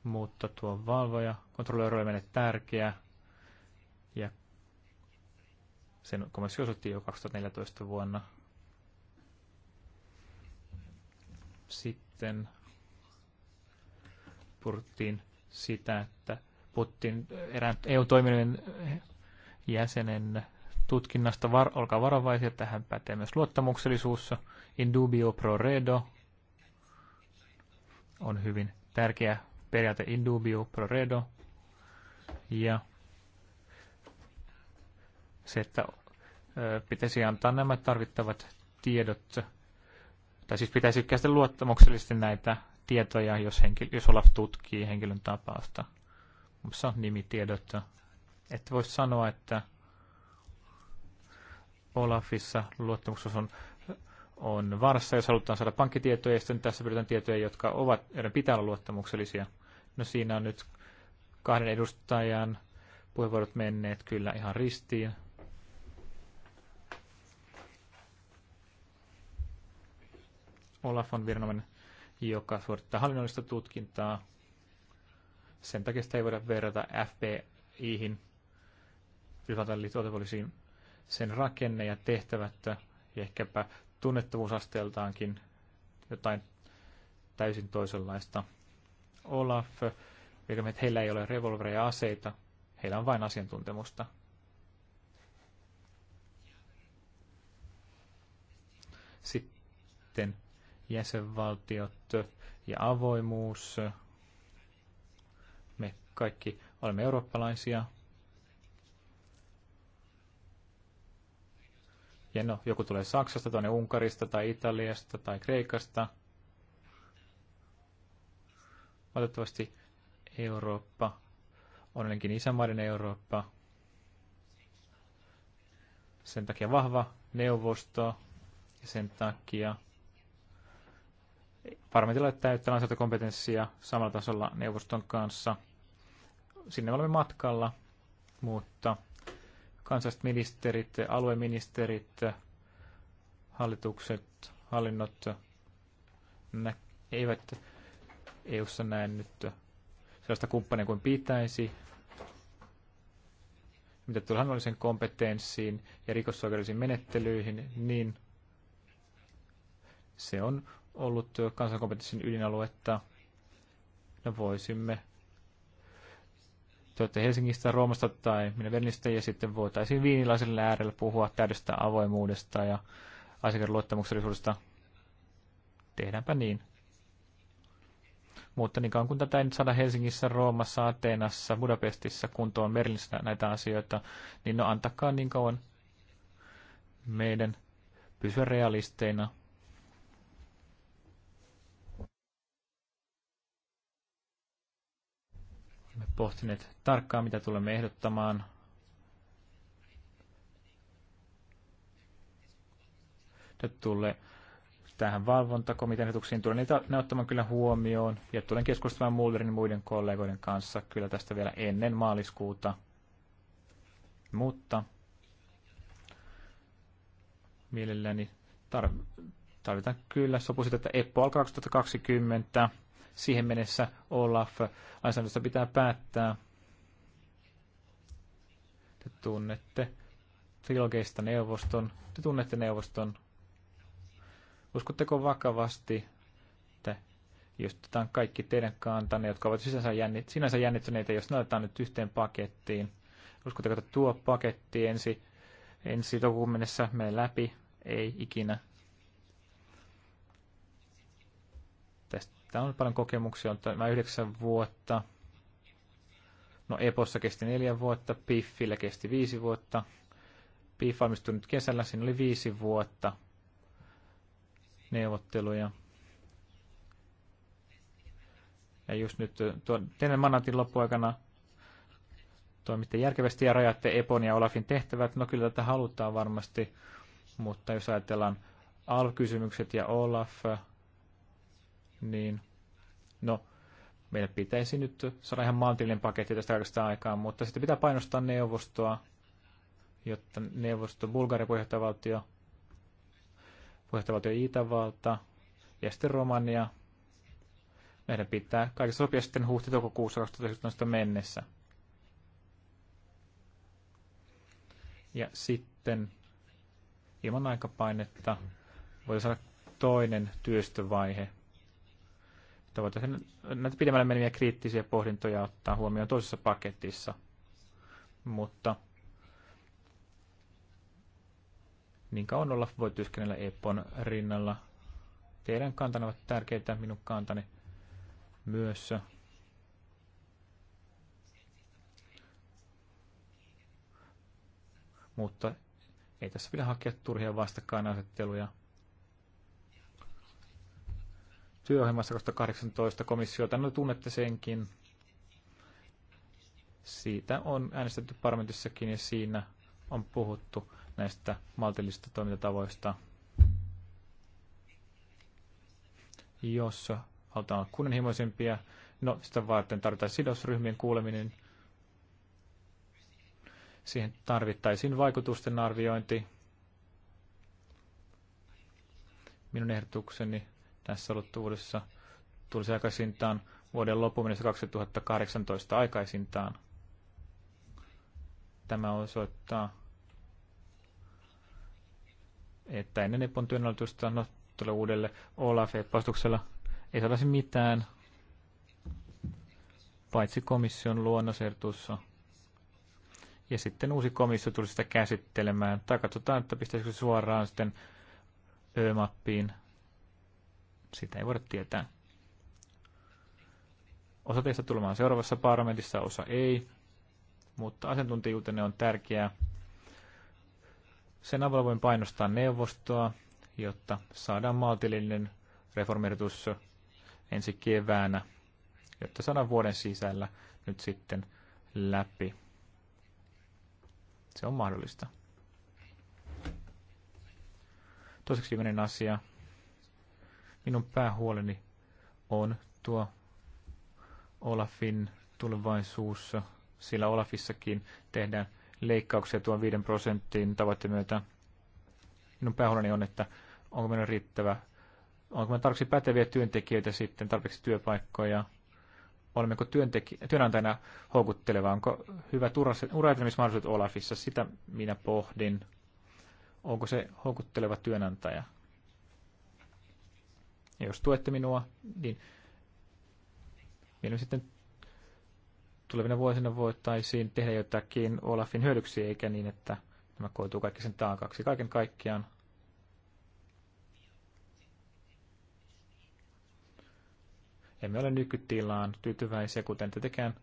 mutta tuo valvoja, kontrollööri oli meille tärkeä ja sen komissio osoitti jo 2014 vuonna. Sitten purttiin sitä, että puhuttiin erään EU-toiminnan jäsenen tutkinnasta. Var, olkaa varovaisia, tähän pätee myös luottamuksellisuus. In dubio pro redo on hyvin tärkeä periaate in dubio pro redo. Ja se, että pitäisi antaa nämä tarvittavat tiedot, tai siis pitäisi käsitellä luottamuksellisesti näitä tietoja, jos, henkilö, jos Olaf tutkii henkilön tapausta. Mutta nimitiedot. Että voisi sanoa, että Olafissa luottamuksessa on, on varassa, jos halutaan saada pankkitietoja, ja sitten tässä pyydetään tietoja, jotka ovat, joiden pitää olla luottamuksellisia. No siinä on nyt kahden edustajan puheenvuorot menneet kyllä ihan ristiin. Olaf on viranomainen, joka suorittaa hallinnollista tutkintaa. Sen takia sitä ei voida verrata FBIhin, Yhdysvaltain liittovaltapoliisiin sen rakenne ja tehtävät ja ehkäpä tunnettavuusasteeltaankin jotain täysin toisenlaista. Olaf, että heillä ei ole revolvereja aseita, heillä on vain asiantuntemusta. Sitten jäsenvaltiot ja avoimuus. Me kaikki olemme eurooppalaisia, Ja no, joku tulee Saksasta, tuonne Unkarista tai Italiasta tai Kreikasta. Valitettavasti Eurooppa on ainakin isämaiden Eurooppa. Sen takia vahva neuvosto ja sen takia parlamentilla täyttää lainsäädäntökompetenssia samalla tasolla neuvoston kanssa. Sinne olemme matkalla, mutta kansalliset ministerit, alueministerit, hallitukset, hallinnot nä- eivät EU-ssa näe nyt sellaista kumppania kuin pitäisi. Mitä tulee hallinnollisen kompetenssiin ja rikosoikeudellisiin menettelyihin, niin se on ollut kansankompetenssin ydinaluetta. No voisimme te olette Helsingistä, Roomasta tai minä Vernistä, ja sitten voitaisiin viinilaiselle äärellä puhua täydestä avoimuudesta ja asiakirjan luottamuksellisuudesta. Tehdäänpä niin. Mutta niin kauan kun tätä ei nyt saada Helsingissä, Roomassa, Ateenassa, Budapestissa kuntoon Merlinissä näitä asioita, niin no antakaa niin kauan meidän pysyä realisteina – olemme pohtineet tarkkaan, mitä tulemme ehdottamaan. Nyt tulee tähän valvontakomitean ehdotuksiin. Tulen niitä, ne ottamaan kyllä huomioon ja tulen keskustelemaan Mulderin muiden kollegoiden kanssa kyllä tästä vielä ennen maaliskuuta. Mutta mielelläni tar- tarvitaan kyllä sopu siitä, että EPPO alkaa 2020 siihen mennessä Olaf lainsäädännöstä pitää päättää. Te tunnette trilogeista neuvoston. Te tunnette neuvoston. Uskotteko vakavasti, että jos otetaan kaikki teidän kantanne, jotka ovat sinänsä, jännit, sinänsä jännittyneitä, jos ne otetaan nyt yhteen pakettiin, uskotteko, että tuo paketti ensi, ensi toukokuun mennessä menee läpi? Ei ikinä. Täällä on paljon kokemuksia, on tämä yhdeksän vuotta. No Epossa kesti neljä vuotta, Piffillä kesti viisi vuotta. Piff valmistui nyt kesällä, siinä oli viisi vuotta neuvotteluja. Ja just nyt tuon teidän mandatin loppuaikana toimitte järkevästi ja rajatte Epon ja Olafin tehtävät. No kyllä tätä halutaan varmasti, mutta jos ajatellaan ALV-kysymykset ja Olaf, niin no, meillä pitäisi nyt saada ihan maltillinen paketti tästä kaikesta aikaan, mutta sitten pitää painostaa neuvostoa, jotta neuvosto, Bulgarian puheenjohtajavaltio, puheenjohtajavaltio Itävalta ja sitten Romania. Meidän pitää kaikista sopia sitten huhti-toukokuussa 2019 mennessä. Ja sitten ilman aikapainetta voi saada toinen työstövaihe voitaisiin näitä pidemmälle meneviä kriittisiä pohdintoja ottaa huomioon toisessa paketissa. Mutta niin kauan olla voi työskennellä Epon rinnalla. Teidän kantanne ovat tärkeitä, minun kantani myös. Mutta ei tässä pidä hakea turhia vastakkainasetteluja työohjelmassa 2018 komissiota. No tunnette senkin. Siitä on äänestetty parlamentissakin ja siinä on puhuttu näistä maltillisista toimintatavoista. Jos halutaan olla kunnianhimoisempia, no sitä varten tarvitaan sidosryhmien kuuleminen. Siihen tarvittaisiin vaikutusten arviointi. Minun ehdotukseni tässä ulottuvuudessa tulisi aikaisintaan vuoden loppuun mennessä 2018 aikaisintaan. Tämä osoittaa, että ennen Epon työnalitusta no, tulee uudelle olaf pastuksella ei saataisi mitään, paitsi komission luonnosertussa. Ja sitten uusi komissio tulisi sitä käsittelemään. Tai katsotaan, että pistäisikö se suoraan sitten ö-mappiin sitä ei voida tietää. Osa teistä tulemaan seuraavassa parlamentissa, osa ei, mutta asiantuntijuutenne on tärkeää. Sen avulla voin painostaa neuvostoa, jotta saadaan maltillinen reformehdotus ensi keväänä, jotta saadaan vuoden sisällä nyt sitten läpi. Se on mahdollista. Toiseksi viimeinen asia Minun päähuoleni on tuo Olafin tulevaisuus, sillä Olafissakin tehdään leikkauksia tuon 5 prosentin tavoitteen myötä. Minun päähuoleni on, että onko meillä riittävä, onko meillä tarpeeksi päteviä työntekijöitä sitten, tarpeeksi työpaikkoja, olemmeko työntek- työnantajana houkutteleva, onko hyvä uraetenemismahdollisuudet Olafissa, sitä minä pohdin. Onko se houkutteleva työnantaja? Ja jos tuette minua, niin mieluummin sitten tulevina vuosina voitaisiin tehdä jotakin Olafin hyödyksi, eikä niin, että tämä koituu kaikki sen taakaksi. Kaiken kaikkiaan emme ole nykytilaan tyytyväisiä, kuten tietenkään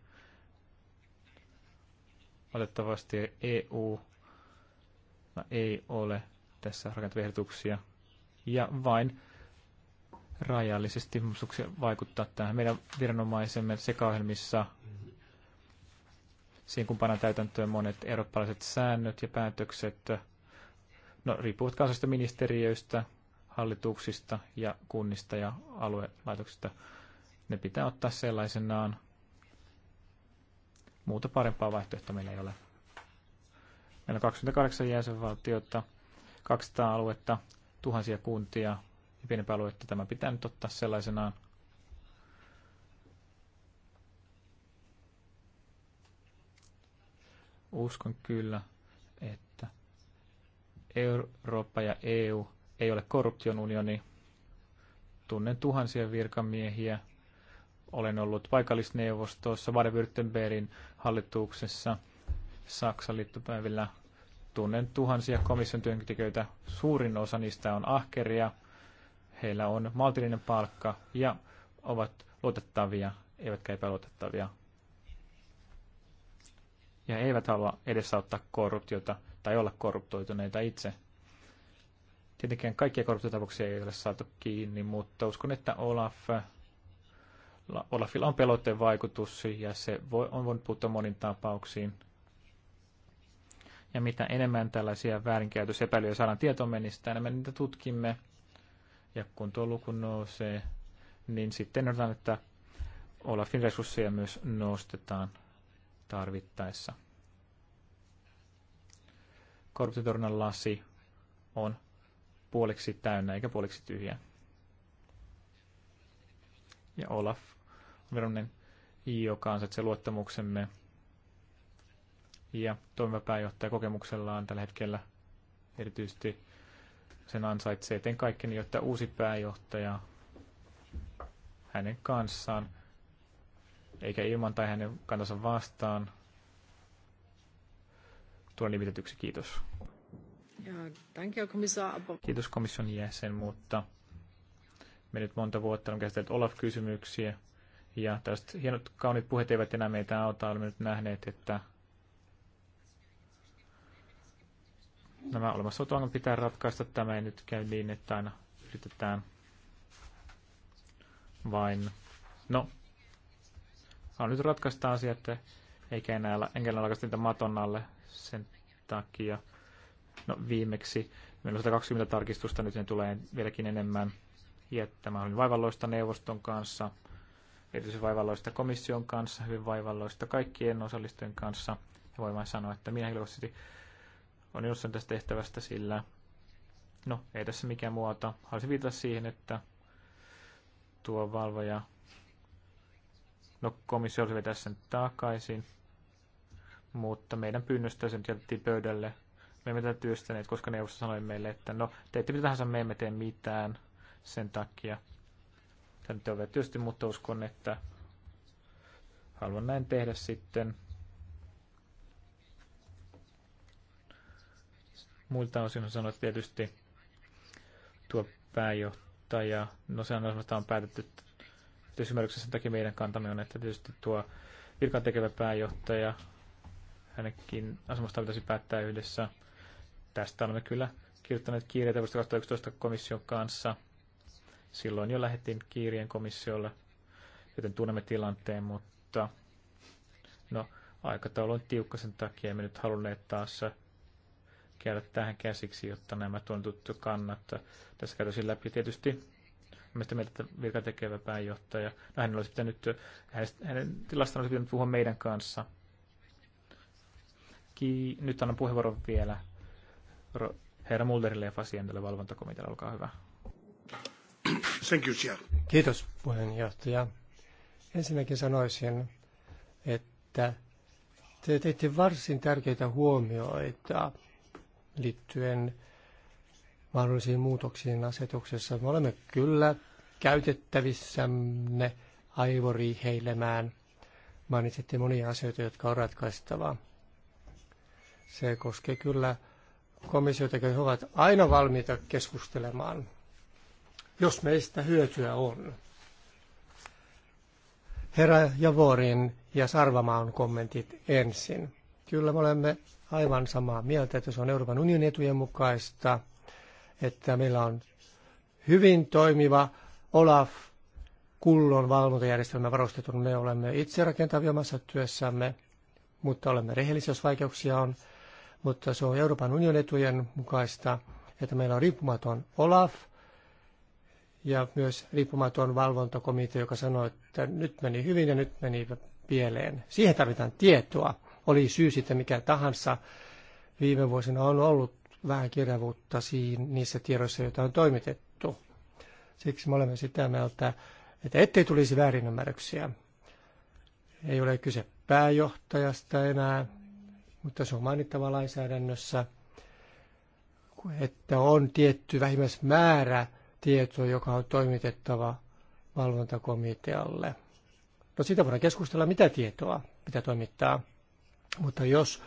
valitettavasti EU no, ei ole tässä rakentavia ehdotuksia. Ja vain rajallisesti vaikuttaa tähän. Meidän viranomaisemme sekaohjelmissa, siinä kun pannaan täytäntöön monet eurooppalaiset säännöt ja päätökset, no riippuvat kansallisista ministeriöistä, hallituksista ja kunnista ja aluelaitoksista. Ne pitää ottaa sellaisenaan. Muuta parempaa vaihtoehtoa meillä ei ole. Meillä on 28 jäsenvaltiota, 200 aluetta, tuhansia kuntia, ja pienempää aluetta. Tämä pitää nyt ottaa sellaisenaan. Uskon kyllä, että Eurooppa ja EU ei ole korruption unioni. Tunnen tuhansia virkamiehiä. Olen ollut paikallisneuvostossa, Baden-Württembergin hallituksessa, Saksan liittopäivillä. Tunnen tuhansia komission työntekijöitä. Suurin osa niistä on ahkeria, heillä on maltillinen palkka ja ovat luotettavia, eivätkä epäluotettavia. Ja he eivät halua edesauttaa korruptiota tai olla korruptoituneita itse. Tietenkään kaikkia korruptiotapauksia ei ole saatu kiinni, mutta uskon, että Olaf, Olafilla on pelotteen vaikutus ja se voi, on voinut puuttua monin tapauksiin. Ja mitä enemmän tällaisia väärinkäytösepäilyjä saadaan tietoon, niin enemmän niitä tutkimme – ja kun tuo luku nousee, niin sitten odotan, että Olafin resursseja myös nostetaan tarvittaessa. Korruptitornan lasi on puoliksi täynnä eikä puoliksi tyhjä. Ja Olaf on joka ansaitsee luottamuksemme. Ja toimiva pääjohtaja kokemuksellaan tällä hetkellä erityisesti sen ansaitsee. Teen kaikkeni, jotta uusi pääjohtaja hänen kanssaan, eikä ilman tai hänen kantansa vastaan, tuo nimitetyksi. Kiitos. Kiitos komission jäsen, mutta me nyt monta vuotta on käsitellyt Olaf-kysymyksiä. Ja tästä hienot, kauniit puheet eivät enää meitä auta. Olemme nyt nähneet, että nämä olemassa olevat ongelmat pitää ratkaista. Tämä ei nyt käy niin, että aina yritetään vain... No, on nyt ratkaista että eikä enää, enkä enää lakasta niitä maton alle sen takia. No viimeksi meillä on 120 tarkistusta, nyt ne tulee vieläkin enemmän. Ja tämä oli vaivalloista neuvoston kanssa, erityisen vaivalloista komission kanssa, hyvin vaivalloista kaikkien osallistujien kanssa. Ja voin vain sanoa, että minä henkilökohtaisesti on jossain tästä tehtävästä, sillä no, ei tässä mikään muuta. Haluaisin viitata siihen, että tuo valvoja, no komissio olisi tässä nyt takaisin, mutta meidän pyynnöstä sen jätettiin pöydälle. Me emme tätä työstäneet, koska neuvosto sanoi meille, että no, ette mitä tahansa, me emme tee mitään sen takia. Tämä nyt on vielä työsty, mutta uskon, että haluan näin tehdä sitten. Muilta osin on sanottu tietysti tuo pääjohtaja, no sehän on päätetty yhteisymmärryksessä, sen takia meidän kantamme on, että tietysti tuo virkan tekevä pääjohtaja, hänenkin asemasta pitäisi päättää yhdessä. Tästä olemme kyllä kirjoittaneet kirjeitä vuodesta 2011 komission kanssa. Silloin jo lähetin kirjeen komissiolle, joten tunnemme tilanteen, mutta no, aikataulu on tiukka sen takia, emme nyt halunneet taas käydä tähän käsiksi, jotta nämä tuntut kannat tässä käytäisiin läpi. Tietysti mistä mieltä virka tekevä pääjohtaja, no hänen olisi pitänyt, hänen tilastaan olisi pitänyt puhua meidän kanssa. Ki, nyt annan puheenvuoron vielä herra Mulderille ja Fasiendelle valvontakomitealle, olkaa hyvä. Thank you, Kiitos puheenjohtaja. Ensinnäkin sanoisin, että te teitte varsin tärkeitä huomioita liittyen mahdollisiin muutoksiin asetuksessa. Me olemme kyllä käytettävissämme aivoriiheilemään. Mainitsitte monia asioita, jotka on ratkaistavaa. Se koskee kyllä komissioita, jotka ovat aina valmiita keskustelemaan, jos meistä hyötyä on. Herra Javorin ja Sarvamaan kommentit ensin. Kyllä me olemme aivan samaa mieltä, että se on Euroopan unionin etujen mukaista, että meillä on hyvin toimiva Olaf kullon valvontajärjestelmä varustettu. Me olemme itse omassa työssämme, mutta olemme rehellisiä, jos vaikeuksia on. Mutta se on Euroopan unionin etujen mukaista, että meillä on riippumaton Olaf ja myös riippumaton valvontakomitea, joka sanoo, että nyt meni hyvin ja nyt meni pieleen. Siihen tarvitaan tietoa oli syy sitten mikä tahansa, viime vuosina on ollut vähän kirjavuutta siinä, niissä tiedoissa, joita on toimitettu. Siksi me olemme sitä mieltä, että ettei tulisi väärinymmärryksiä. Ei ole kyse pääjohtajasta enää, mutta se on mainittava lainsäädännössä, että on tietty vähimmäismäärä tietoa, joka on toimitettava valvontakomitealle. No siitä voidaan keskustella, mitä tietoa pitää toimittaa. Mutta jos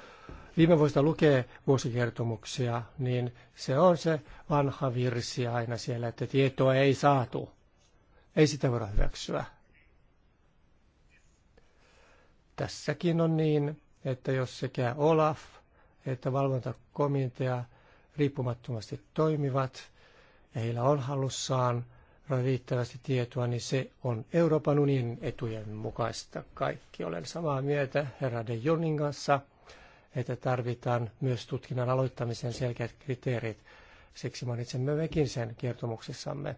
viime vuosista lukee vuosikertomuksia, niin se on se vanha virsi aina siellä, että tietoa ei saatu. Ei sitä voida hyväksyä. Tässäkin on niin, että jos sekä Olaf että valvontakomitea riippumattomasti toimivat ja heillä on hallussaan riittävästi tietoa, niin se on Euroopan unionin etujen mukaista. Kaikki olen samaa mieltä herra de Jonin kanssa, että tarvitaan myös tutkinnan aloittamisen selkeät kriteerit. Siksi mainitsemme mekin sen kertomuksessamme,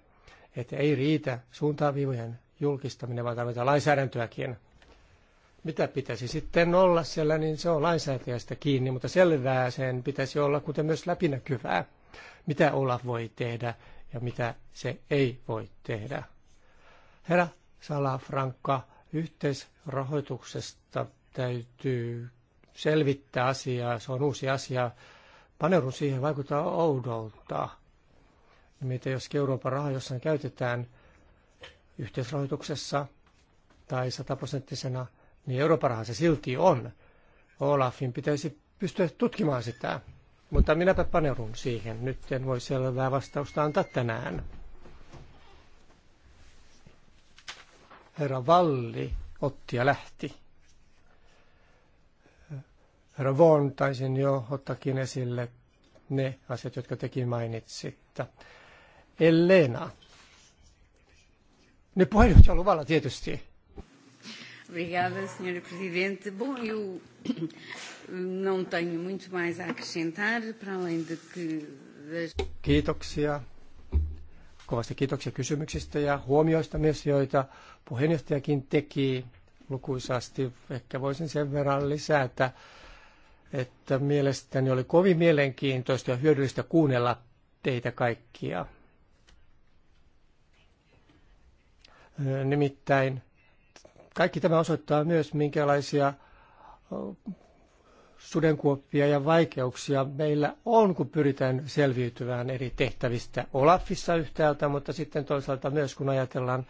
että ei riitä suuntaviivojen julkistaminen, vaan tarvitaan lainsäädäntöäkin. Mitä pitäisi sitten olla siellä, niin se on lainsäätäjästä kiinni, mutta selvää sen pitäisi olla, kuten myös läpinäkyvää. Mitä Olaf voi tehdä, ja mitä se ei voi tehdä. Herra Salafranka yhteisrahoituksesta täytyy selvittää asiaa, se on uusi asia. Paneudun siihen vaikuttaa oudolta. Mitä jos Euroopan raha jossain käytetään yhteisrahoituksessa tai sataprosenttisena, niin Euroopan raha se silti on. Olafin pitäisi pystyä tutkimaan sitä. Mutta minäpä paneudun siihen. Nyt en voi selvää vastausta antaa tänään. Herra Valli otti ja lähti. Herra Von taisin jo ottakin esille ne asiat, jotka tekin mainitsitte. Elena. Ne niin puheenjohtajan luvalla tietysti. Obrigada, Sra. Presidente. Bom, eu não tenho muito mais a acrescentar, para além de que... Das... Kiitoksia. Kovasti kiitoksia kysymyksistä ja huomioista myös, joita puheenjohtajakin teki lukuisasti. Ehkä voisin sen verran lisätä, että mielestäni oli kovin mielenkiintoista ja hyödyllistä kuunnella teitä kaikkia. Nimittäin kaikki tämä osoittaa myös, minkälaisia sudenkuoppia ja vaikeuksia meillä on, kun pyritään selviytymään eri tehtävistä Olafissa yhtäältä, mutta sitten toisaalta myös, kun ajatellaan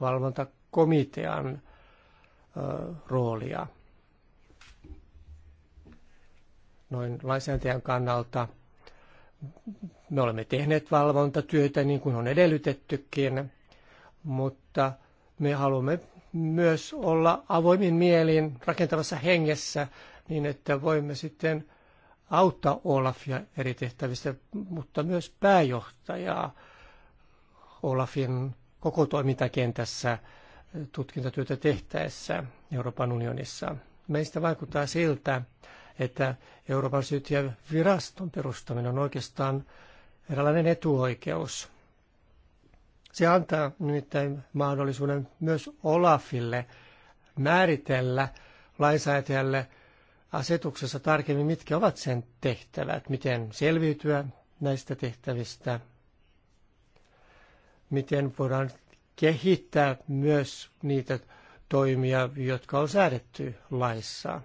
valvontakomitean roolia. Noin lainsäätäjän kannalta me olemme tehneet valvontatyötä niin kuin on edellytettykin, mutta me haluamme myös olla avoimin mielin rakentavassa hengessä niin, että voimme sitten auttaa Olafia eri tehtävissä, mutta myös pääjohtajaa Olafin koko toimintakentässä tutkintatyötä tehtäessä Euroopan unionissa. Meistä vaikuttaa siltä, että Euroopan syyttäjän viraston perustaminen on oikeastaan eräänlainen etuoikeus. Se antaa nimittäin mahdollisuuden myös Olafille määritellä lainsäätäjälle asetuksessa tarkemmin, mitkä ovat sen tehtävät, miten selviytyä näistä tehtävistä, miten voidaan kehittää myös niitä toimia, jotka on säädetty laissa.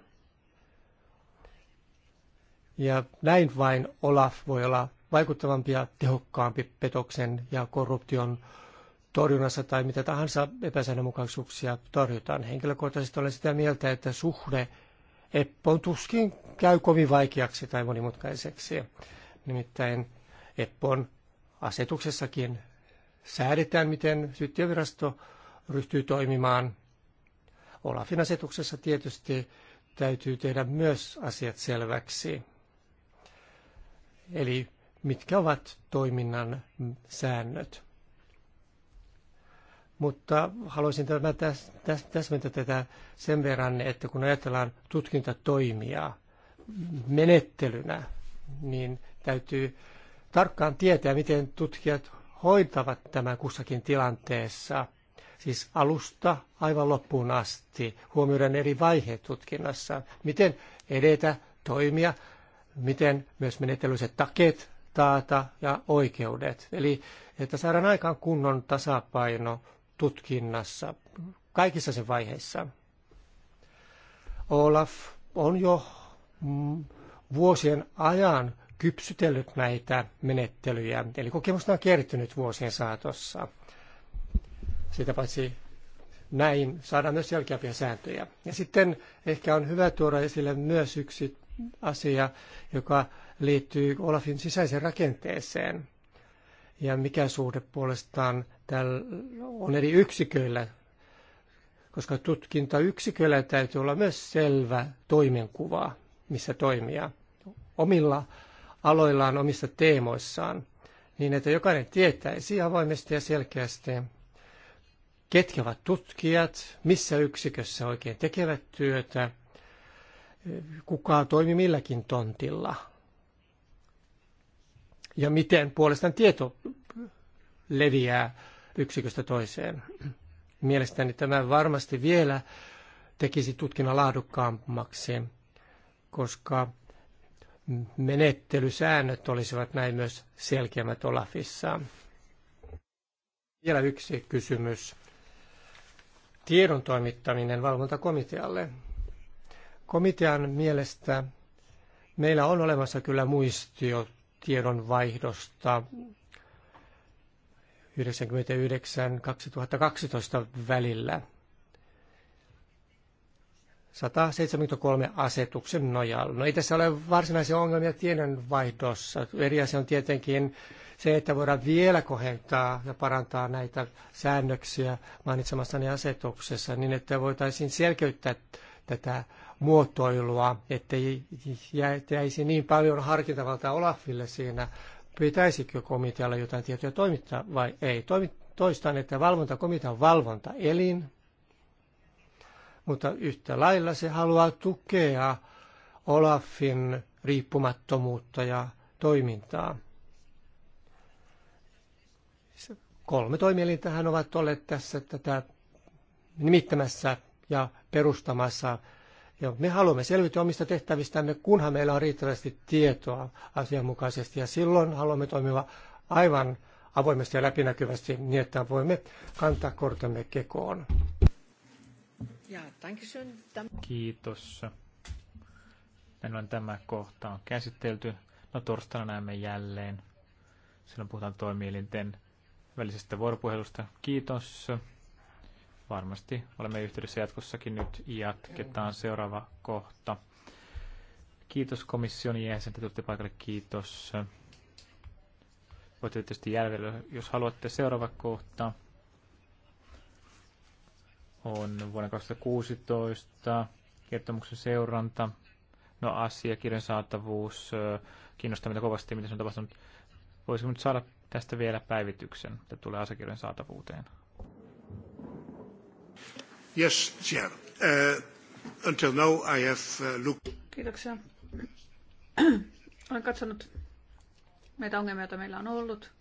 Ja näin vain Olaf voi olla vaikuttavampi ja tehokkaampi petoksen ja korruption torjunnassa tai mitä tahansa epäsäännönmukaisuuksia torjutaan. Henkilökohtaisesti olen sitä mieltä, että suhde Eppoon tuskin käy kovin vaikeaksi tai monimutkaiseksi. Nimittäin Eppon asetuksessakin säädetään, miten syyttiövirasto ryhtyy toimimaan. Olafin asetuksessa tietysti täytyy tehdä myös asiat selväksi. Eli mitkä ovat toiminnan säännöt. Mutta haluaisin tämä täs, täs, täsmentää tätä sen verran, että kun ajatellaan tutkintatoimia menettelynä, niin täytyy tarkkaan tietää, miten tutkijat hoitavat tämän kussakin tilanteessa, siis alusta aivan loppuun asti, huomioiden eri vaiheet tutkinnassa, miten edetä, toimia, miten myös menettelyiset takeet taata ja oikeudet. Eli että saadaan aikaan kunnon tasapaino tutkinnassa kaikissa sen vaiheissa. Olaf on jo mm, vuosien ajan kypsytellyt näitä menettelyjä, eli kokemusta on kertynyt vuosien saatossa. Sitä paitsi näin saadaan myös selkeämpiä sääntöjä. Ja sitten ehkä on hyvä tuoda esille myös yksi asia, joka liittyy Olafin sisäiseen rakenteeseen ja mikä suhde puolestaan on eri yksiköillä, koska tutkintayksiköillä täytyy olla myös selvä toimenkuva, missä toimia omilla aloillaan, omissa teemoissaan, niin että jokainen tietäisi avoimesti ja selkeästi, ketkä ovat tutkijat, missä yksikössä oikein tekevät työtä, kuka toimi milläkin tontilla – ja miten puolestaan tieto leviää yksiköstä toiseen. Mielestäni tämä varmasti vielä tekisi tutkinnan laadukkaammaksi, koska menettelysäännöt olisivat näin myös selkeämmät Olafissa. Vielä yksi kysymys. Tiedon toimittaminen valvontakomitealle. Komitean mielestä meillä on olemassa kyllä muistiot tiedonvaihdosta 1999-2012 välillä 173 asetuksen nojalla. No ei tässä ole varsinaisia ongelmia tiedonvaihdossa. Eri asia on tietenkin se, että voidaan vielä kohentaa ja parantaa näitä säännöksiä mainitsemassani asetuksessa niin, että voitaisiin selkeyttää tätä muotoilua, ettei jäisi niin paljon harkintavaltaa Olafille siinä, pitäisikö komitealla jotain tietoja toimittaa vai ei. Toistan, että valvontakomitea on valvontaelin, mutta yhtä lailla se haluaa tukea Olafin riippumattomuutta ja toimintaa. Kolme toimielintähän ovat olleet tässä tätä nimittämässä ja perustamassa ja me haluamme selvitä omista tehtävistämme, kunhan meillä on riittävästi tietoa asianmukaisesti. Ja silloin haluamme toimia aivan avoimesti ja läpinäkyvästi niin, että voimme kantaa kortemme kekoon. Kiitos. Näin tämä kohta on käsitelty. No torstaina näemme jälleen. Silloin puhutaan toimielinten välisestä vuoropuhelusta. Kiitos varmasti olemme yhteydessä jatkossakin. Nyt jatketaan seuraava kohta. Kiitos komission jäsen, että tulitte paikalle. Kiitos. Voitte tietysti jäljellä, jos haluatte. Seuraava kohta on vuonna 2016 kertomuksen seuranta. No asiakirjan saatavuus kiinnostaa mitä kovasti, mitä se on tapahtunut. Voisiko nyt saada tästä vielä päivityksen, että tulee asiakirjan saatavuuteen? Yes, Chair. Uh, until now I have uh, looked... Kiitoksia. Olen katsonut meitä ongelmia, joita meillä on ollut.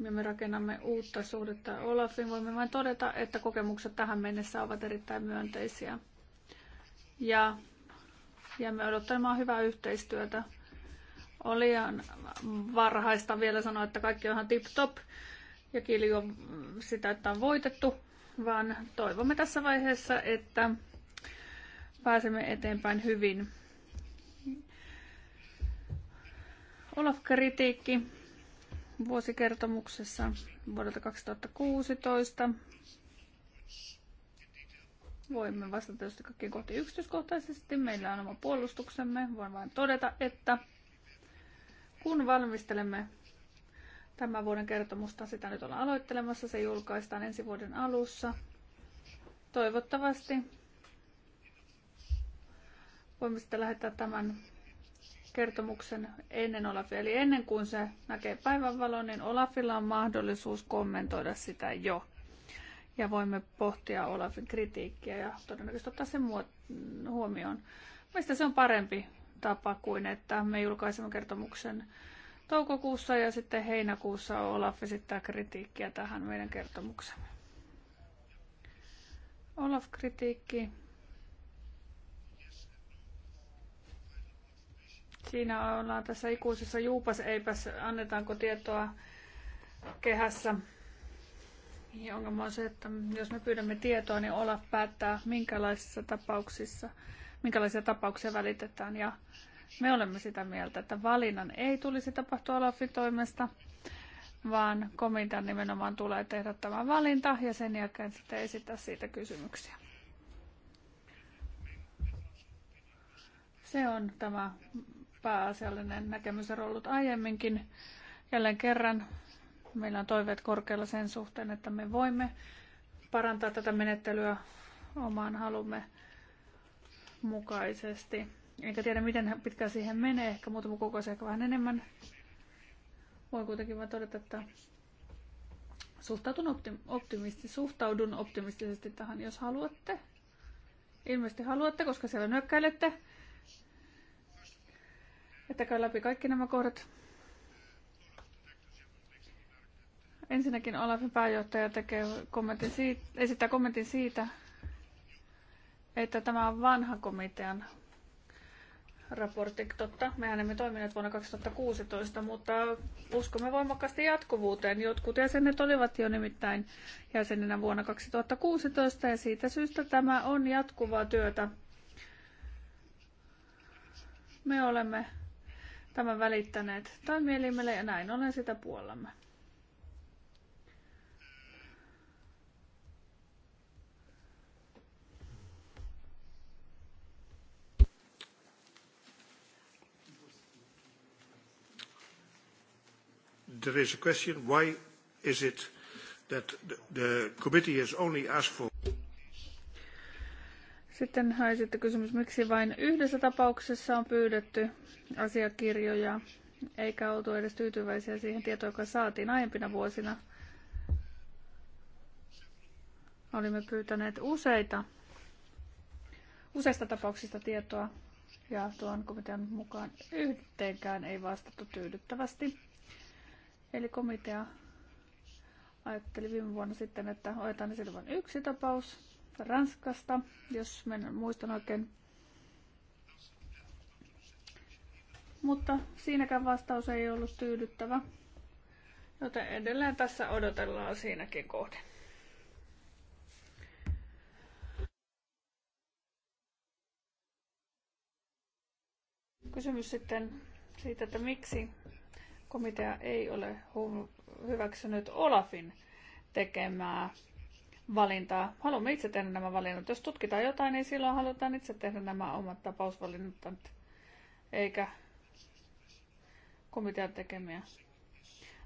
Ja me rakennamme uutta suhdetta Olafin. Voimme vain todeta, että kokemukset tähän mennessä ovat erittäin myönteisiä. Ja jäämme odottamaan hyvää yhteistyötä. Oli varhaista vielä sanoa, että kaikki ihan tip-top ja on sitä, että on voitettu, vaan toivomme tässä vaiheessa, että pääsemme eteenpäin hyvin. Olaf-kritiikki vuosikertomuksessa vuodelta 2016. Voimme vastata tietysti kaikkiin kohti yksityiskohtaisesti. Meillä on oma puolustuksemme. Voin vain todeta, että kun valmistelemme tämän vuoden kertomusta. Sitä nyt ollaan aloittelemassa. Se julkaistaan ensi vuoden alussa. Toivottavasti voimme sitten lähettää tämän kertomuksen ennen Olafia. Eli ennen kuin se näkee päivänvalon, niin Olafilla on mahdollisuus kommentoida sitä jo. Ja voimme pohtia Olafin kritiikkiä ja todennäköisesti ottaa sen huomioon. Mistä se on parempi tapa kuin, että me julkaisemme kertomuksen toukokuussa ja sitten heinäkuussa Olaf esittää kritiikkiä tähän meidän kertomuksemme. Olaf-kritiikki. Siinä ollaan tässä ikuisessa juupas eipäs, annetaanko tietoa kehässä. Niin on se, että jos me pyydämme tietoa, niin Olaf päättää, minkälaisissa tapauksissa, minkälaisia tapauksia välitetään. Ja me olemme sitä mieltä, että valinnan ei tulisi tapahtua Olafin toimesta, vaan komitean nimenomaan tulee tehdä tämä valinta ja sen jälkeen sitten esittää siitä kysymyksiä. Se on tämä pääasiallinen näkemys on ollut aiemminkin. Jälleen kerran meillä on toiveet korkealla sen suhteen, että me voimme parantaa tätä menettelyä omaan halumme mukaisesti. Enkä tiedä, miten pitkään siihen menee, ehkä muutama kuukausi, ehkä vähän enemmän. Voin kuitenkin vain todeta, että suhtaudun, optim- optimisti- suhtaudun optimistisesti tähän, jos haluatte. Ilmeisesti haluatte, koska siellä nyökkäilette. Että käy läpi kaikki nämä kohdat. Ensinnäkin Olafin pääjohtaja tekee kommentin siitä, esittää kommentin siitä, että tämä on vanhan komitean raportti. Totta, mehän emme toimineet vuonna 2016, mutta uskomme voimakkaasti jatkuvuuteen. Jotkut jäsenet olivat jo nimittäin jäsenenä vuonna 2016 ja siitä syystä tämä on jatkuvaa työtä. Me olemme tämän välittäneet toimielimelle ja näin olen sitä puolellamme. there is a question, why is it that the committee has only asked for... Sitten hän esitti kysymys, miksi vain yhdessä tapauksessa on pyydetty asiakirjoja, eikä oltu edes tyytyväisiä siihen tietoon, joka saatiin aiempina vuosina. Olimme pyytäneet useita, useista tapauksista tietoa, ja tuon komitean mukaan yhteenkään ei vastattu tyydyttävästi. Eli komitea ajatteli viime vuonna sitten, että otetaan esille vain yksi tapaus Ranskasta, jos mennään, muistan oikein. Mutta siinäkään vastaus ei ollut tyydyttävä, joten edelleen tässä odotellaan siinäkin kohden. Kysymys sitten siitä, että miksi komitea ei ole hyväksynyt Olafin tekemää valintaa. Haluamme itse tehdä nämä valinnat. Jos tutkitaan jotain, niin silloin halutaan itse tehdä nämä omat tapausvalinnat, eikä komitean tekemiä.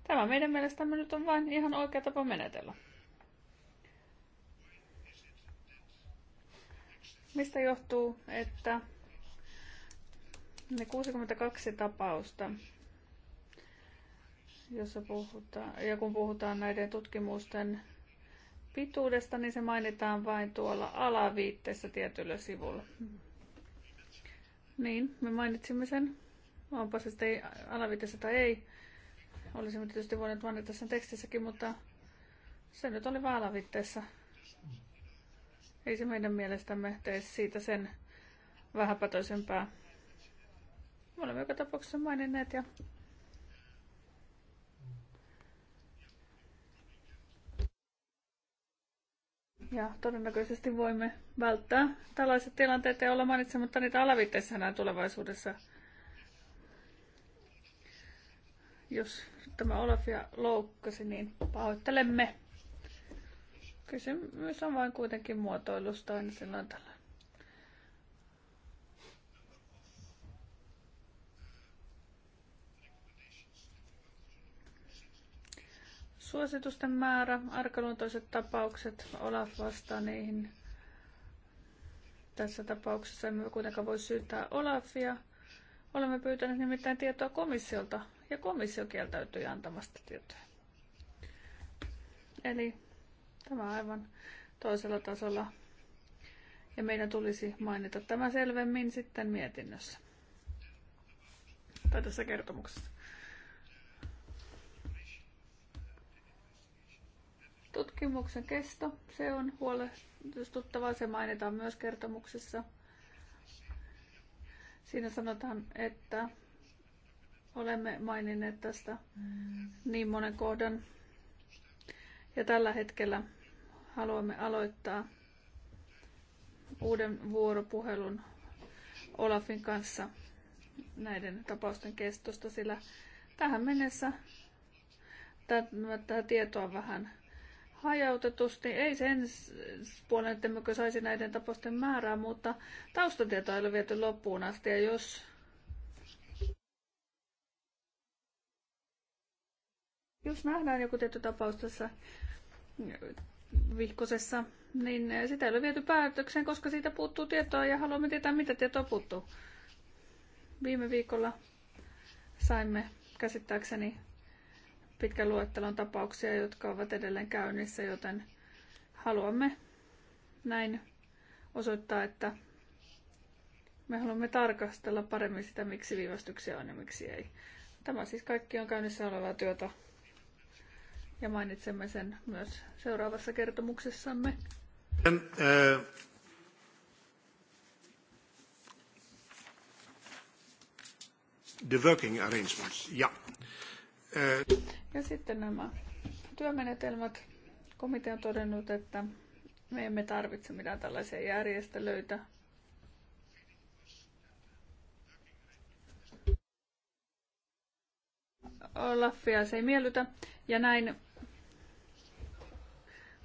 Tämä meidän mielestämme nyt on vain ihan oikea tapa menetellä. Mistä johtuu, että ne 62 tapausta, jossa puhutaan, ja kun puhutaan näiden tutkimusten pituudesta, niin se mainitaan vain tuolla alaviitteessä tietyllä sivulla. Niin, me mainitsimme sen. Onpa se sitten alaviitteessä tai ei. Olisimme tietysti voineet mainita sen tekstissäkin, mutta se nyt oli vain alaviitteessä. Ei se meidän mielestämme tee siitä sen vähäpätöisempää. Me olemme joka tapauksessa maininneet ja Ja todennäköisesti voimme välttää tällaiset tilanteet ja olla mainitsematta niitä alavitteissa enää tulevaisuudessa. Jos tämä Olafia loukkasi, niin pahoittelemme. Kysymys on vain kuitenkin muotoilusta aina silloin tällä. Suositusten määrä, arkaluontoiset tapaukset, Olaf vastaa niihin. Tässä tapauksessa emme kuitenkaan voi syyttää Olafia. Olemme pyytäneet nimittäin tietoa komissiolta ja komissio kieltäytyi antamasta tietoa. Eli tämä on aivan toisella tasolla ja meidän tulisi mainita tämä selvemmin sitten mietinnössä tai tässä kertomuksessa. Tutkimuksen kesto, se on huolestuttavaa, se mainitaan myös kertomuksessa. Siinä sanotaan, että olemme maininneet tästä niin monen kohdan. Ja tällä hetkellä haluamme aloittaa uuden vuoropuhelun Olafin kanssa näiden tapausten kestosta, sillä tähän mennessä tätä tietoa vähän hajautetusti, ei sen puolen, että saisi näiden tapausten määrää, mutta taustatieto ei ole viety loppuun asti ja jos jos nähdään joku tietty tapaus tässä mm, vihkosessa, niin sitä ei ole viety päätökseen, koska siitä puuttuu tietoa ja haluamme tietää, mitä tietoa puuttuu. Viime viikolla saimme käsittääkseni pitkän luettelon tapauksia, jotka ovat edelleen käynnissä, joten haluamme näin osoittaa, että me haluamme tarkastella paremmin sitä, miksi viivästyksiä on ja miksi ei. Tämä siis kaikki on käynnissä olevaa työtä ja mainitsemme sen myös seuraavassa kertomuksessamme. Eh, The working arrangements, yeah. Ja sitten nämä työmenetelmät. Komitea on todennut, että me emme tarvitse mitään tällaisia järjestelyitä. Laffia se ei miellytä. Ja näin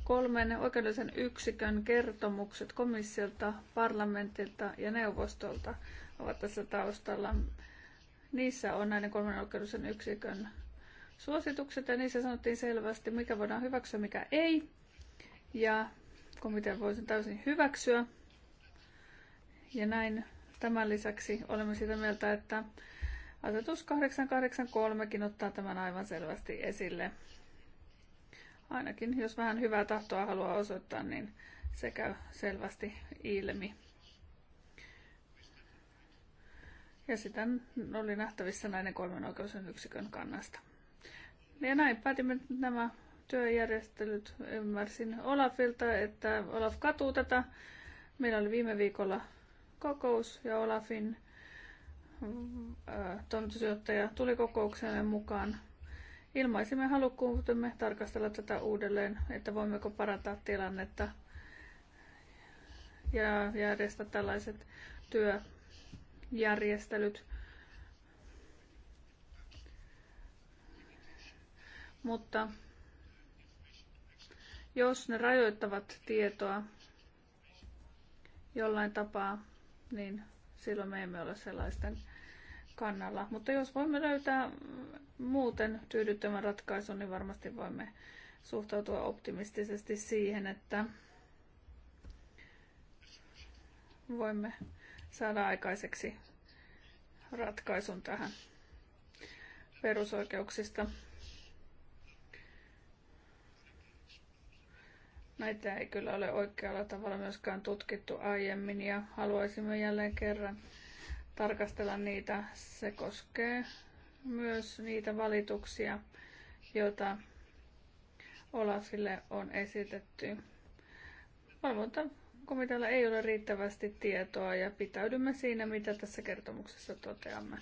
kolmen oikeudellisen yksikön kertomukset komissiolta, parlamentilta ja neuvostolta ovat tässä taustalla. Niissä on näiden kolmen oikeudellisen yksikön suositukset ja niissä sanottiin selvästi, mikä voidaan hyväksyä, mikä ei. Ja komitea voi sen täysin hyväksyä. Ja näin tämän lisäksi olemme sitä mieltä, että asetus 883kin ottaa tämän aivan selvästi esille. Ainakin jos vähän hyvää tahtoa haluaa osoittaa, niin se käy selvästi ilmi. Ja sitä oli nähtävissä näiden kolmen oikeusyksikön kannasta. Ja näin päätimme nämä työjärjestelyt. Ymmärsin Olafilta, että Olaf katuu tätä. Meillä oli viime viikolla kokous ja Olafin äh, toimitusjohtaja tuli kokoukseen mukaan. Ilmaisimme halukkuutemme tarkastella tätä uudelleen, että voimmeko parantaa tilannetta ja järjestää tällaiset työjärjestelyt Mutta jos ne rajoittavat tietoa jollain tapaa, niin silloin me emme ole sellaisten kannalla. Mutta jos voimme löytää muuten tyydyttävän ratkaisun, niin varmasti voimme suhtautua optimistisesti siihen, että voimme saada aikaiseksi ratkaisun tähän perusoikeuksista. Näitä ei kyllä ole oikealla tavalla myöskään tutkittu aiemmin ja haluaisimme jälleen kerran tarkastella niitä. Se koskee myös niitä valituksia, joita Olafille on esitetty. Valvontakomitealla ei ole riittävästi tietoa ja pitäydymme siinä, mitä tässä kertomuksessa toteamme.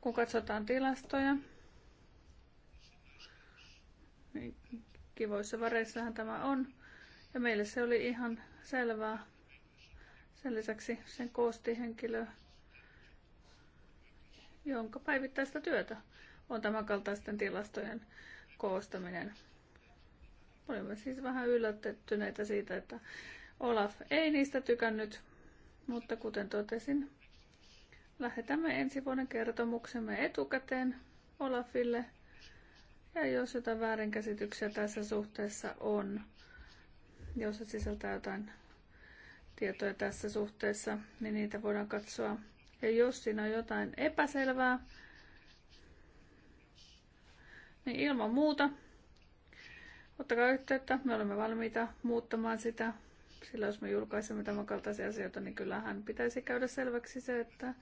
Kun katsotaan tilastoja, niin kivoissa väreissähän tämä on. Ja meille se oli ihan selvää. Sen lisäksi sen koosti henkilö, jonka päivittäistä työtä on tämänkaltaisten tilastojen koostaminen. Olimme siis vähän yllättyneitä siitä, että Olaf ei niistä tykännyt, mutta kuten totesin, lähetämme ensi vuoden kertomuksemme etukäteen Olafille. Ja jos jotain väärinkäsityksiä tässä suhteessa on, jos se sisältää jotain tietoja tässä suhteessa, niin niitä voidaan katsoa. Ja jos siinä on jotain epäselvää, niin ilman muuta ottakaa yhteyttä. Me olemme valmiita muuttamaan sitä. Sillä jos me julkaisemme tämän kaltaisia asioita, niin kyllähän pitäisi käydä selväksi se, että,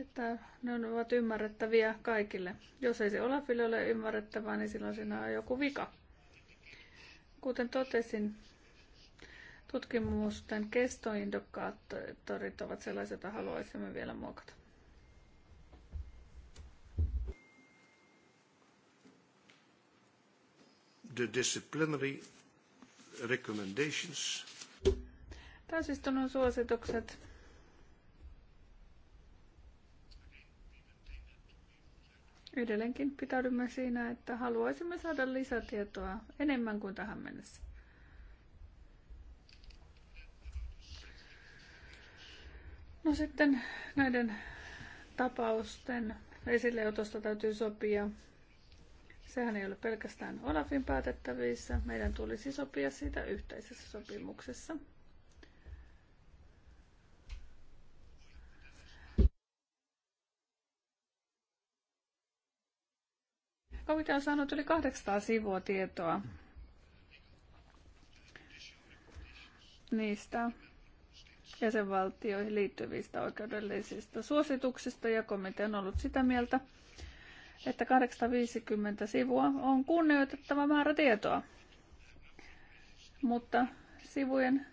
että ne ovat ymmärrettäviä kaikille. Jos ei se Olafille ole ymmärrettävää, niin silloin siinä on joku vika. Kuten totesin, tutkimusten kestoindikaattorit ovat sellaisia, joita haluaisimme vielä muokata. The disciplinary recommendations. Täysistunnon suositukset. Edelleenkin pitäydymme siinä, että haluaisimme saada lisätietoa enemmän kuin tähän mennessä. No sitten näiden tapausten esilleotosta täytyy sopia. Sehän ei ole pelkästään Olafin päätettävissä. Meidän tulisi sopia siitä yhteisessä sopimuksessa. Komitea on saanut yli 800 sivua tietoa niistä jäsenvaltioihin liittyvistä oikeudellisista suosituksista ja komitea on ollut sitä mieltä, että 850 sivua on kunnioitettava määrä tietoa. Mutta sivujen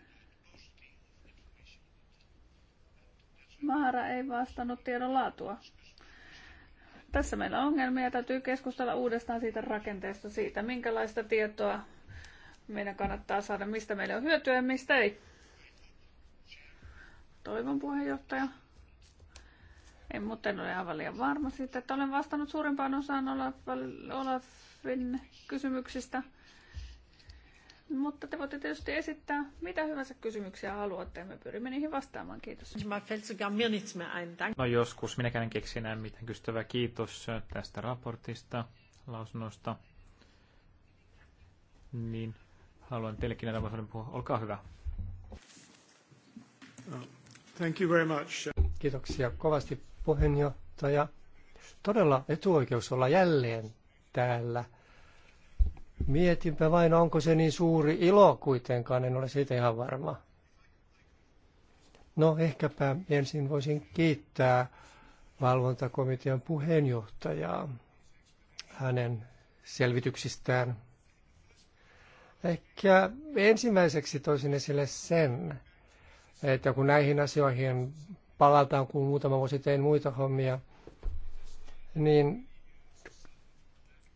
määrä ei vastannut tiedon laatua. Tässä meillä on ongelmia ja täytyy keskustella uudestaan siitä rakenteesta, siitä minkälaista tietoa meidän kannattaa saada, mistä meillä on hyötyä ja mistä ei toivon puheenjohtaja. En, muuten ole aivan liian varma siitä, että olen vastannut suurimpaan osaan Olafin kysymyksistä. Mutta te voitte tietysti esittää mitä hyvänsä kysymyksiä haluatte. Me pyrimme niihin vastaamaan. Kiitos. No joskus minäkään en keksi enää mitään kysyttävää. Kiitos tästä raportista, lausunnosta. Niin, haluan teillekin näitä puhua. Olkaa hyvä. No. Thank you very much. Kiitoksia kovasti puheenjohtaja. Todella etuoikeus olla jälleen täällä. Mietinpä vain, onko se niin suuri ilo kuitenkaan, en ole siitä ihan varma. No ehkäpä ensin voisin kiittää valvontakomitean puheenjohtajaa hänen selvityksistään. Ehkä ensimmäiseksi toisin esille sen, että kun näihin asioihin palataan, kun muutama vuosi tein muita hommia, niin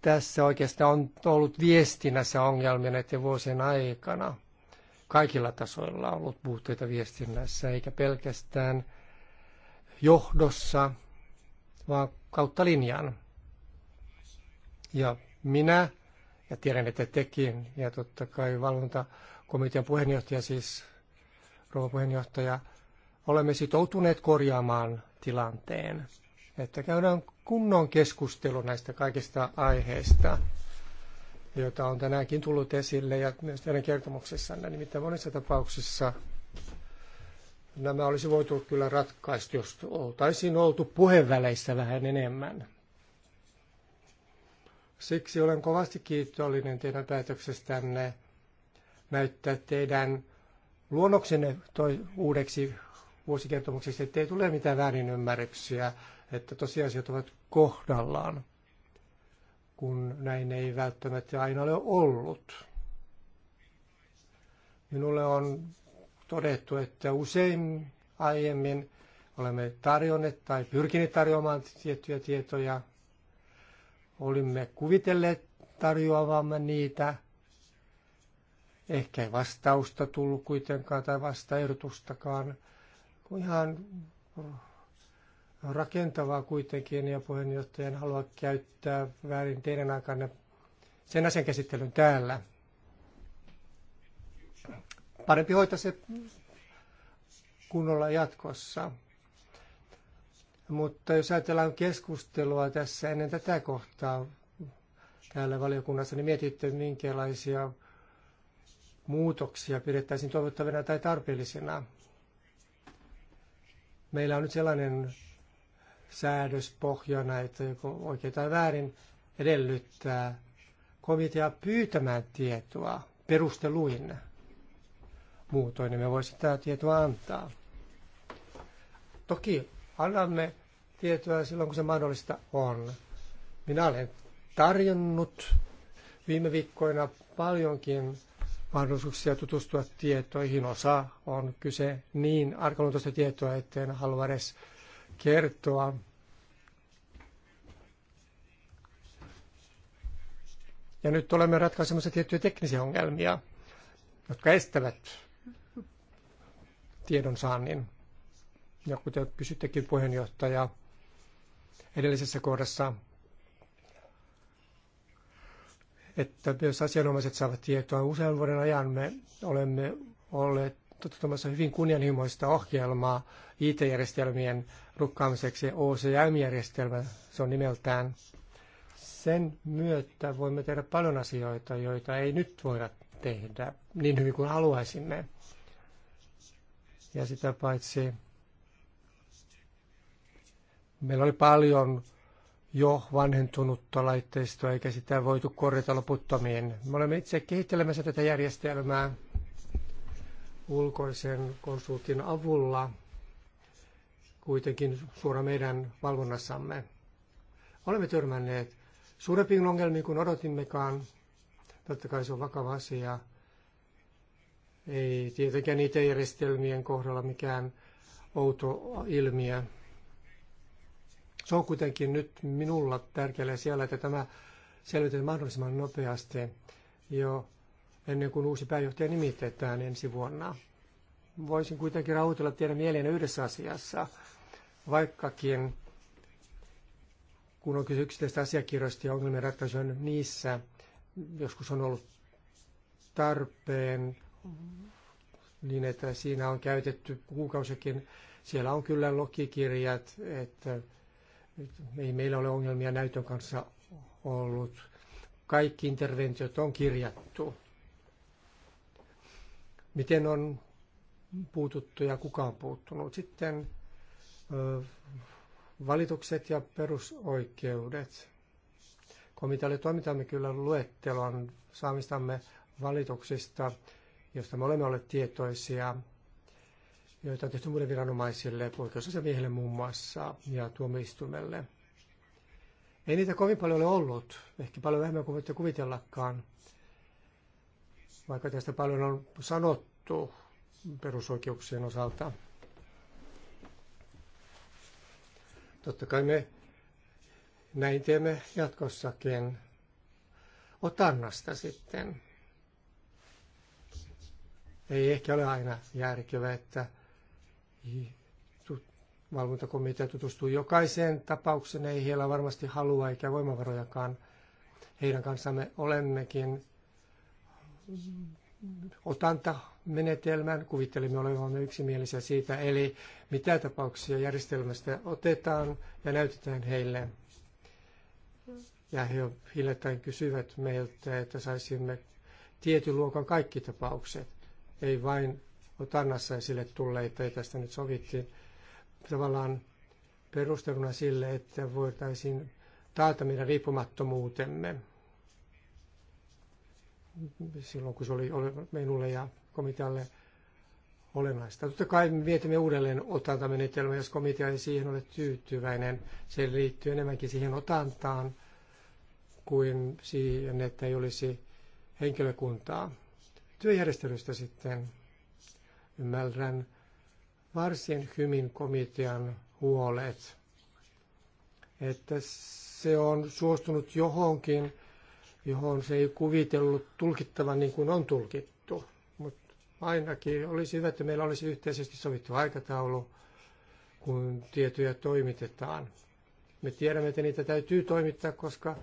tässä oikeastaan on ollut viestinnässä ongelmia näiden vuosien aikana. Kaikilla tasoilla on ollut puutteita viestinnässä, eikä pelkästään johdossa, vaan kautta linjan. Ja minä, ja tiedän, että tekin, ja totta kai valvontakomitean puheenjohtaja siis rouva puheenjohtaja, olemme sitoutuneet korjaamaan tilanteen, että käydään kunnon keskustelu näistä kaikista aiheista, joita on tänäänkin tullut esille ja myös teidän kertomuksessanne. Nimittäin monissa tapauksissa nämä olisi voitu kyllä ratkaista, jos oltaisiin oltu puheväleissä vähän enemmän. Siksi olen kovasti kiitollinen teidän päätöksestänne näyttää teidän luonnoksenne toi uudeksi vuosikertomukseksi, ettei tule mitään väärinymmärryksiä, että tosiasiat ovat kohdallaan, kun näin ei välttämättä aina ole ollut. Minulle on todettu, että usein aiemmin olemme tarjonneet tai pyrkineet tarjoamaan tiettyjä tietoja. Olimme kuvitelleet tarjoavamme niitä, Ehkä ei vastausta tullut kuitenkaan tai vastaehdotustakaan. Ihan rakentavaa kuitenkin ja puheenjohtajan halua käyttää väärin teidän aikana sen asian käsittelyn täällä. Parempi hoitaa se kunnolla jatkossa. Mutta jos ajatellaan keskustelua tässä ennen tätä kohtaa täällä valiokunnassa, niin mietitte, minkälaisia muutoksia pidettäisiin toivottavina tai tarpeellisina. Meillä on nyt sellainen säädöspohjana, että joko oikein tai väärin edellyttää komitea pyytämään tietoa perusteluin. Muutoin emme voisimme tätä tietoa antaa. Toki annamme tietoa silloin, kun se mahdollista on. Minä olen tarjonnut viime viikkoina paljonkin mahdollisuuksia tutustua tietoihin. Osa on kyse niin arkaluontoista tietoa, että en halua edes kertoa. Ja nyt olemme ratkaisemassa tiettyjä teknisiä ongelmia, jotka estävät tiedon saannin. Ja kuten kysyttekin puheenjohtaja edellisessä kohdassa, että myös asianomaiset saavat tietoa. Usean vuoden ajan me olemme olleet toteuttamassa hyvin kunnianhimoista ohjelmaa IT-järjestelmien rukkaamiseksi OCM-järjestelmä, se on nimeltään. Sen myötä voimme tehdä paljon asioita, joita ei nyt voida tehdä niin hyvin kuin haluaisimme. Ja sitä paitsi meillä oli paljon jo vanhentunutta laitteistoa, eikä sitä voitu korjata loputtomiin. Me olemme itse kehittelemässä tätä järjestelmää ulkoisen konsultin avulla, kuitenkin suora meidän valvonnassamme. Olemme törmänneet suurempiin ongelmiin kuin odotimmekaan. Totta kai se on vakava asia. Ei tietenkään niitä järjestelmien kohdalla mikään outo ilmiö. Se on kuitenkin nyt minulla tärkeällä siellä, että tämä selvitetään mahdollisimman nopeasti jo ennen kuin uusi pääjohtaja nimitetään ensi vuonna. Voisin kuitenkin rauhoitella teidän mieleen yhdessä asiassa, vaikkakin kun on kyse yksittäistä asiakirjoista ja ongelmien ratkaisuja niissä, joskus on ollut tarpeen niin, että siinä on käytetty kuukausikin. Siellä on kyllä lokikirjat, että ei meillä ole ongelmia näytön kanssa ollut. Kaikki interventiot on kirjattu. Miten on puututtu ja kuka on puuttunut. Sitten valitukset ja perusoikeudet. Komitealle toimitamme kyllä luettelon saamistamme valituksista, josta me olemme olleet tietoisia – joita on tehty muille viranomaisille, oikeusasiamiehelle muun muassa ja tuomioistuimelle. Ei niitä kovin paljon ole ollut, ehkä paljon vähemmän kuin voitte kuvitellakaan, vaikka tästä paljon on sanottu perusoikeuksien osalta. Totta kai me näin teemme jatkossakin otannasta sitten. Ei ehkä ole aina järkevää, että valvontakomitea tutustuu jokaiseen tapaukseen, ei heillä varmasti halua eikä voimavarojakaan. Heidän kanssamme olemmekin otantamenetelmän, kuvittelimme olevamme yksimielisiä siitä, eli mitä tapauksia järjestelmästä otetaan ja näytetään heille. Ja he hiljattain kysyvät meiltä, että saisimme tietyn luokan kaikki tapaukset, ei vain kannassa esille tulleita, ja tästä nyt sovittiin tavallaan perusteluna sille, että voitaisiin taata meidän riippumattomuutemme silloin, kun se oli minulle ja komitealle olennaista. Totta kai me mietimme uudelleen otantamenetelmää, jos komitea ei siihen ole tyytyväinen. Se liittyy enemmänkin siihen otantaan kuin siihen, että ei olisi henkilökuntaa. Työjärjestelystä sitten Ymmärrän varsin hyvin komitean huolet, että se on suostunut johonkin, johon se ei kuvitellut tulkittavan niin kuin on tulkittu. Mutta ainakin olisi hyvä, että meillä olisi yhteisesti sovittu aikataulu, kun tietoja toimitetaan. Me tiedämme, että niitä täytyy toimittaa, koska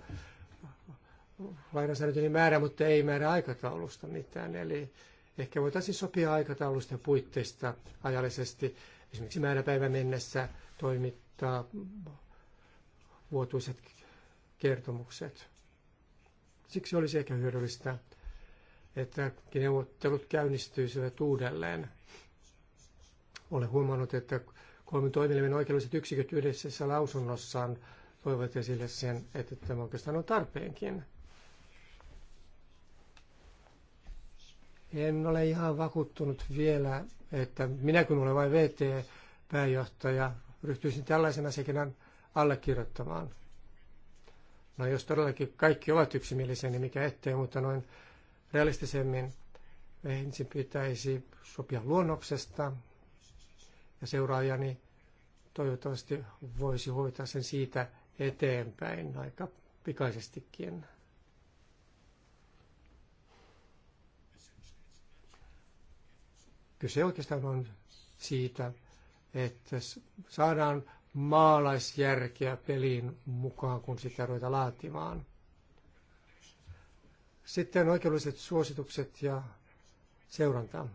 lainasäännöt määrä, mutta ei määrä aikataulusta mitään. Eli Ehkä voitaisiin sopia ja puitteista ajallisesti, esimerkiksi määräpäivän mennessä toimittaa vuotuiset kertomukset. Siksi olisi ehkä hyödyllistä, että neuvottelut käynnistyisivät uudelleen. Olen huomannut, että kolmen toimielimen oikeudelliset yksiköt yhdessä lausunnossaan toivat esille sen, että tämä oikeastaan on tarpeenkin – En ole ihan vakuuttunut vielä, että minä kun olen vain VT-pääjohtaja, ryhtyisin tällaisen asiakirjan allekirjoittamaan. No jos todellakin kaikki ovat yksimielisiä, niin mikä ettei, mutta noin realistisemmin ensin pitäisi sopia luonnoksesta ja seuraajani toivottavasti voisi hoitaa sen siitä eteenpäin aika pikaisestikin. Kyse oikeastaan on siitä, että saadaan maalaisjärkeä peliin mukaan, kun sitä ruvetaan laatimaan. Sitten oikeudelliset suositukset ja seuranta.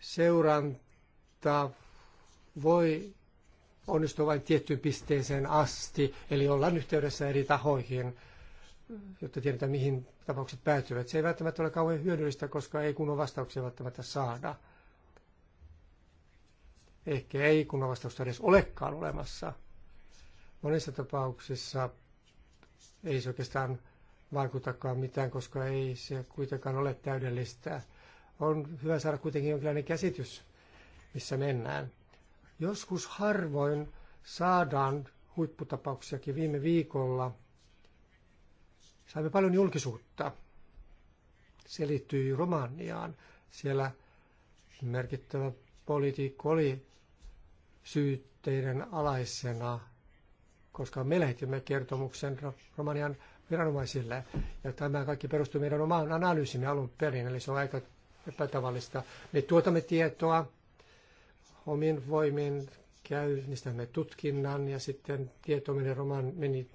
Seuranta voi onnistua vain tiettyyn pisteeseen asti, eli ollaan yhteydessä eri tahoihin – jotta tiedetään, mihin tapaukset päätyvät. Se ei välttämättä ole kauhean hyödyllistä, koska ei kunnon vastauksia välttämättä saada. Ehkä ei kunnon vastausta edes olekaan olemassa. Monissa tapauksissa ei se oikeastaan vaikutakaan mitään, koska ei se kuitenkaan ole täydellistä. On hyvä saada kuitenkin jonkinlainen käsitys, missä mennään. Joskus harvoin saadaan huipputapauksiakin viime viikolla – Saimme paljon julkisuutta. Se liittyy Romaniaan. Siellä merkittävä politiikko oli syytteiden alaisena, koska me lähetimme kertomuksen Romanian viranomaisille. Ja tämä kaikki perustuu meidän omaan analyysimme alun perin, eli se on aika epätavallista. Me tuotamme tietoa omin voimin, käynnistämme tutkinnan ja sitten tieto meni, roman, meni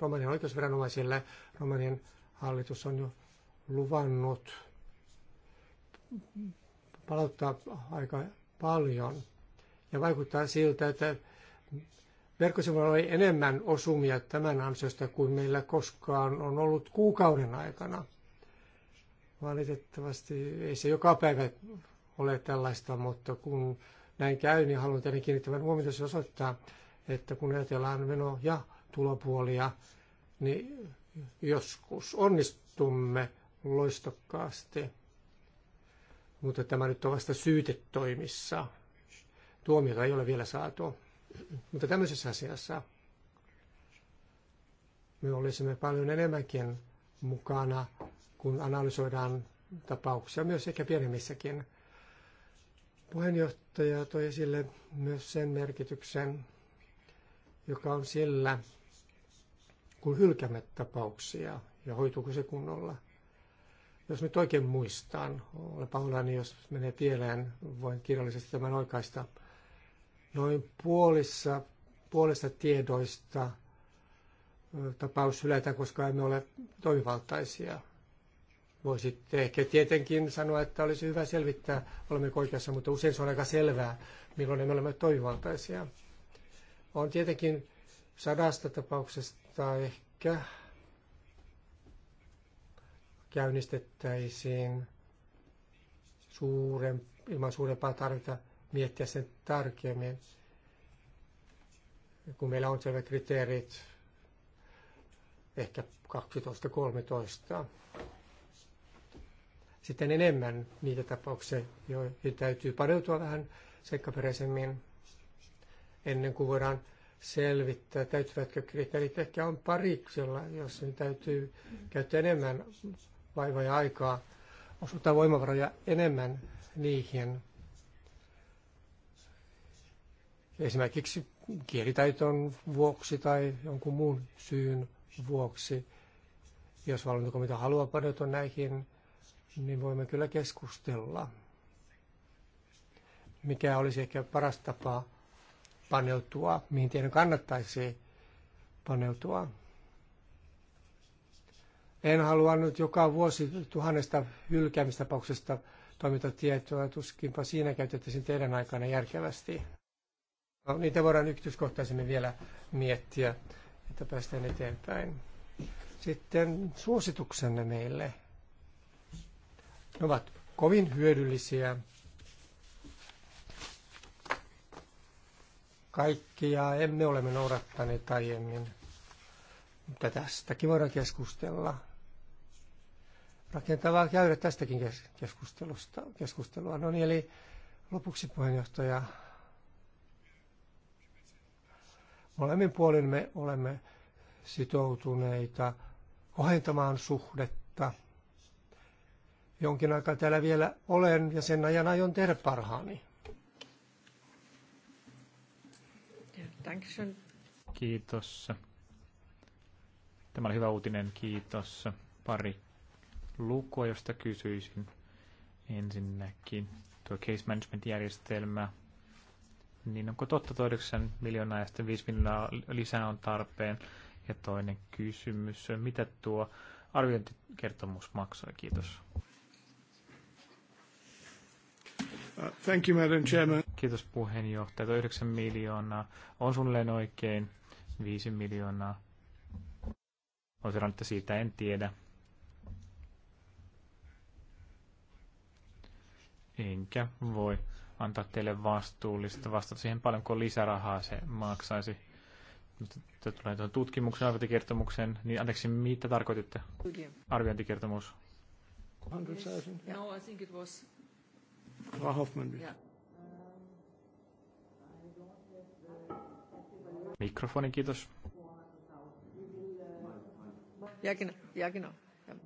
Romanian oikeusviranomaisille. Romanian hallitus on jo luvannut palauttaa aika paljon. Ja vaikuttaa siltä, että verkkosivuilla oli enemmän osumia tämän ansiosta kuin meillä koskaan on ollut kuukauden aikana. Valitettavasti ei se joka päivä ole tällaista, mutta kun näin käy, niin haluan tietenkin kiinnittävän se osoittaa, että kun ajatellaan meno- ja tulopuolia, niin joskus onnistumme loistokkaasti. Mutta tämä nyt on vasta syytetoimissa. Tuomiota ei ole vielä saatu. Mutta tämmöisessä asiassa me olisimme paljon enemmänkin mukana, kun analysoidaan tapauksia myös ehkä pienemmissäkin. Puheenjohtaja toi esille myös sen merkityksen, joka on sillä, kun hylkäämme tapauksia ja hoituuko se kunnolla. Jos nyt oikein muistan, ole pahoillani, jos menee pieleen, voin kirjallisesti tämän oikaista. Noin puolissa, puolissa tiedoista tapaus hylätään, koska emme ole toimivaltaisia. Voisitte ehkä tietenkin sanoa, että olisi hyvä selvittää, olemmeko oikeassa, mutta usein se on aika selvää, milloin emme ole toimivaltaisia. On tietenkin sadasta tapauksesta tai ehkä käynnistettäisiin suuren, ilman suurempaa tarvita miettiä sen tarkemmin, kun meillä on selvät kriteerit, ehkä 12-13. Sitten enemmän niitä tapauksia, joihin täytyy paneutua vähän seikkaperäisemmin ennen kuin voidaan selvittää, täyttyvätkö kriteerit. Ehkä on pari, jos sen täytyy käyttää enemmän vaivaa ja aikaa, osoittaa voimavaroja enemmän niihin. Esimerkiksi kielitaiton vuoksi tai jonkun muun syyn vuoksi. Jos mitä haluaa paneutua näihin, niin voimme kyllä keskustella. Mikä olisi ehkä paras tapa paneutua, mihin teidän kannattaisi paneutua. En halua nyt joka vuosi tuhannesta hylkäämistapauksesta toimintatietoa, tuskinpa siinä käytettäisiin teidän aikana järkevästi. No, niitä voidaan yksityiskohtaisemmin vielä miettiä, että päästään eteenpäin. Sitten suosituksenne meille. Ne ovat kovin hyödyllisiä kaikkia emme olemme noudattaneet aiemmin. Mutta tästäkin voidaan keskustella. Rakentavaa käydä tästäkin keskustelusta, keskustelua. No niin, eli lopuksi puheenjohtaja. Molemmin puolin me olemme sitoutuneita kohentamaan suhdetta. Jonkin aikaa täällä vielä olen ja sen ajan aion tehdä parhaani. Dankeschön. Kiitos. Tämä oli hyvä uutinen, kiitos. Pari lukua, josta kysyisin ensinnäkin. Tuo case management-järjestelmä, niin onko totta että 9 miljoonaa ja sitten 5 miljoonaa lisää on tarpeen? Ja toinen kysymys, mitä tuo arviointikertomus maksoi? Kiitos. Thank you, Madam Chairman. Kiitos puheenjohtaja. 9 miljoonaa on suunnilleen oikein. 5 miljoonaa. On sanonut, että siitä en tiedä. Enkä voi antaa teille vastuullista vastata siihen kun lisärahaa se maksaisi. Mitä tulee tuohon tutkimuksen arviointikertomukseen, niin anteeksi, mitä tarkoititte? Arviointikertomus. 100 000? No, I think it was Frau Hoffmann, bitte. geht das? Ja, genau. Ja, genau. Ja.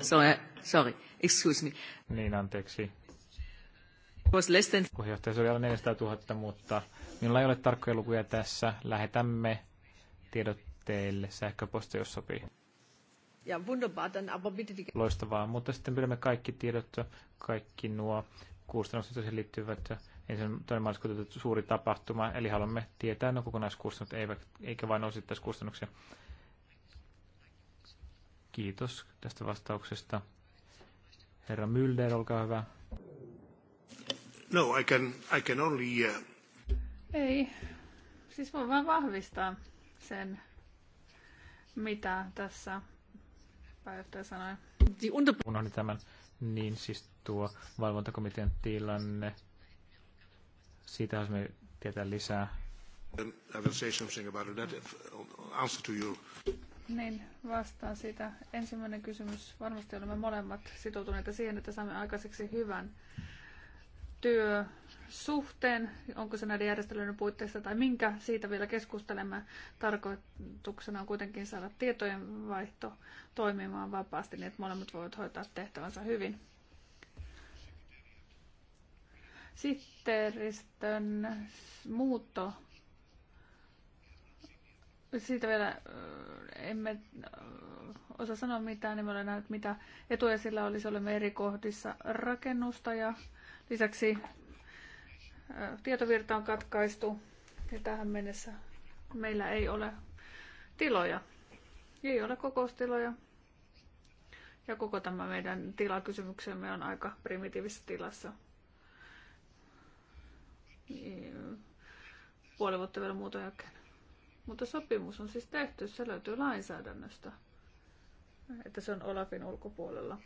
Sorry, äh, sorry. excuse me. Niin, anteeksi. than... Puheenjohtaja, se oli alle 400 000, mutta minulla ei ole tarkkoja lukuja tässä. Lähetämme tiedot teille sähköposti, jos sopii. Ja wunderbar, dann aber bitte die... Loistavaa, mutta sitten pyydämme kaikki tiedot, kaikki nuo kustannukset, liittyvät ensin toinen maaliskuuta suuri tapahtuma, eli haluamme tietää nuo kokonaiskustannukset, eikä vain osittaiskustannuksia. Kiitos tästä vastauksesta. Herra Mylder, olkaa hyvä. No, I can, I can only... Uh... Ei, siis voin vain vahvistaa sen, mitä tässä pääjohtaja sanoi. Unohdin tämän, niin siis tuo valvontakomitean tilanne. Siitä jos me tietää lisää. Niin, vastaan siitä. Ensimmäinen kysymys. Varmasti olemme molemmat sitoutuneita siihen, että saamme aikaiseksi hyvän työ suhteen, onko se näiden järjestelyiden puitteissa tai minkä, siitä vielä keskustelemme. Tarkoituksena on kuitenkin saada tietojen vaihto toimimaan vapaasti niin, että molemmat voivat hoitaa tehtävänsä hyvin. Sitteeristön muutto. Siitä vielä äh, emme äh, osaa sanoa mitään, niin me olemme nähneet, mitä etuja sillä olisi. Olemme eri kohdissa rakennusta ja lisäksi tietovirta on katkaistu ja tähän mennessä meillä ei ole tiloja. Ei ole kokoustiloja. Ja koko tämä meidän tilakysymyksemme on aika primitiivisessä tilassa. Puoli vuotta vielä muuta jälkeen. Mutta sopimus on siis tehty, se löytyy lainsäädännöstä, että se on Olafin ulkopuolella.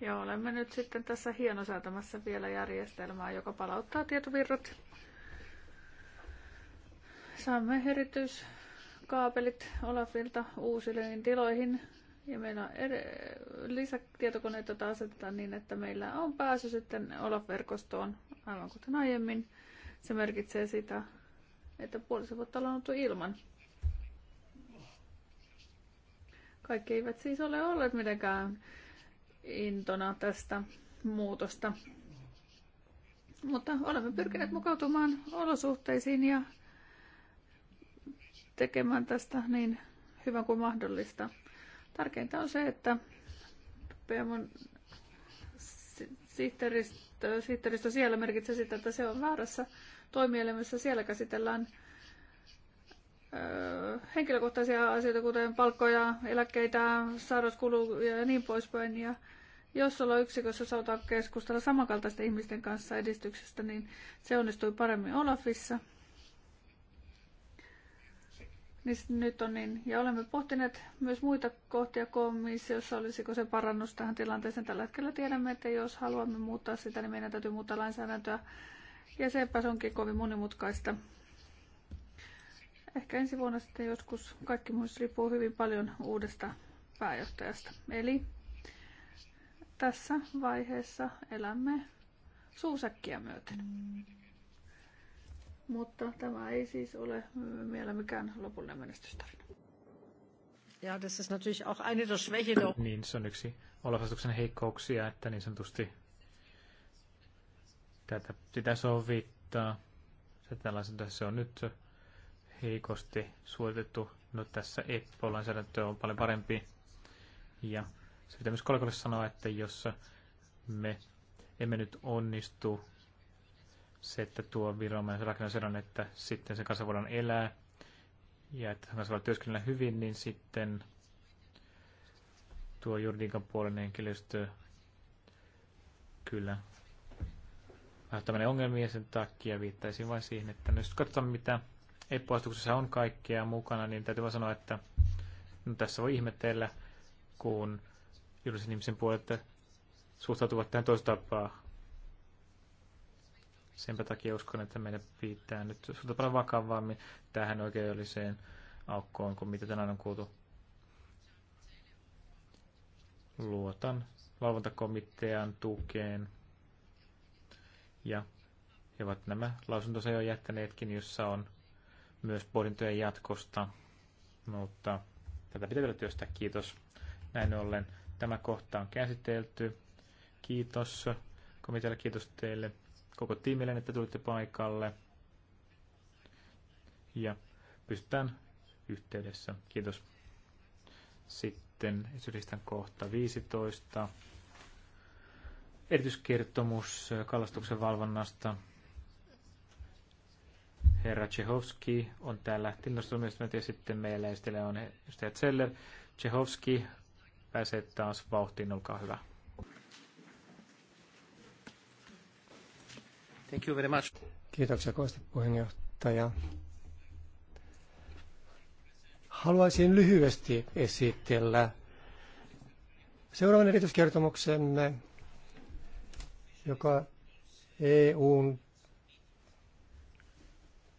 Ja olemme nyt sitten tässä hienosäätämässä vielä järjestelmää, joka palauttaa tietovirrat. Saamme erityiskaapelit Olafilta uusiin tiloihin. Ja meillä on eri, lisätietokoneita, taas asetetaan niin, että meillä on pääsy sitten Olaf-verkostoon, aivan kuten aiemmin. Se merkitsee sitä, että puolisen vuotta on oltu ilman. Kaikki eivät siis ole olleet mitenkään intona tästä muutosta. Mutta olemme pyrkineet mukautumaan olosuhteisiin ja tekemään tästä niin hyvän kuin mahdollista. Tärkeintä on se, että PMon sihteeristö, sihteeristö siellä merkitsee sitä, että se on väärässä toimielimessä. Siellä käsitellään henkilökohtaisia asioita, kuten palkkoja, eläkkeitä, sairauskuluja ja niin poispäin. Ja jos ollaan yksikössä saattaa keskustella samankaltaisten ihmisten kanssa edistyksestä, niin se onnistui paremmin Olafissa. Niin nyt on niin. Ja olemme pohtineet myös muita kohtia komissiossa, olisiko se parannus tähän tilanteeseen. Tällä hetkellä tiedämme, että jos haluamme muuttaa sitä, niin meidän täytyy muuttaa lainsäädäntöä. Ja sepä se onkin kovin monimutkaista. Ehkä ensi vuonna sitten joskus kaikki muissa riippuu hyvin paljon uudesta pääjohtajasta. Eli tässä vaiheessa elämme suusäkkiä myöten. Mutta tämä ei siis ole vielä mikään lopullinen menestystarina. Ja, tässä on natürlich auch eine der Schwächen. Niin, se on yksi olosastuksen heikkouksia, että niin sanotusti tätä pitäisi sovittaa. Se, se on nyt heikosti suoritettu. No tässä EPPO-lainsäädäntö on paljon parempi. Ja se pitää myös kollegalle sanoa, että jos me emme nyt onnistu se, että tuo viranomainen rakennus on, että sitten sen kanssa voidaan elää ja että sen kanssa voidaan työskennellä hyvin, niin sitten tuo juridiikan puolen henkilöstö kyllä vähän tämmöinen ongelmia sen takia viittaisin vain siihen, että no, nyt katsotaan mitä epuastuksessa on kaikkea mukana, niin täytyy vaan sanoa, että no, tässä voi ihmetellä, kun julkisen ihmisen puolet suhtautuvat tähän toista tapaa. Senpä takia uskon, että meidän pitää nyt suhtautua paljon vakavammin tähän oikeudelliseen aukkoon kuin mitä tänään on kuultu. Luotan valvontakomitean tukeen. Ja he ovat nämä lausuntonsa jo jättäneetkin, jossa on myös pohdintojen jatkosta, mutta tätä pitää vielä työstää. Kiitos. Näin ollen tämä kohta on käsitelty. Kiitos komitealle, kiitos teille koko tiimille, että tulitte paikalle. Ja pystytään yhteydessä. Kiitos. Sitten esitystän kohta 15. Erityiskertomus kalastuksen valvonnasta herra Chehovski on täällä tilastumistumet ja sitten meillä esitellä on edustaja Zeller. Chehovski pääsee taas vauhtiin, olkaa hyvä. Thank you very much. Kiitoksia kovasti puheenjohtaja. Haluaisin lyhyesti esitellä seuraavan erityiskertomuksemme, joka EUn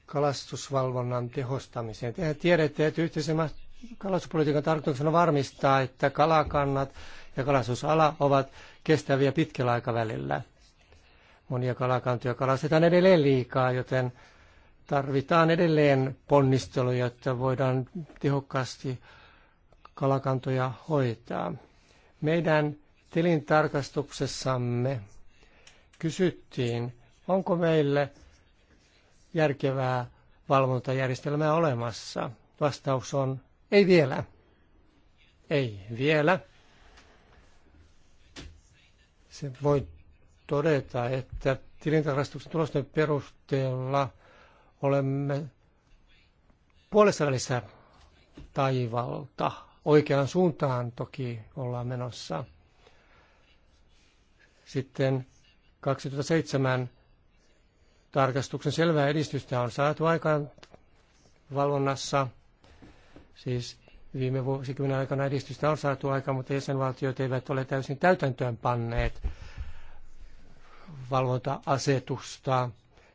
kalastusvalvonnan tehostamiseen. Tehän tiedätte, että yhteisen kalastuspolitiikan tarkoituksena varmistaa, että kalakannat ja kalastusala ovat kestäviä pitkällä aikavälillä. Monia kalakantoja kalastetaan edelleen liikaa, joten tarvitaan edelleen ponnisteluja, jotta voidaan tehokkaasti kalakantoja hoitaa. Meidän tilintarkastuksessamme kysyttiin, onko meille järkevää valvontajärjestelmää olemassa? Vastaus on ei vielä. Ei vielä. Se voi todeta, että tilintarkastuksen tulosten perusteella olemme puolessa välissä taivalta. Oikeaan suuntaan toki ollaan menossa. Sitten 2007 tarkastuksen selvää edistystä on saatu aikaan valvonnassa. Siis viime vuosikymmenen aikana edistystä on saatu aikaan, mutta jäsenvaltiot eivät ole täysin täytäntöön panneet valvonta-asetusta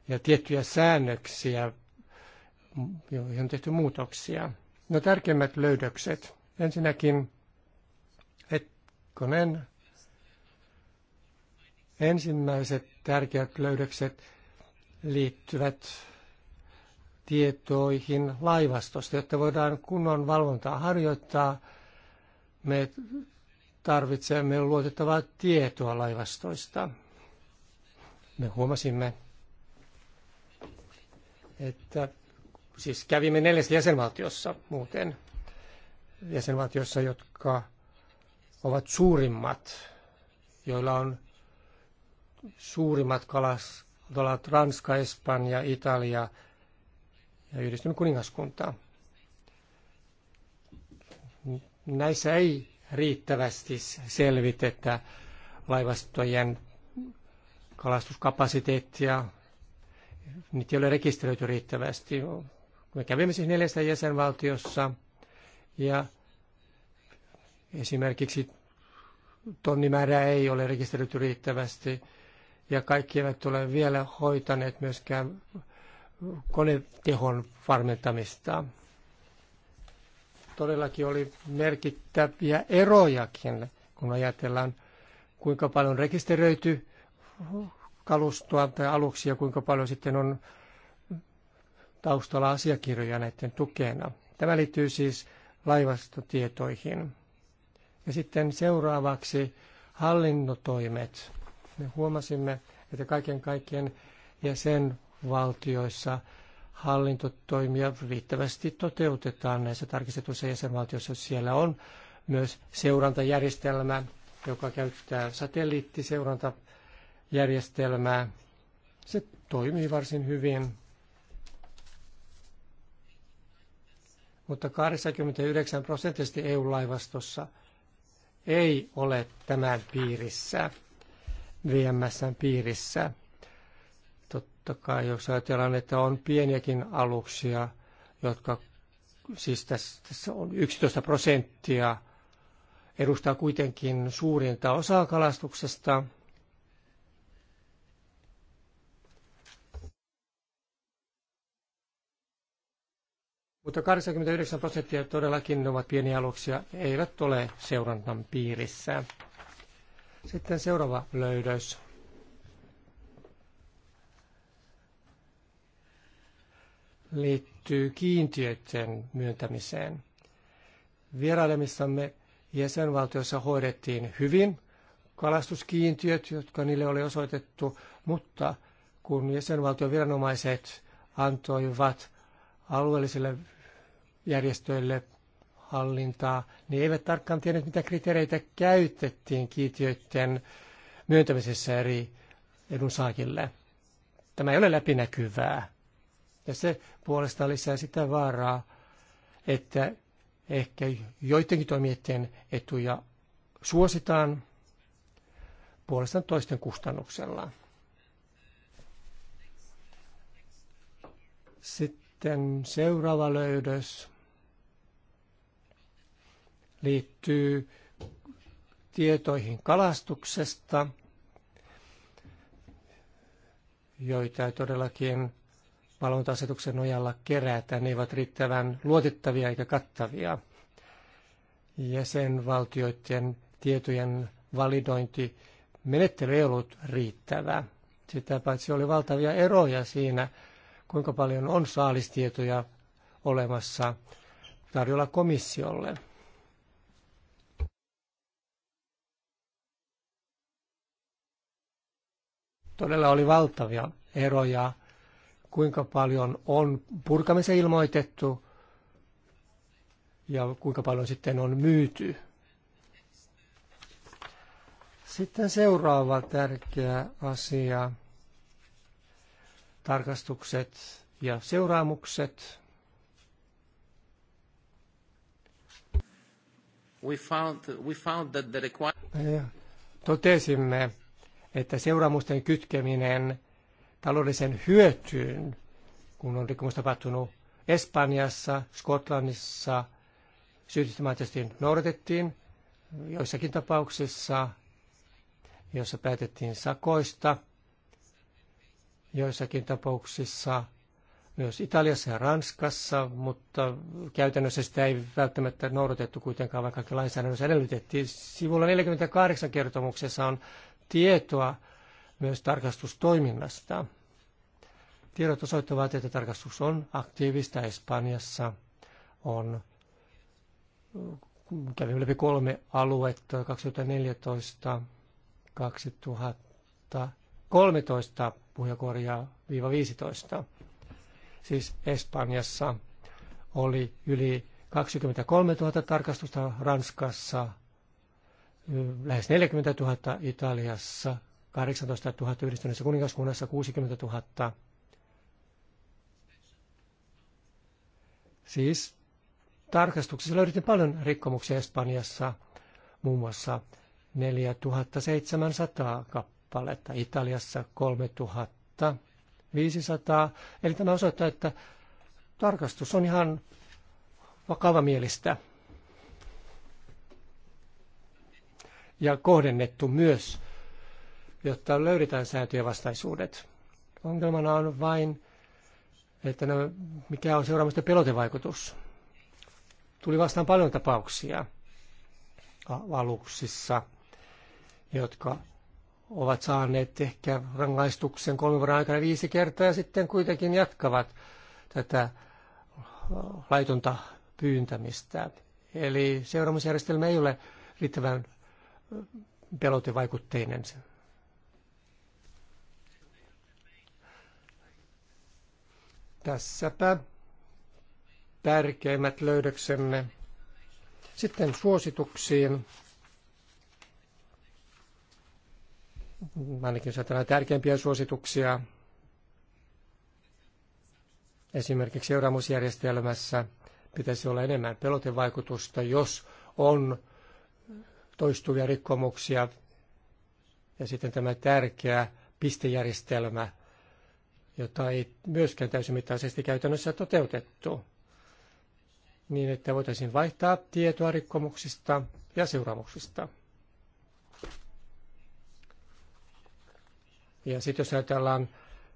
ja tiettyjä säännöksiä, joihin on tehty muutoksia. No tärkeimmät löydökset. Ensinnäkin, hetkonen, ensimmäiset tärkeät löydökset liittyvät tietoihin laivastosta, jotta voidaan kunnon valvontaa harjoittaa. Me tarvitsemme luotettavaa tietoa laivastoista. Me huomasimme, että siis kävimme neljässä jäsenvaltiossa muuten, jäsenvaltiossa, jotka ovat suurimmat, joilla on suurimmat kalas, ovat Ranska, Espanja, Italia ja yhdistynyt kuningaskunta. Näissä ei riittävästi selvitetä laivastojen kalastuskapasiteettia. Niitä ei ole rekisteröity riittävästi. Me kävimme siis neljässä jäsenvaltiossa ja esimerkiksi tonnimäärä ei ole rekisteröity riittävästi ja kaikki eivät ole vielä hoitaneet myöskään konetehon varmentamista. Todellakin oli merkittäviä erojakin, kun ajatellaan kuinka paljon rekisteröity kalustoa tai aluksia, kuinka paljon sitten on taustalla asiakirjoja näiden tukena. Tämä liittyy siis laivastotietoihin. Ja sitten seuraavaksi hallinnotoimet. Me huomasimme, että kaiken kaikkien jäsenvaltioissa hallintotoimia riittävästi toteutetaan näissä tarkistetuissa jäsenvaltioissa. Siellä on myös seurantajärjestelmä, joka käyttää satelliittiseurantajärjestelmää. Se toimii varsin hyvin. Mutta 89 prosenttisesti EU-laivastossa ei ole tämän piirissä. VMSn piirissä. Totta kai, jos ajatellaan, että on pieniäkin aluksia, jotka, siis tässä, tässä on 11 prosenttia, edustaa kuitenkin suurinta osaa kalastuksesta, mutta 89 prosenttia todellakin ovat pieniä aluksia, eivät ole seurannan piirissä. Sitten seuraava löydös. liittyy kiintiöiden myöntämiseen. Vierailemissamme jäsenvaltiossa hoidettiin hyvin kalastuskiintiöt, jotka niille oli osoitettu, mutta kun jäsenvaltion viranomaiset antoivat alueellisille järjestöille hallintaa, niin eivät tarkkaan tiedä, mitä kriteereitä käytettiin kiintiöiden myöntämisessä eri edunsaajille. Tämä ei ole läpinäkyvää. Ja se puolestaan lisää sitä vaaraa, että ehkä joidenkin toimijoiden etuja suositaan puolestaan toisten kustannuksella. Sitten seuraava löydös liittyy tietoihin kalastuksesta, joita todellakin valvonta-asetuksen nojalla kerätään. Ne ovat riittävän luotettavia eikä kattavia. Jäsenvaltioiden tietojen validointi menettely ei ollut riittävää. Sitä paitsi oli valtavia eroja siinä, kuinka paljon on saalistietoja olemassa tarjolla komissiolle. Todella oli valtavia eroja, kuinka paljon on purkamisen ilmoitettu ja kuinka paljon sitten on myyty. Sitten seuraava tärkeä asia, tarkastukset ja seuraamukset. We found, we found that the require... totesimme, että seuraamusten kytkeminen taloudellisen hyötyyn, kun on rikkomus tapahtunut Espanjassa, Skotlannissa, systemaattisesti noudatettiin joissakin tapauksissa, joissa päätettiin sakoista, joissakin tapauksissa myös Italiassa ja Ranskassa, mutta käytännössä sitä ei välttämättä noudatettu kuitenkaan, vaikka lainsäädännössä edellytettiin. Sivulla 48 kertomuksessa on tietoa myös tarkastustoiminnasta. Tiedot osoittavat, että tarkastus on aktiivista Espanjassa. On kävi läpi kolme aluetta 2014, 2013 puhujakorjaa viiva 15. Siis Espanjassa oli yli 23 000 tarkastusta, Ranskassa lähes 40 000 Italiassa, 18 000 yhdistyneessä kuningaskunnassa, 60 000. Siis tarkastuksessa löydettiin paljon rikkomuksia Espanjassa, muun muassa 4700 kappaletta, Italiassa 3500. Eli tämä osoittaa, että tarkastus on ihan vakava mielistä. ja kohdennettu myös, jotta löydetään sääntöjä vastaisuudet. Ongelmana on vain, että no, mikä on seuraamusten pelotevaikutus. Tuli vastaan paljon tapauksia aluksissa, jotka ovat saaneet ehkä rangaistuksen kolmen vuoden aikana viisi kertaa ja sitten kuitenkin jatkavat tätä laitonta pyyntämistä. Eli seuraamusjärjestelmä ei ole riittävän pelotevaikutteinen. Tässäpä tärkeimmät löydöksemme. Sitten suosituksiin. Ainakin jos ajatellaan tärkeimpiä suosituksia, esimerkiksi seuraamusjärjestelmässä pitäisi olla enemmän pelotevaikutusta, jos on toistuvia rikkomuksia. Ja sitten tämä tärkeä pistejärjestelmä, jota ei myöskään täysimittaisesti käytännössä toteutettu, niin että voitaisiin vaihtaa tietoa rikkomuksista ja seuraamuksista. Ja sitten jos ajatellaan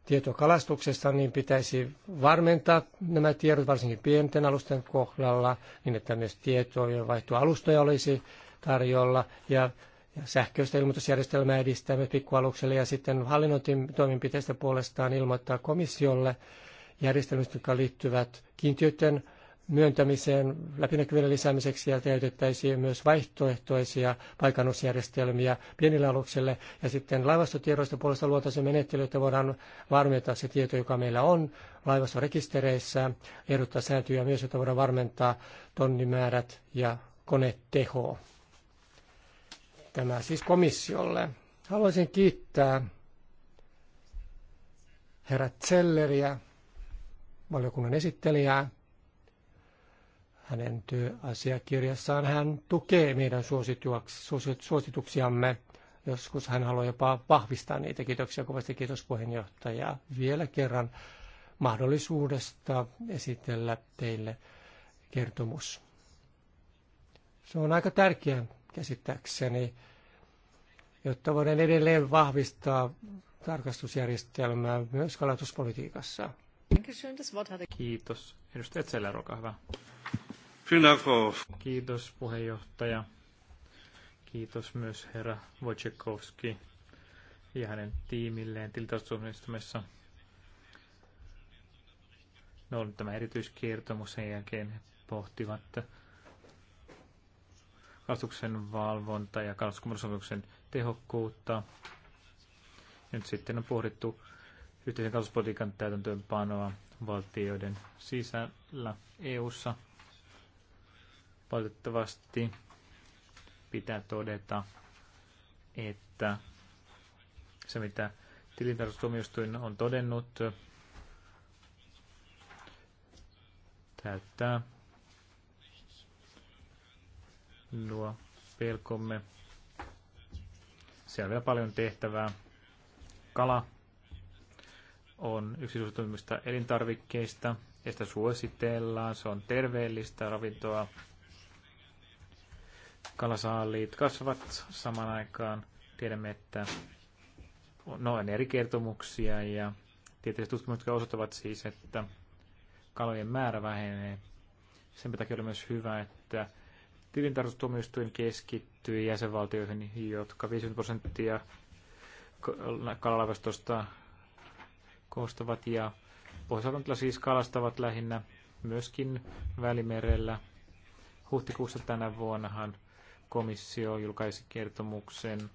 tietokalastuksesta, niin pitäisi varmentaa nämä tiedot varsinkin pienten alusten kohdalla, niin että myös tietojen vaihtoalustoja olisi tarjolla ja sähköistä ilmoitusjärjestelmää edistää myös pikkualukselle ja sitten hallinnointitoimenpiteistä puolestaan ilmoittaa komissiolle järjestelmistä, jotka liittyvät kiintiöiden myöntämiseen läpinäkyvyyden lisäämiseksi ja täytettäisiin myös vaihtoehtoisia paikannusjärjestelmiä pienille aluksille. Ja sitten laivastotiedoista puolesta luotaisiin menettely, että voidaan varmentaa se tieto, joka meillä on laivastorekistereissä, ehdottaa sääntöjä myös, että voidaan varmentaa tonnimäärät ja koneteho. Tämä siis komissiolle. Haluaisin kiittää herra Zelleriä, valiokunnan esittelijää. Hänen työasiakirjassaan hän tukee meidän suosituksiamme. Joskus hän haluaa jopa vahvistaa niitä. Kiitoksia kovasti. Kiitos puheenjohtaja vielä kerran mahdollisuudesta esitellä teille kertomus. Se on aika tärkeä käsittääkseni, jotta voidaan edelleen vahvistaa tarkastusjärjestelmää myös kalastuspolitiikassa. Kiitos. Edustaja Zeller, olkaa hyvä. Kiitos puheenjohtaja. Kiitos myös herra Wojciechowski ja hänen tiimilleen tiltaustuomioistumessa. No, tämä erityiskertomus sen jälkeen pohtivat kalastuksen valvonta ja kalastuskumorsopimuksen tehokkuutta. Nyt sitten on pohdittu yhteisen kalastuspolitiikan täytäntöönpanoa valtioiden sisällä EU-ssa. Valitettavasti pitää todeta, että se mitä tilintarkastustuomioistuin on todennut, täyttää nuo pelkomme. Siellä on vielä paljon tehtävää. Kala on yksi suosituimmista elintarvikkeista ja sitä suositellaan. Se on terveellistä ravintoa. Kalasaaliit kasvavat saman aikaan. Tiedämme, että no, on eri kertomuksia ja tieteelliset tutkimukset osoittavat siis, että kalojen määrä vähenee. Sen takia oli myös hyvä, että Tilintarkastustuomioistuin keskittyi jäsenvaltioihin, jotka 50 prosenttia kalalaivastosta koostavat ja pohjois siis kalastavat lähinnä myöskin Välimerellä. Huhtikuussa tänä vuonnahan komissio julkaisi kertomuksen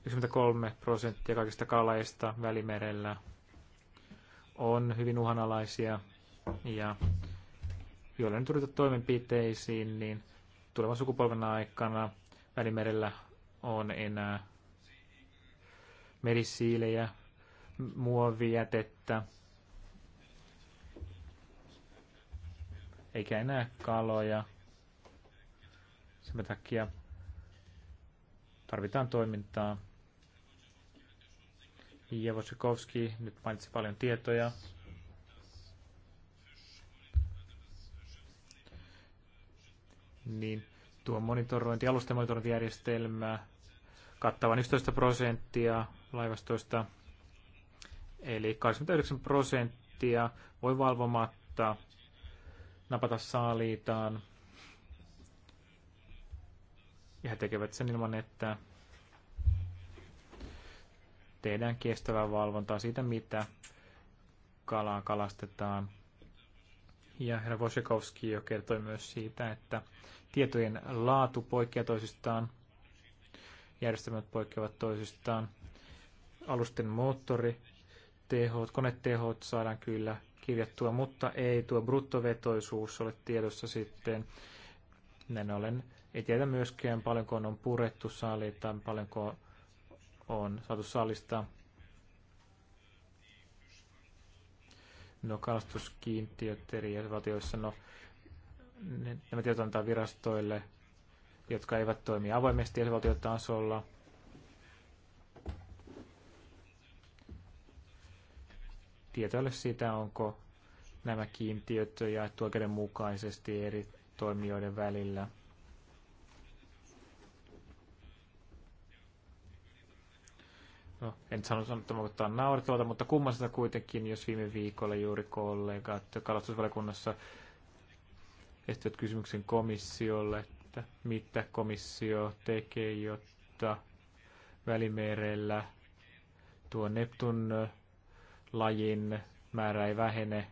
93 prosenttia kaikista kalaista Välimerellä on hyvin uhanalaisia ja joilla nyt ryhdytään toimenpiteisiin, niin tulevan sukupolven aikana Välimerellä on enää merisiilejä, muovijätettä, eikä enää kaloja. Sen takia tarvitaan toimintaa. Ija nyt mainitsi paljon tietoja niin tuo monitorointi, alusten monitorointijärjestelmä kattavan 11 prosenttia laivastoista, eli 89 prosenttia voi valvomatta napata saaliitaan. Ja he tekevät sen ilman, että tehdään kestävää valvontaa siitä, mitä kalaa kalastetaan. Ja herra Vosikowski jo kertoi myös siitä, että tietojen laatu poikkeaa toisistaan, järjestelmät poikkeavat toisistaan, alusten moottori, tehot, konetehot saadaan kyllä kirjattua, mutta ei tuo bruttovetoisuus ole tiedossa sitten. Näin ollen ei tiedä myöskään paljonko on purettu saaliin tai paljonko on saatu salista. No kalastuskiintiöt eri valtioissa, no nämä tiedot antaa virastoille, jotka eivät toimi avoimesti jäsenvaltiotasolla. Tietoille siitä, onko nämä kiintiöt jaettu oikeudenmukaisesti eri toimijoiden välillä. No, en sano, että tämä naurettavalta, mutta kummasta kuitenkin, jos viime viikolla juuri kollegat kalastusvaliokunnassa esittivät kysymyksen komissiolle, että mitä komissio tekee, jotta välimerellä tuo Neptun lajin määrä ei vähene.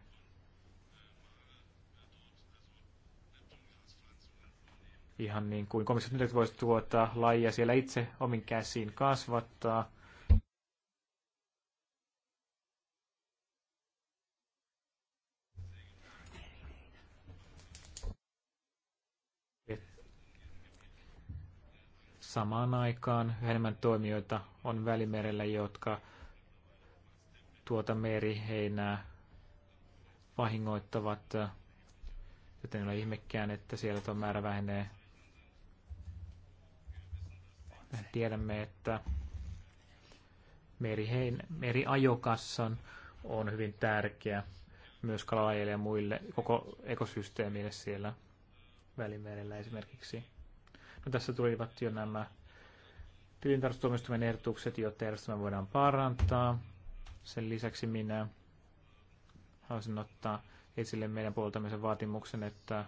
Ihan niin kuin komissio nyt voisi tuota lajia siellä itse omin käsiin kasvattaa samaan aikaan enemmän toimijoita on välimerellä, jotka tuota meriheinää vahingoittavat, joten ei ole ihmekään, että siellä tuo määrä vähenee. Tiedämme, että merihein, meriajokassan on hyvin tärkeä myös kalalajille ja muille, koko ekosysteemille siellä Välimerellä esimerkiksi. Tässä tulivat jo nämä tilintarkastustuomioistuimen ehdotukset, joita järjestelmä voidaan parantaa. Sen lisäksi minä haluaisin ottaa esille meidän puoltamisen vaatimuksen, että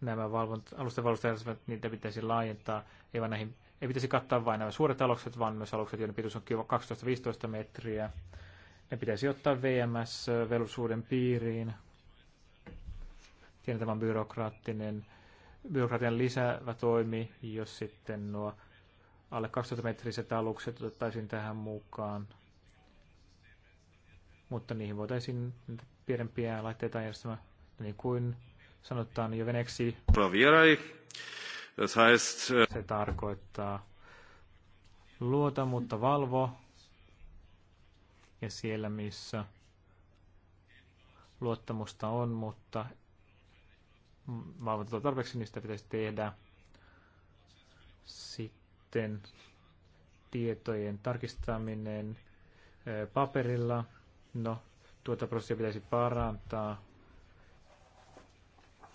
nämä valvont, alusten valvontajärjestelmät, niitä pitäisi laajentaa, ei vain näihin ei pitäisi kattaa vain nämä suuret alukset, vaan myös alukset, joiden pituus on 12-15 metriä. Ne pitäisi ottaa VMS-velvollisuuden piiriin siinä tämä byrokraattinen, byrokratian lisävä toimi, jos sitten nuo alle 2000 metriset alukset otettaisiin tähän mukaan. Mutta niihin voitaisiin pienempiä laitteita järjestämään, niin kuin sanotaan jo veneksi. Äh, se tarkoittaa luota, mutta valvo. Ja siellä, missä luottamusta on, mutta valvontaa tarpeeksi, niin sitä pitäisi tehdä. Sitten tietojen tarkistaminen paperilla. No, tuota prosessia pitäisi parantaa.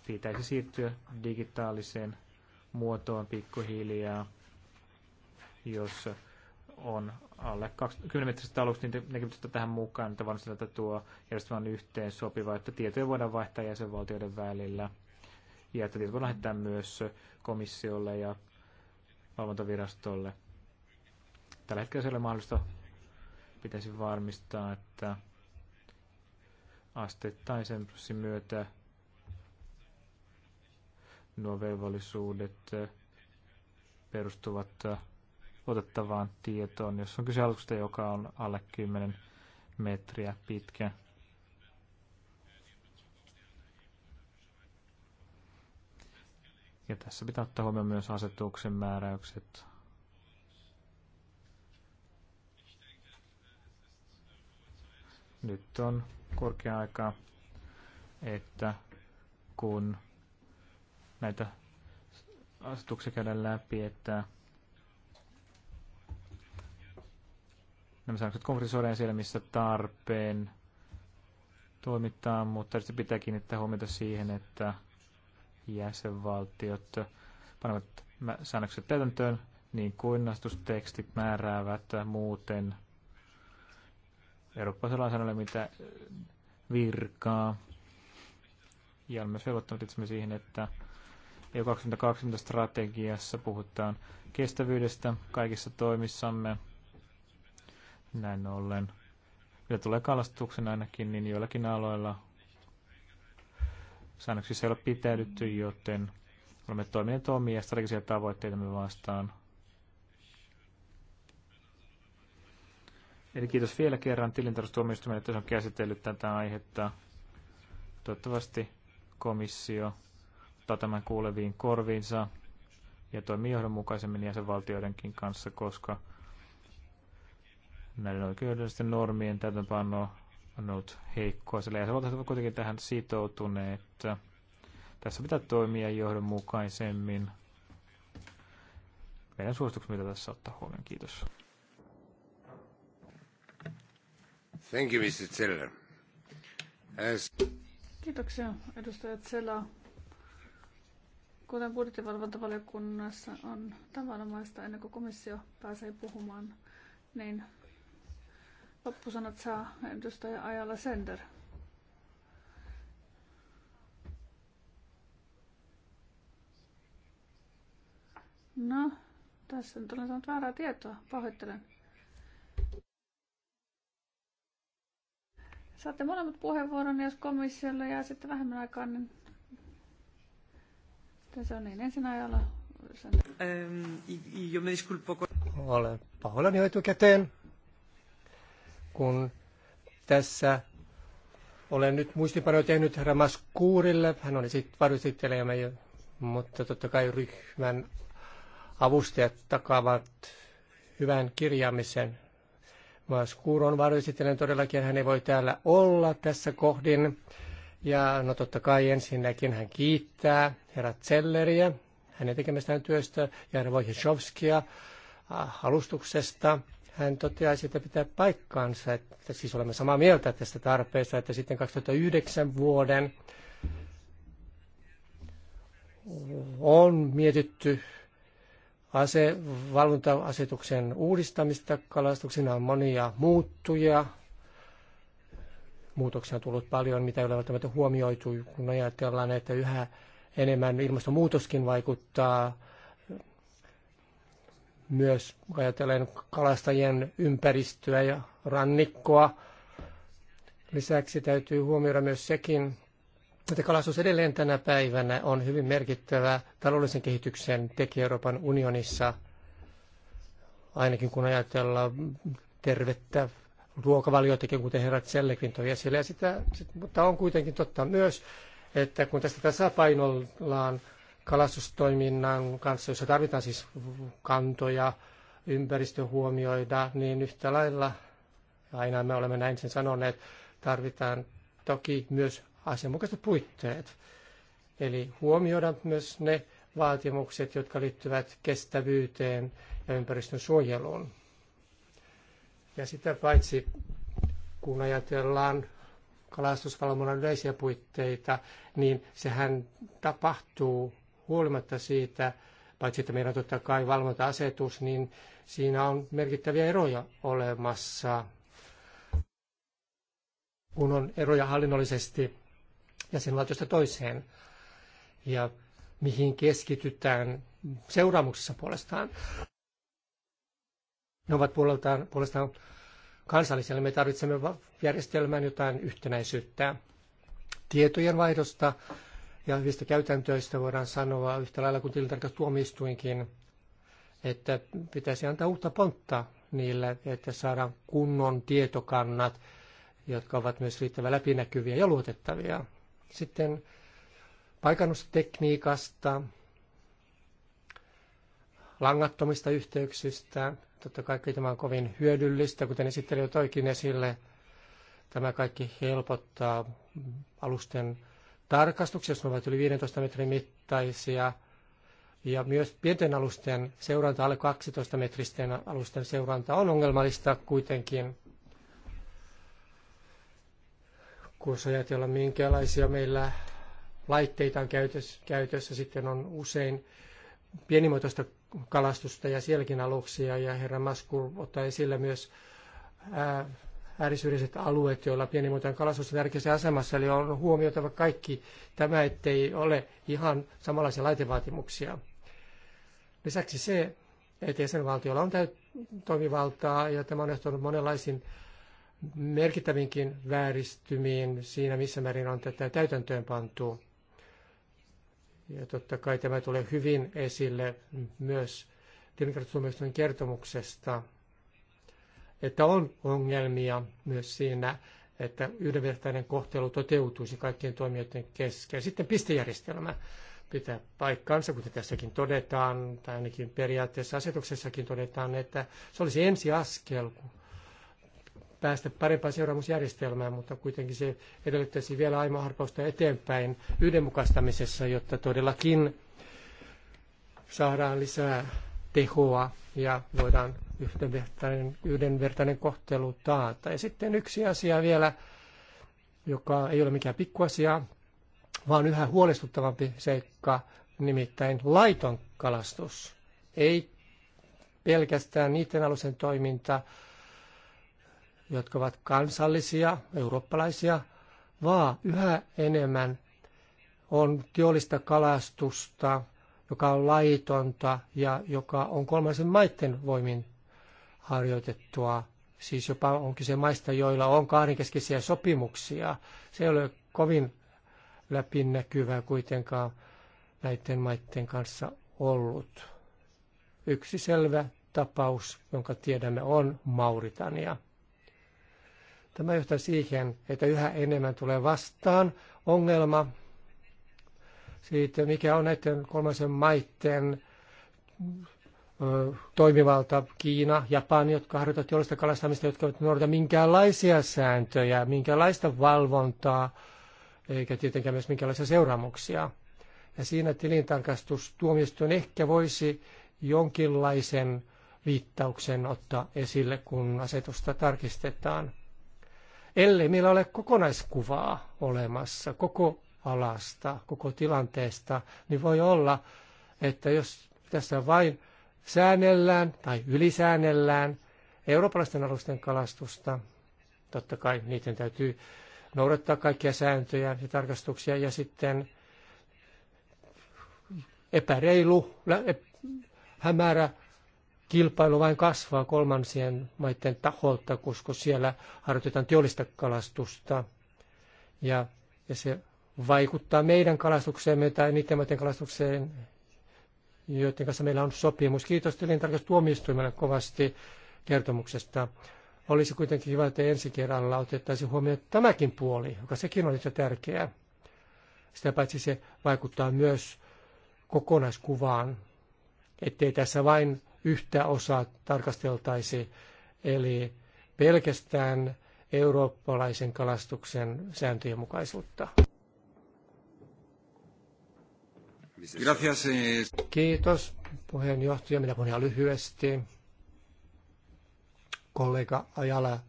Pitäisi siirtyä digitaaliseen muotoon pikkuhiljaa, jos on alle 20 metriset aluksi, niin nekin pitää tähän mukaan, että varmistetaan, tuo järjestelmä on yhteen sopiva, että tietoja voidaan vaihtaa jäsenvaltioiden välillä ja että tietysti voi lähettää myös komissiolle ja valvontavirastolle. Tällä hetkellä se ei ole mahdollista. Pitäisi varmistaa, että asteittaisen prosessin myötä nuo velvollisuudet perustuvat otettavaan tietoon, jos on kyse aluksesta, joka on alle 10 metriä pitkä. Ja tässä pitää ottaa huomioon myös asetuksen määräykset. Nyt on korkea aika, että kun näitä asetuksia käydään läpi, että nämä säännökset konkretisoidaan siellä, missä tarpeen toimitaan, mutta tietysti pitää kiinnittää huomiota siihen, että jäsenvaltiot panevat säännökset täytäntöön niin kuin nastustekstit määräävät muuten eurooppalaisella lainsäädännöllä mitä virkaa. Ja on myös velvoittanut itsemme siihen, että EU 2020 strategiassa puhutaan kestävyydestä kaikissa toimissamme. Näin ollen, mitä tulee kalastuksen ainakin, niin joillakin aloilla säännöksissä ei ole pitäydytty, joten olemme toimineet omia strategisia tavoitteitamme vastaan. Eli kiitos vielä kerran tilintarkastustuomioistuimelle, että se on käsitellyt tätä aihetta. Toivottavasti komissio ottaa tämän kuuleviin korviinsa ja toimii johdonmukaisemmin jäsenvaltioidenkin kanssa, koska näiden oikeudellisten normien täytäntöpanoa on ollut heikkoa. Sillä se on kuitenkin tähän sitoutuneet. Tässä pitää toimia johdonmukaisemmin. Meidän suositukset, mitä tässä ottaa huomioon. Kiitos. Thank you, Mr. Zeller. As... Kiitoksia, edustaja Zela. Kuten budjettivalvontavaliokunnassa on tavanomaista, ennen kuin komissio pääsee puhumaan, niin Loppusanat saa edustaja Ajala Sender. No, tässä nyt olen saanut väärää tietoa. Pahoittelen. Saatte molemmat puheenvuoron, jos komissiolle jää sitten vähemmän aikaa, niin sitten se on niin ensin ajalla. Ähm, me disculpo. Olen pahoillani jo etukäteen kun tässä olen nyt muistipanoja tehnyt Ramas maskuurille, hän oli sitten varjoesittelijämme, mutta totta kai ryhmän avustajat takaavat hyvän kirjaamisen. Maskuur on varjoesittelijä todellakin, hän ei voi täällä olla tässä kohdin. Ja no totta kai ensinnäkin hän kiittää herra Zelleriä hänen tekemästään työstä ja herra Wojciechowskia äh, alustuksesta hän toteaisi, että pitää paikkaansa, että siis olemme samaa mieltä tästä tarpeesta, että sitten 2009 vuoden on mietitty ase- valvonta-asetuksen uudistamista. Kalastuksena on monia muuttuja. Muutoksia on tullut paljon, mitä ei ole välttämättä huomioitu, kun ajatellaan, että yhä enemmän ilmastonmuutoskin vaikuttaa myös ajatellen kalastajien ympäristöä ja rannikkoa. Lisäksi täytyy huomioida myös sekin, että kalastus edelleen tänä päivänä on hyvin merkittävä taloudellisen kehityksen tekijä Euroopan unionissa, ainakin kun ajatellaan tervettä ruokavaliotakin, kuten herrat Sellekin toi esille. Ja sitä, mutta on kuitenkin totta myös, että kun tästä tasapainollaan kalastustoiminnan kanssa, jossa tarvitaan siis kantoja, ympäristö huomioida, niin yhtä lailla, aina me olemme näin sen sanoneet, tarvitaan toki myös asianmukaiset puitteet. Eli huomioidaan myös ne vaatimukset, jotka liittyvät kestävyyteen ja ympäristön suojeluun. Ja sitä paitsi, kun ajatellaan kalastusvalvonnan yleisiä puitteita, niin sehän tapahtuu huolimatta siitä, paitsi että meillä on totta kai valvonta-asetus, niin siinä on merkittäviä eroja olemassa, kun on eroja hallinnollisesti jäsenvaltiosta toiseen. Ja mihin keskitytään seuraamuksissa puolestaan. Ne ovat puolestaan, puolestaan eli Me tarvitsemme järjestelmään jotain yhtenäisyyttä tietojen vaihdosta ja hyvistä käytäntöistä voidaan sanoa yhtä lailla kuin tuomistuinkin, että pitäisi antaa uutta pontta niille, että saadaan kunnon tietokannat, jotka ovat myös riittävän läpinäkyviä ja luotettavia. Sitten paikannustekniikasta, langattomista yhteyksistä. Totta kai tämä on kovin hyödyllistä, kuten esittelijä toikin esille. Tämä kaikki helpottaa alusten tarkastuksia, jos ne ovat yli 15 metrin mittaisia. Ja myös pienten alusten seuranta, alle 12 metristen alusten seuranta on ongelmallista kuitenkin, kun ajatellaan minkälaisia meillä laitteita on käytössä, käytössä sitten on usein pienimuotoista kalastusta ja sielläkin aluksia. Ja herra Maskur ottaa esille myös ää, äärisyydiset alueet, joilla pienimuotoinen kalastus on tärkeässä asemassa. Eli on huomioitava kaikki tämä, ettei ole ihan samanlaisia laitevaatimuksia. Lisäksi se, että jäsenvaltiolla on täyt- toimivaltaa ja tämä on johtanut monenlaisiin merkittävinkin vääristymiin siinä, missä määrin on tätä täytäntöön pantu. Ja totta kai tämä tulee hyvin esille myös tilintarkastustuomioistuimen kertomuksesta – että on ongelmia myös siinä, että yhdenvertainen kohtelu toteutuisi kaikkien toimijoiden kesken. Sitten pistejärjestelmä pitää paikkaansa, kuten tässäkin todetaan, tai ainakin periaatteessa asetuksessakin todetaan, että se olisi ensiaskel päästä parempaan seuraamusjärjestelmään, mutta kuitenkin se edellyttäisi vielä aivan harpausta eteenpäin yhdenmukaistamisessa, jotta todellakin saadaan lisää tehoa ja voidaan yhdenvertainen, yhdenvertainen kohtelu taata. Ja sitten yksi asia vielä, joka ei ole mikään pikkuasia, vaan yhä huolestuttavampi seikka, nimittäin laiton kalastus. Ei pelkästään niiden alusen toiminta, jotka ovat kansallisia, eurooppalaisia, vaan yhä enemmän on teollista kalastusta, joka on laitonta ja joka on kolmansien maiden voimin harjoitettua. Siis jopa onkin se maista, joilla on kahdenkeskisiä sopimuksia. Se ei ole kovin läpinäkyvää kuitenkaan näiden maiden kanssa ollut. Yksi selvä tapaus, jonka tiedämme, on Mauritania. Tämä johtaa siihen, että yhä enemmän tulee vastaan ongelma, siitä, mikä on näiden kolmansien maiden toimivalta Kiina, Japani, jotka harjoittavat teollista kalastamista, jotka eivät noudata minkäänlaisia sääntöjä, minkäänlaista valvontaa, eikä tietenkään myös minkäänlaisia seuraamuksia. Ja siinä tilintarkastustuomioistuin ehkä voisi jonkinlaisen viittauksen ottaa esille, kun asetusta tarkistetaan. Ellei meillä ole kokonaiskuvaa olemassa, koko alasta, koko tilanteesta, niin voi olla, että jos tässä vain säännellään tai ylisäännellään eurooppalaisten alusten kalastusta, totta kai niiden täytyy noudattaa kaikkia sääntöjä ja tarkastuksia ja sitten epäreilu, e-, hämärä kilpailu vain kasvaa kolmansien maiden taholta, koska siellä harjoitetaan teollista kalastusta ja, ja se vaikuttaa meidän kalastukseemme tai niiden maiden kalastukseen, joiden kanssa meillä on sopimus. Kiitos tilintarkastustuomioistuimelle kovasti kertomuksesta. Olisi kuitenkin hyvä, että ensi kerralla otettaisiin huomioon tämäkin puoli, joka sekin on jo tärkeää. Sitä paitsi se vaikuttaa myös kokonaiskuvaan, ettei tässä vain yhtä osaa tarkasteltaisi, eli pelkästään eurooppalaisen kalastuksen sääntöjen mukaisuutta. Gracias. Eh, kiitos puheenjohtaja. Minä puhun ihan lyhyesti. Kollega Ajala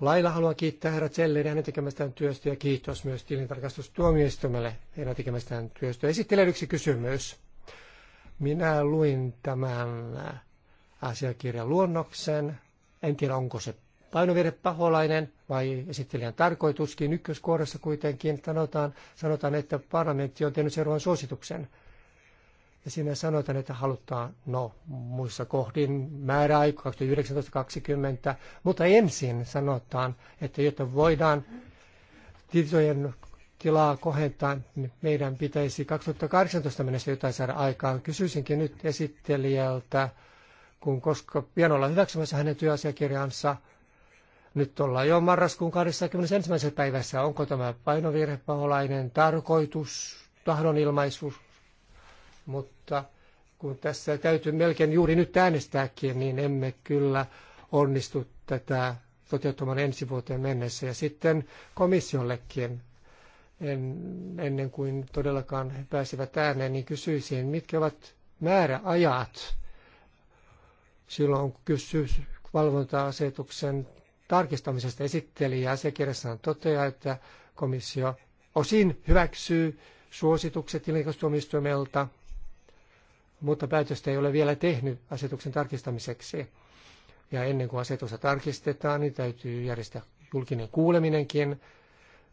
Lailla haluan kiittää herra Zellerin hänen tekemästään työstä ja kiitos myös tilintarkastustuomioistuimelle heidän tekemästään työstä. Esittelen yksi kysymys. Minä luin tämän asiakirjan luonnoksen. En tiedä, onko se painovirhe paholainen vai esittelijän tarkoituskin. ykköskuorossa kuitenkin sanotaan, sanotaan, että parlamentti on tehnyt seuraavan suosituksen. Ja siinä sanotaan, että halutaan, no muissa kohdin määräaika 2019-2020, mutta ensin sanotaan, että jotta voidaan tietojen tilaa kohentaa, niin meidän pitäisi 2018 mennessä jotain saada aikaan. Kysyisinkin nyt esittelijältä, kun koska pian ollaan hyväksymässä hänen työasiakirjansa, nyt ollaan jo marraskuun 21. päivässä. Onko tämä paholainen tarkoitus, tahdonilmaisu? Mutta kun tässä täytyy melkein juuri nyt äänestääkin, niin emme kyllä onnistu tätä toteuttamaan ensi vuoteen mennessä. Ja sitten komissiollekin, en, ennen kuin todellakaan he pääsevät ääneen, niin kysyisin, mitkä ovat määräajat silloin, kun kysymys valvonta-asetuksen tarkistamisesta esitteli asiakirjassaan toteaa, että komissio osin hyväksyy suositukset tilintarkastustuomioistuimelta, mutta päätöstä ei ole vielä tehnyt asetuksen tarkistamiseksi. Ja ennen kuin asetusta tarkistetaan, niin täytyy järjestää julkinen kuuleminenkin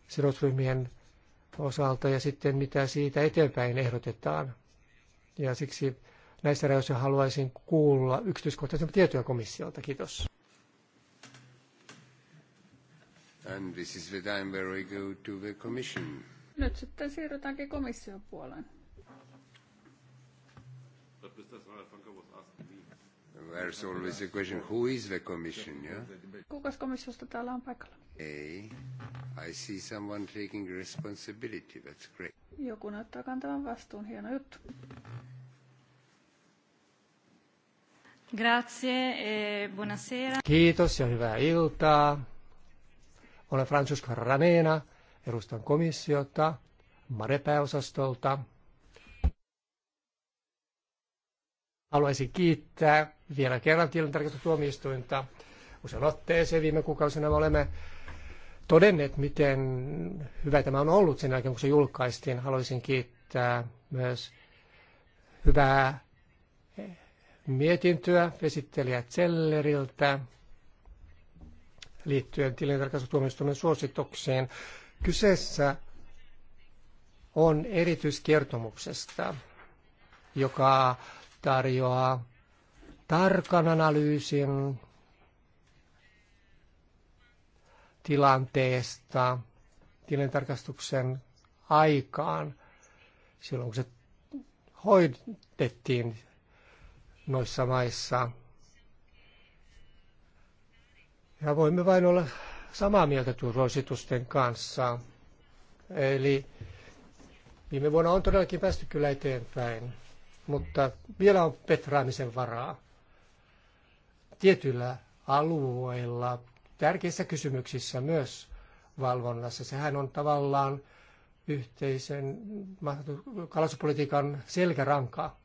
sidosryhmien osalta ja sitten mitä siitä eteenpäin ehdotetaan. Ja siksi näissä rajoissa haluaisin kuulla yksityiskohtaisempia tietoja komissiolta. Kiitos. And this is the time where we go to the commission. Nyt sitten siirrytäänkin komission puoleen. There's always the question, who is the commission, yeah? Kukas komissiosta täällä on paikalla? Ei. I see someone taking responsibility, that's great. Joku näyttää kantavan vastuun, hieno juttu. Grazie, e buonasera. Kiitos ja hyvää iltaa. Olen Francesco Raneena, edustan komissiota, Marepääosastolta. Haluaisin kiittää vielä kerran tilintarkastustuomioistuinta. Usein otteeseen viime kuukausina me olemme todenneet, miten hyvä tämä on ollut sen jälkeen, kun se julkaistiin. Haluaisin kiittää myös hyvää mietintöä vesittelijä Zelleriltä liittyen tilintarkastustuomioistuimen suositukseen. Kyseessä on erityiskertomuksesta, joka tarjoaa tarkan analyysin tilanteesta tilintarkastuksen aikaan, silloin kun se hoidettiin noissa maissa – ja voimme vain olla samaa mieltä tuon suositusten kanssa. Eli viime vuonna on todellakin päästy kyllä eteenpäin, mutta vielä on petraamisen varaa. Tietyillä alueilla, tärkeissä kysymyksissä myös valvonnassa, sehän on tavallaan yhteisen kalastuspolitiikan selkärankaa.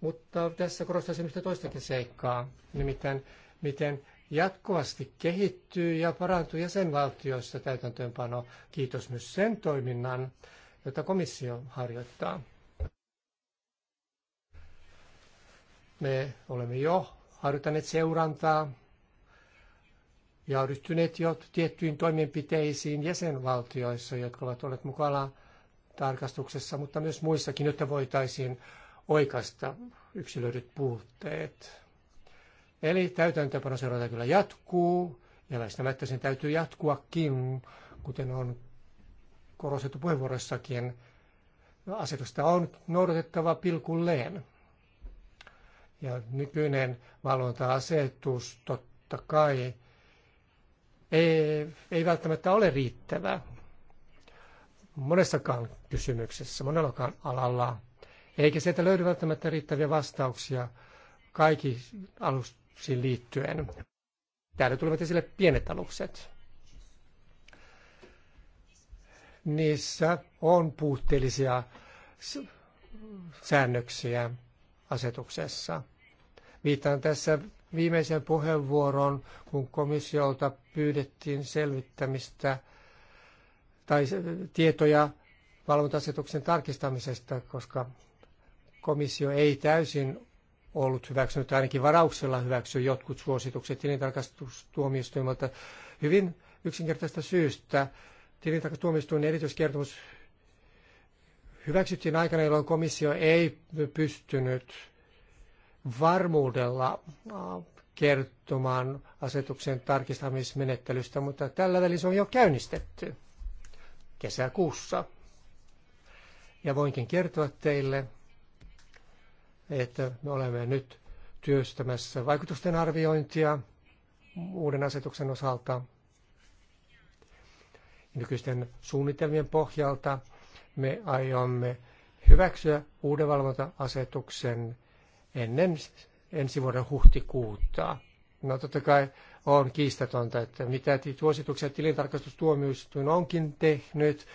Mutta tässä korostaisin yhtä toistakin seikkaa, nimittäin miten jatkuvasti kehittyy ja parantuu jäsenvaltioissa täytäntöönpano. Kiitos myös sen toiminnan, jota komissio harjoittaa. Me olemme jo harjoittaneet seurantaa ja ryhtyneet jo tiettyihin toimenpiteisiin jäsenvaltioissa, jotka ovat olleet mukana tarkastuksessa, mutta myös muissakin, jotta voitaisiin oikaista yksilöidyt puutteet. Eli täytäntöönpanoseuranta kyllä jatkuu, ja väistämättä sen täytyy jatkuakin, kuten on korostettu puheenvuorossakin. Asetusta on noudatettava pilkulleen. Ja nykyinen valvonta-asetus totta kai ei, ei välttämättä ole riittävä monessakaan kysymyksessä, monellakaan alalla. Eikä sieltä löydy välttämättä riittäviä vastauksia kaikki alus, liittyen. Täällä tulevat esille pienet alukset. Niissä on puutteellisia säännöksiä asetuksessa. Viitaan tässä viimeisen puheenvuoron, kun komissiolta pyydettiin selvittämistä tai tietoja valvontasetuksen tarkistamisesta, koska komissio ei täysin ollut hyväksynyt, ainakin varauksella hyväksyä jotkut suositukset tilintarkastustuomioistuimelta hyvin yksinkertaista syystä. Tilintarkastustuomioistuin erityiskertomus hyväksyttiin aikana, jolloin komissio ei pystynyt varmuudella kertomaan asetuksen tarkistamismenettelystä, mutta tällä välin se on jo käynnistetty kesäkuussa. Ja voinkin kertoa teille, että me olemme nyt työstämässä vaikutusten arviointia uuden asetuksen osalta. Nykyisten suunnitelmien pohjalta me aiomme hyväksyä uuden valvonta-asetuksen ennen ensi vuoden huhtikuuta. No totta kai on kiistatonta, että mitä suosituksia tilintarkastustuomioistuin onkin tehnyt,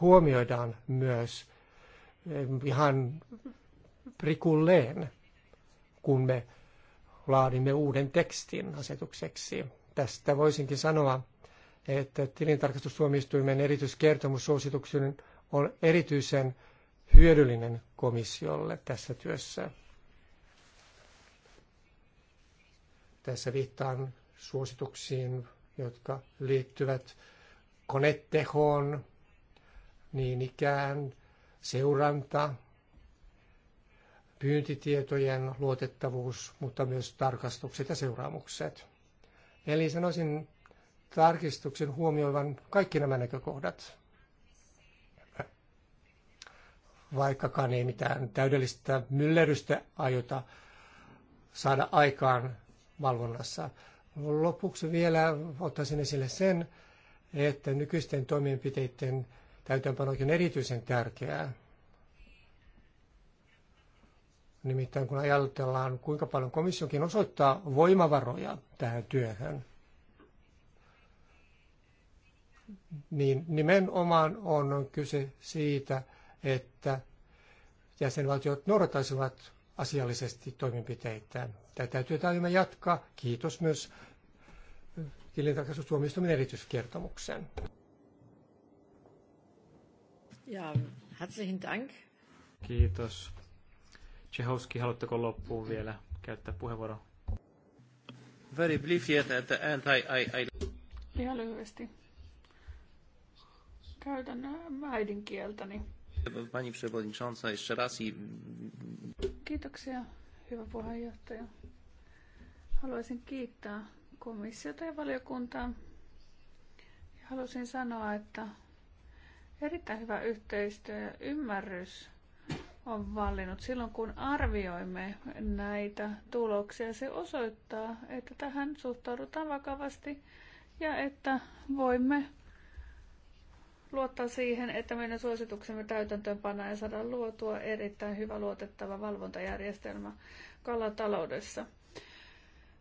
huomioidaan myös eh, ihan prikulleen, kun me laadimme uuden tekstin asetukseksi. Tästä voisinkin sanoa, että tilintarkastustuomioistuimen erityiskertomussuosituksen on erityisen hyödyllinen komissiolle tässä työssä. Tässä viittaan suosituksiin, jotka liittyvät konetehoon, niin ikään seuranta pyyntitietojen luotettavuus, mutta myös tarkastukset ja seuraamukset. Eli sanoisin tarkistuksen huomioivan kaikki nämä näkökohdat. Vaikkakaan ei mitään täydellistä myllerrystä aiota saada aikaan valvonnassa. Lopuksi vielä ottaisin esille sen, että nykyisten toimenpiteiden täytäntöönpano on erityisen tärkeää. Nimittäin kun ajatellaan, kuinka paljon komissiokin osoittaa voimavaroja tähän työhön, niin nimenomaan on kyse siitä, että jäsenvaltiot noudattaisivat asiallisesti toimenpiteitä. Tätä työtä aiomme jatkaa. Kiitos myös tilintarkastustuomioistuimen erityiskertomuksen. Ja, herzlichen Dank. Kiitos Chehovski, haluatteko loppuun vielä käyttää puheenvuoro? Very briefly, että and I, I, I... Ihan lyhyesti. Käytän äh, äidinkieltäni. Pani przewodnicząca, jeszcze raz i... Kiitoksia, hyvä puheenjohtaja. Haluaisin kiittää komissiota ja valiokuntaa. Haluaisin sanoa, että erittäin hyvä yhteistyö ja ymmärrys on vallinnut. Silloin kun arvioimme näitä tuloksia, se osoittaa, että tähän suhtaudutaan vakavasti ja että voimme luottaa siihen, että meidän suosituksemme täytäntöönpana ja saada luotua erittäin hyvä luotettava valvontajärjestelmä kalataloudessa.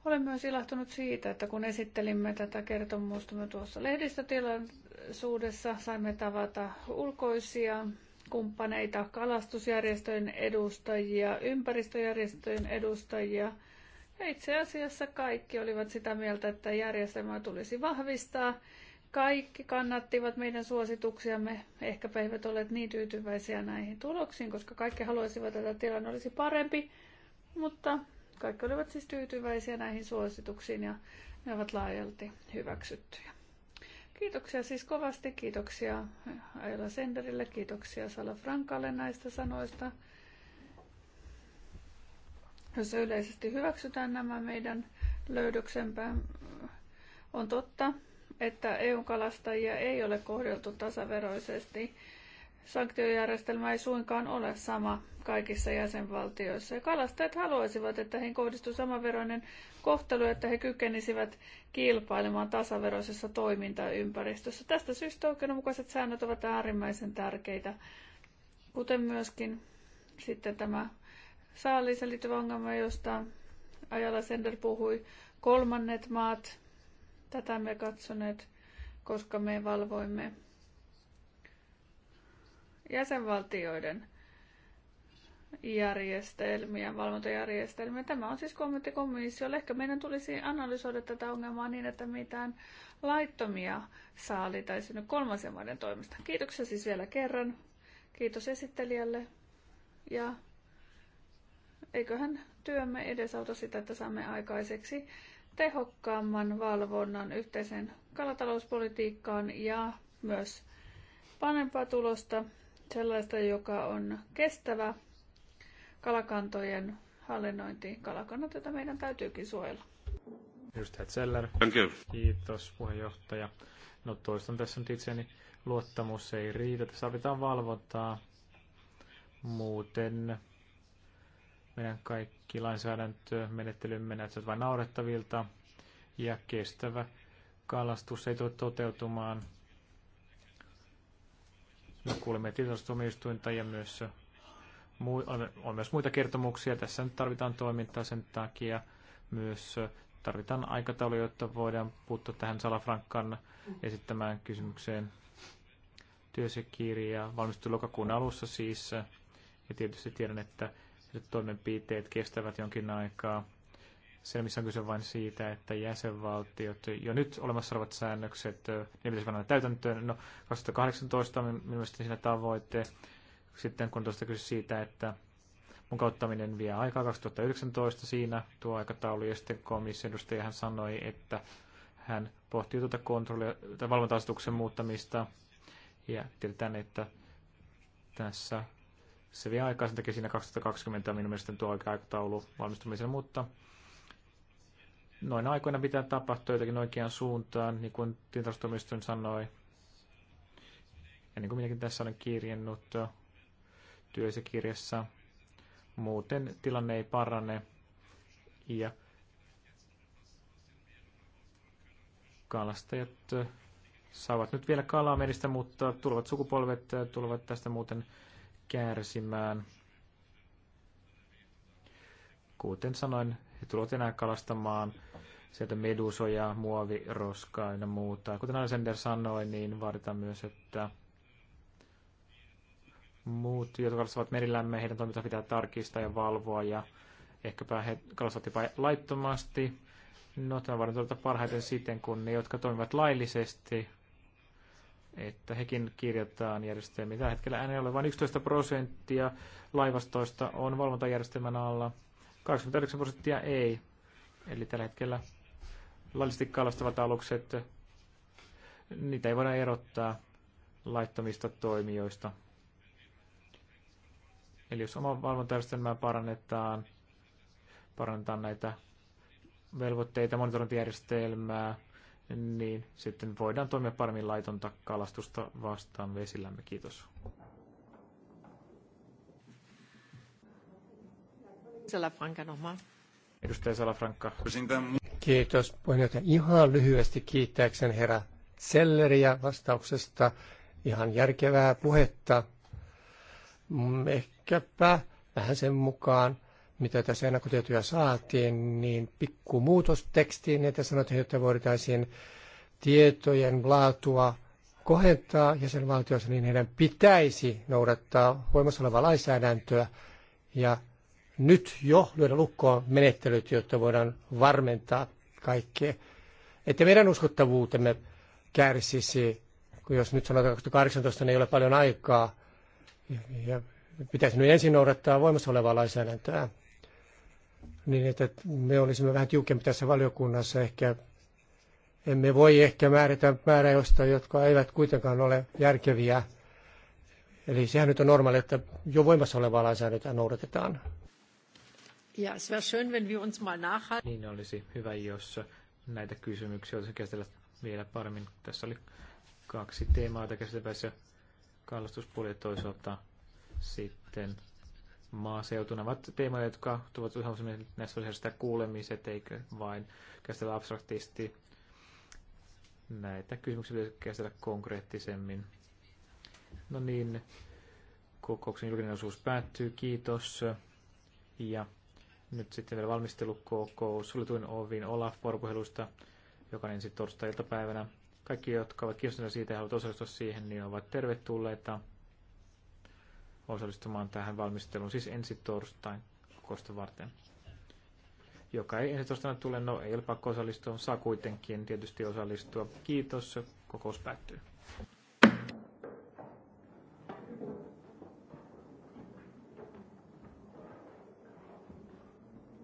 Olen myös ilahtunut siitä, että kun esittelimme tätä kertomusta me tuossa lehdistötilaisuudessa, saimme tavata ulkoisia yhteistyökumppaneita, kalastusjärjestöjen edustajia, ympäristöjärjestöjen edustajia. Ja itse asiassa kaikki olivat sitä mieltä, että järjestelmää tulisi vahvistaa. Kaikki kannattivat meidän suosituksiamme, Ehkä eivät olleet niin tyytyväisiä näihin tuloksiin, koska kaikki haluaisivat, että tilanne olisi parempi, mutta kaikki olivat siis tyytyväisiä näihin suosituksiin ja ne ovat laajalti hyväksyttyjä. Kiitoksia siis kovasti, kiitoksia Aila Senderille, kiitoksia Sala Frankalle näistä sanoista. Jos yleisesti hyväksytään nämä meidän löydöksempää, on totta, että EU-kalastajia ei ole kohdeltu tasaveroisesti Sanktiojärjestelmä ei suinkaan ole sama kaikissa jäsenvaltioissa. Ja kalastajat haluaisivat, että heihin kohdistuu samanveroinen kohtelu, että he kykenisivät kilpailemaan tasaveroisessa toimintaympäristössä. Tästä syystä oikeudenmukaiset säännöt ovat äärimmäisen tärkeitä, kuten myöskin sitten tämä saaliiseen liittyvä ongelma, josta Ajala Sender puhui, kolmannet maat, tätä me katsoneet, koska me valvoimme jäsenvaltioiden järjestelmiä, valvontajärjestelmiä. Tämä on siis kommentti komissiolle. Ehkä meidän tulisi analysoida tätä ongelmaa niin, että mitään laittomia saali tai synny kolmansien maiden toimesta. Kiitoksia siis vielä kerran. Kiitos esittelijälle. Ja eiköhän työmme edesauta sitä, että saamme aikaiseksi tehokkaamman valvonnan yhteisen kalatalouspolitiikkaan ja myös panempaa tulosta sellaista, joka on kestävä kalakantojen hallinnointi. Kalakannat, joita meidän täytyykin suojella. Just Zeller. Thank you. Kiitos puheenjohtaja. No toistan tässä nyt itseäni. Luottamus ei riitä. Tässä tarvitaan valvontaa. Muuten meidän kaikki menettelymme näyttävät vain naurettavilta ja kestävä kalastus ei tule toteutumaan. No, kuulemme tilastomistuinta ja myös, on, on myös muita kertomuksia. Tässä nyt tarvitaan toimintaa sen takia. Myös tarvitaan aikataulu, jotta voidaan puuttua tähän Salafrankan esittämään kysymykseen. Työsekirja valmistui lokakuun alussa siis. Ja tietysti tiedän, että toimenpiteet kestävät jonkin aikaa siellä missä on kyse vain siitä, että jäsenvaltiot, jo nyt olemassa olevat säännökset, ne pitäisi panna täytäntöön. No, 2018 on mielestäni siinä tavoite. Sitten kun tuosta kyse siitä, että kauttaminen vie aikaa 2019 siinä tuo aikataulu, ja sitten komission hän sanoi, että hän pohtii tuota kontrollia tai valvonta muuttamista, ja tiedetään, että tässä se vie aikaa, sen takia siinä 2020 minun mielestäni tuo aikataulu valmistumiseen, mutta noin aikoina pitää tapahtua jotakin oikeaan suuntaan, niin kuin tilastomistuin sanoi. Ja niin kuin minäkin tässä olen kirjannut kirjassa, muuten tilanne ei parane. Ja kalastajat saavat nyt vielä kalaa meristä, mutta tulevat sukupolvet tulevat tästä muuten kärsimään. Kuten sanoin, he tulevat enää kalastamaan sieltä medusoja, muoviroskaa ja muuta. Kuten Alexander sanoi, niin vaaditaan myös, että muut, jotka kalastavat merilämmeen, heidän toimintaa pitää tarkistaa ja valvoa ja ehkäpä he kalastavat jopa laittomasti. No, tämä varmaan parhaiten siten, kun ne, jotka toimivat laillisesti, että hekin kirjataan järjestelmiin. Tällä hetkellä ääneen ole vain 11 prosenttia laivastoista on valvontajärjestelmän alla, 89 prosenttia ei. Eli tällä hetkellä laillisesti kalastavat alukset, niitä ei voida erottaa laittomista toimijoista. Eli jos oma valvontajärjestelmää parannetaan, parannetaan näitä velvoitteita, monitorointijärjestelmää, niin sitten voidaan toimia paremmin laitonta kalastusta vastaan vesillämme. Kiitos. Franka nochmal. Edustaja Salafranka. Kiitos puheenjohtaja. Ihan lyhyesti kiittääksen herra Selleriä vastauksesta. Ihan järkevää puhetta. Mm, ehkäpä vähän sen mukaan, mitä tässä ennakkotietoja saatiin, niin pikku muutos tekstiin, että sanotaan, että voitaisiin tietojen laatua kohentaa jäsenvaltioissa, niin heidän pitäisi noudattaa voimassa olevaa lainsäädäntöä ja nyt jo lyödä lukkoon menettelyt, jotta voidaan varmentaa kaikkea. Että meidän uskottavuutemme kärsisi, kun jos nyt sanotaan 2018, niin ei ole paljon aikaa. Ja pitäisi nyt ensin noudattaa voimassa olevaa lainsäädäntöä. Niin, että me olisimme vähän tiukempi tässä valiokunnassa ehkä. Emme voi ehkä määrätä määräjoista, jotka eivät kuitenkaan ole järkeviä. Eli sehän nyt on normaali, että jo voimassa olevaa lainsäädäntöä noudatetaan. Ja, es wäre schön, wenn wir uns mal nachhalten. Niin olisi hyvä, jos näitä kysymyksiä olisi käsitellä vielä paremmin. Tässä oli kaksi teemaa, joita käsiteltävässä kalastuspuoli ja toisaalta sitten maaseutuna, ovat teemoja, jotka tuovat usein näissä sosiaalista kuulemiset, eikö vain käsitellä abstraktisti. Näitä kysymyksiä pitäisi käsitellä konkreettisemmin. No niin, kokouksen julkinen osuus päättyy. Kiitos. Ja nyt sitten vielä valmistelukokous suljetuin oviin Olaf-vuoropuhelusta, joka on ensi torstai-iltapäivänä. Kaikki, jotka ovat kiinnostuneita siitä ja haluavat osallistua siihen, niin ovat tervetulleita osallistumaan tähän valmisteluun, siis ensi torstain kokousta varten. Joka ei ensi torstaina tule, no ei ole pakko osallistua, saa kuitenkin tietysti osallistua. Kiitos, kokous päättyy.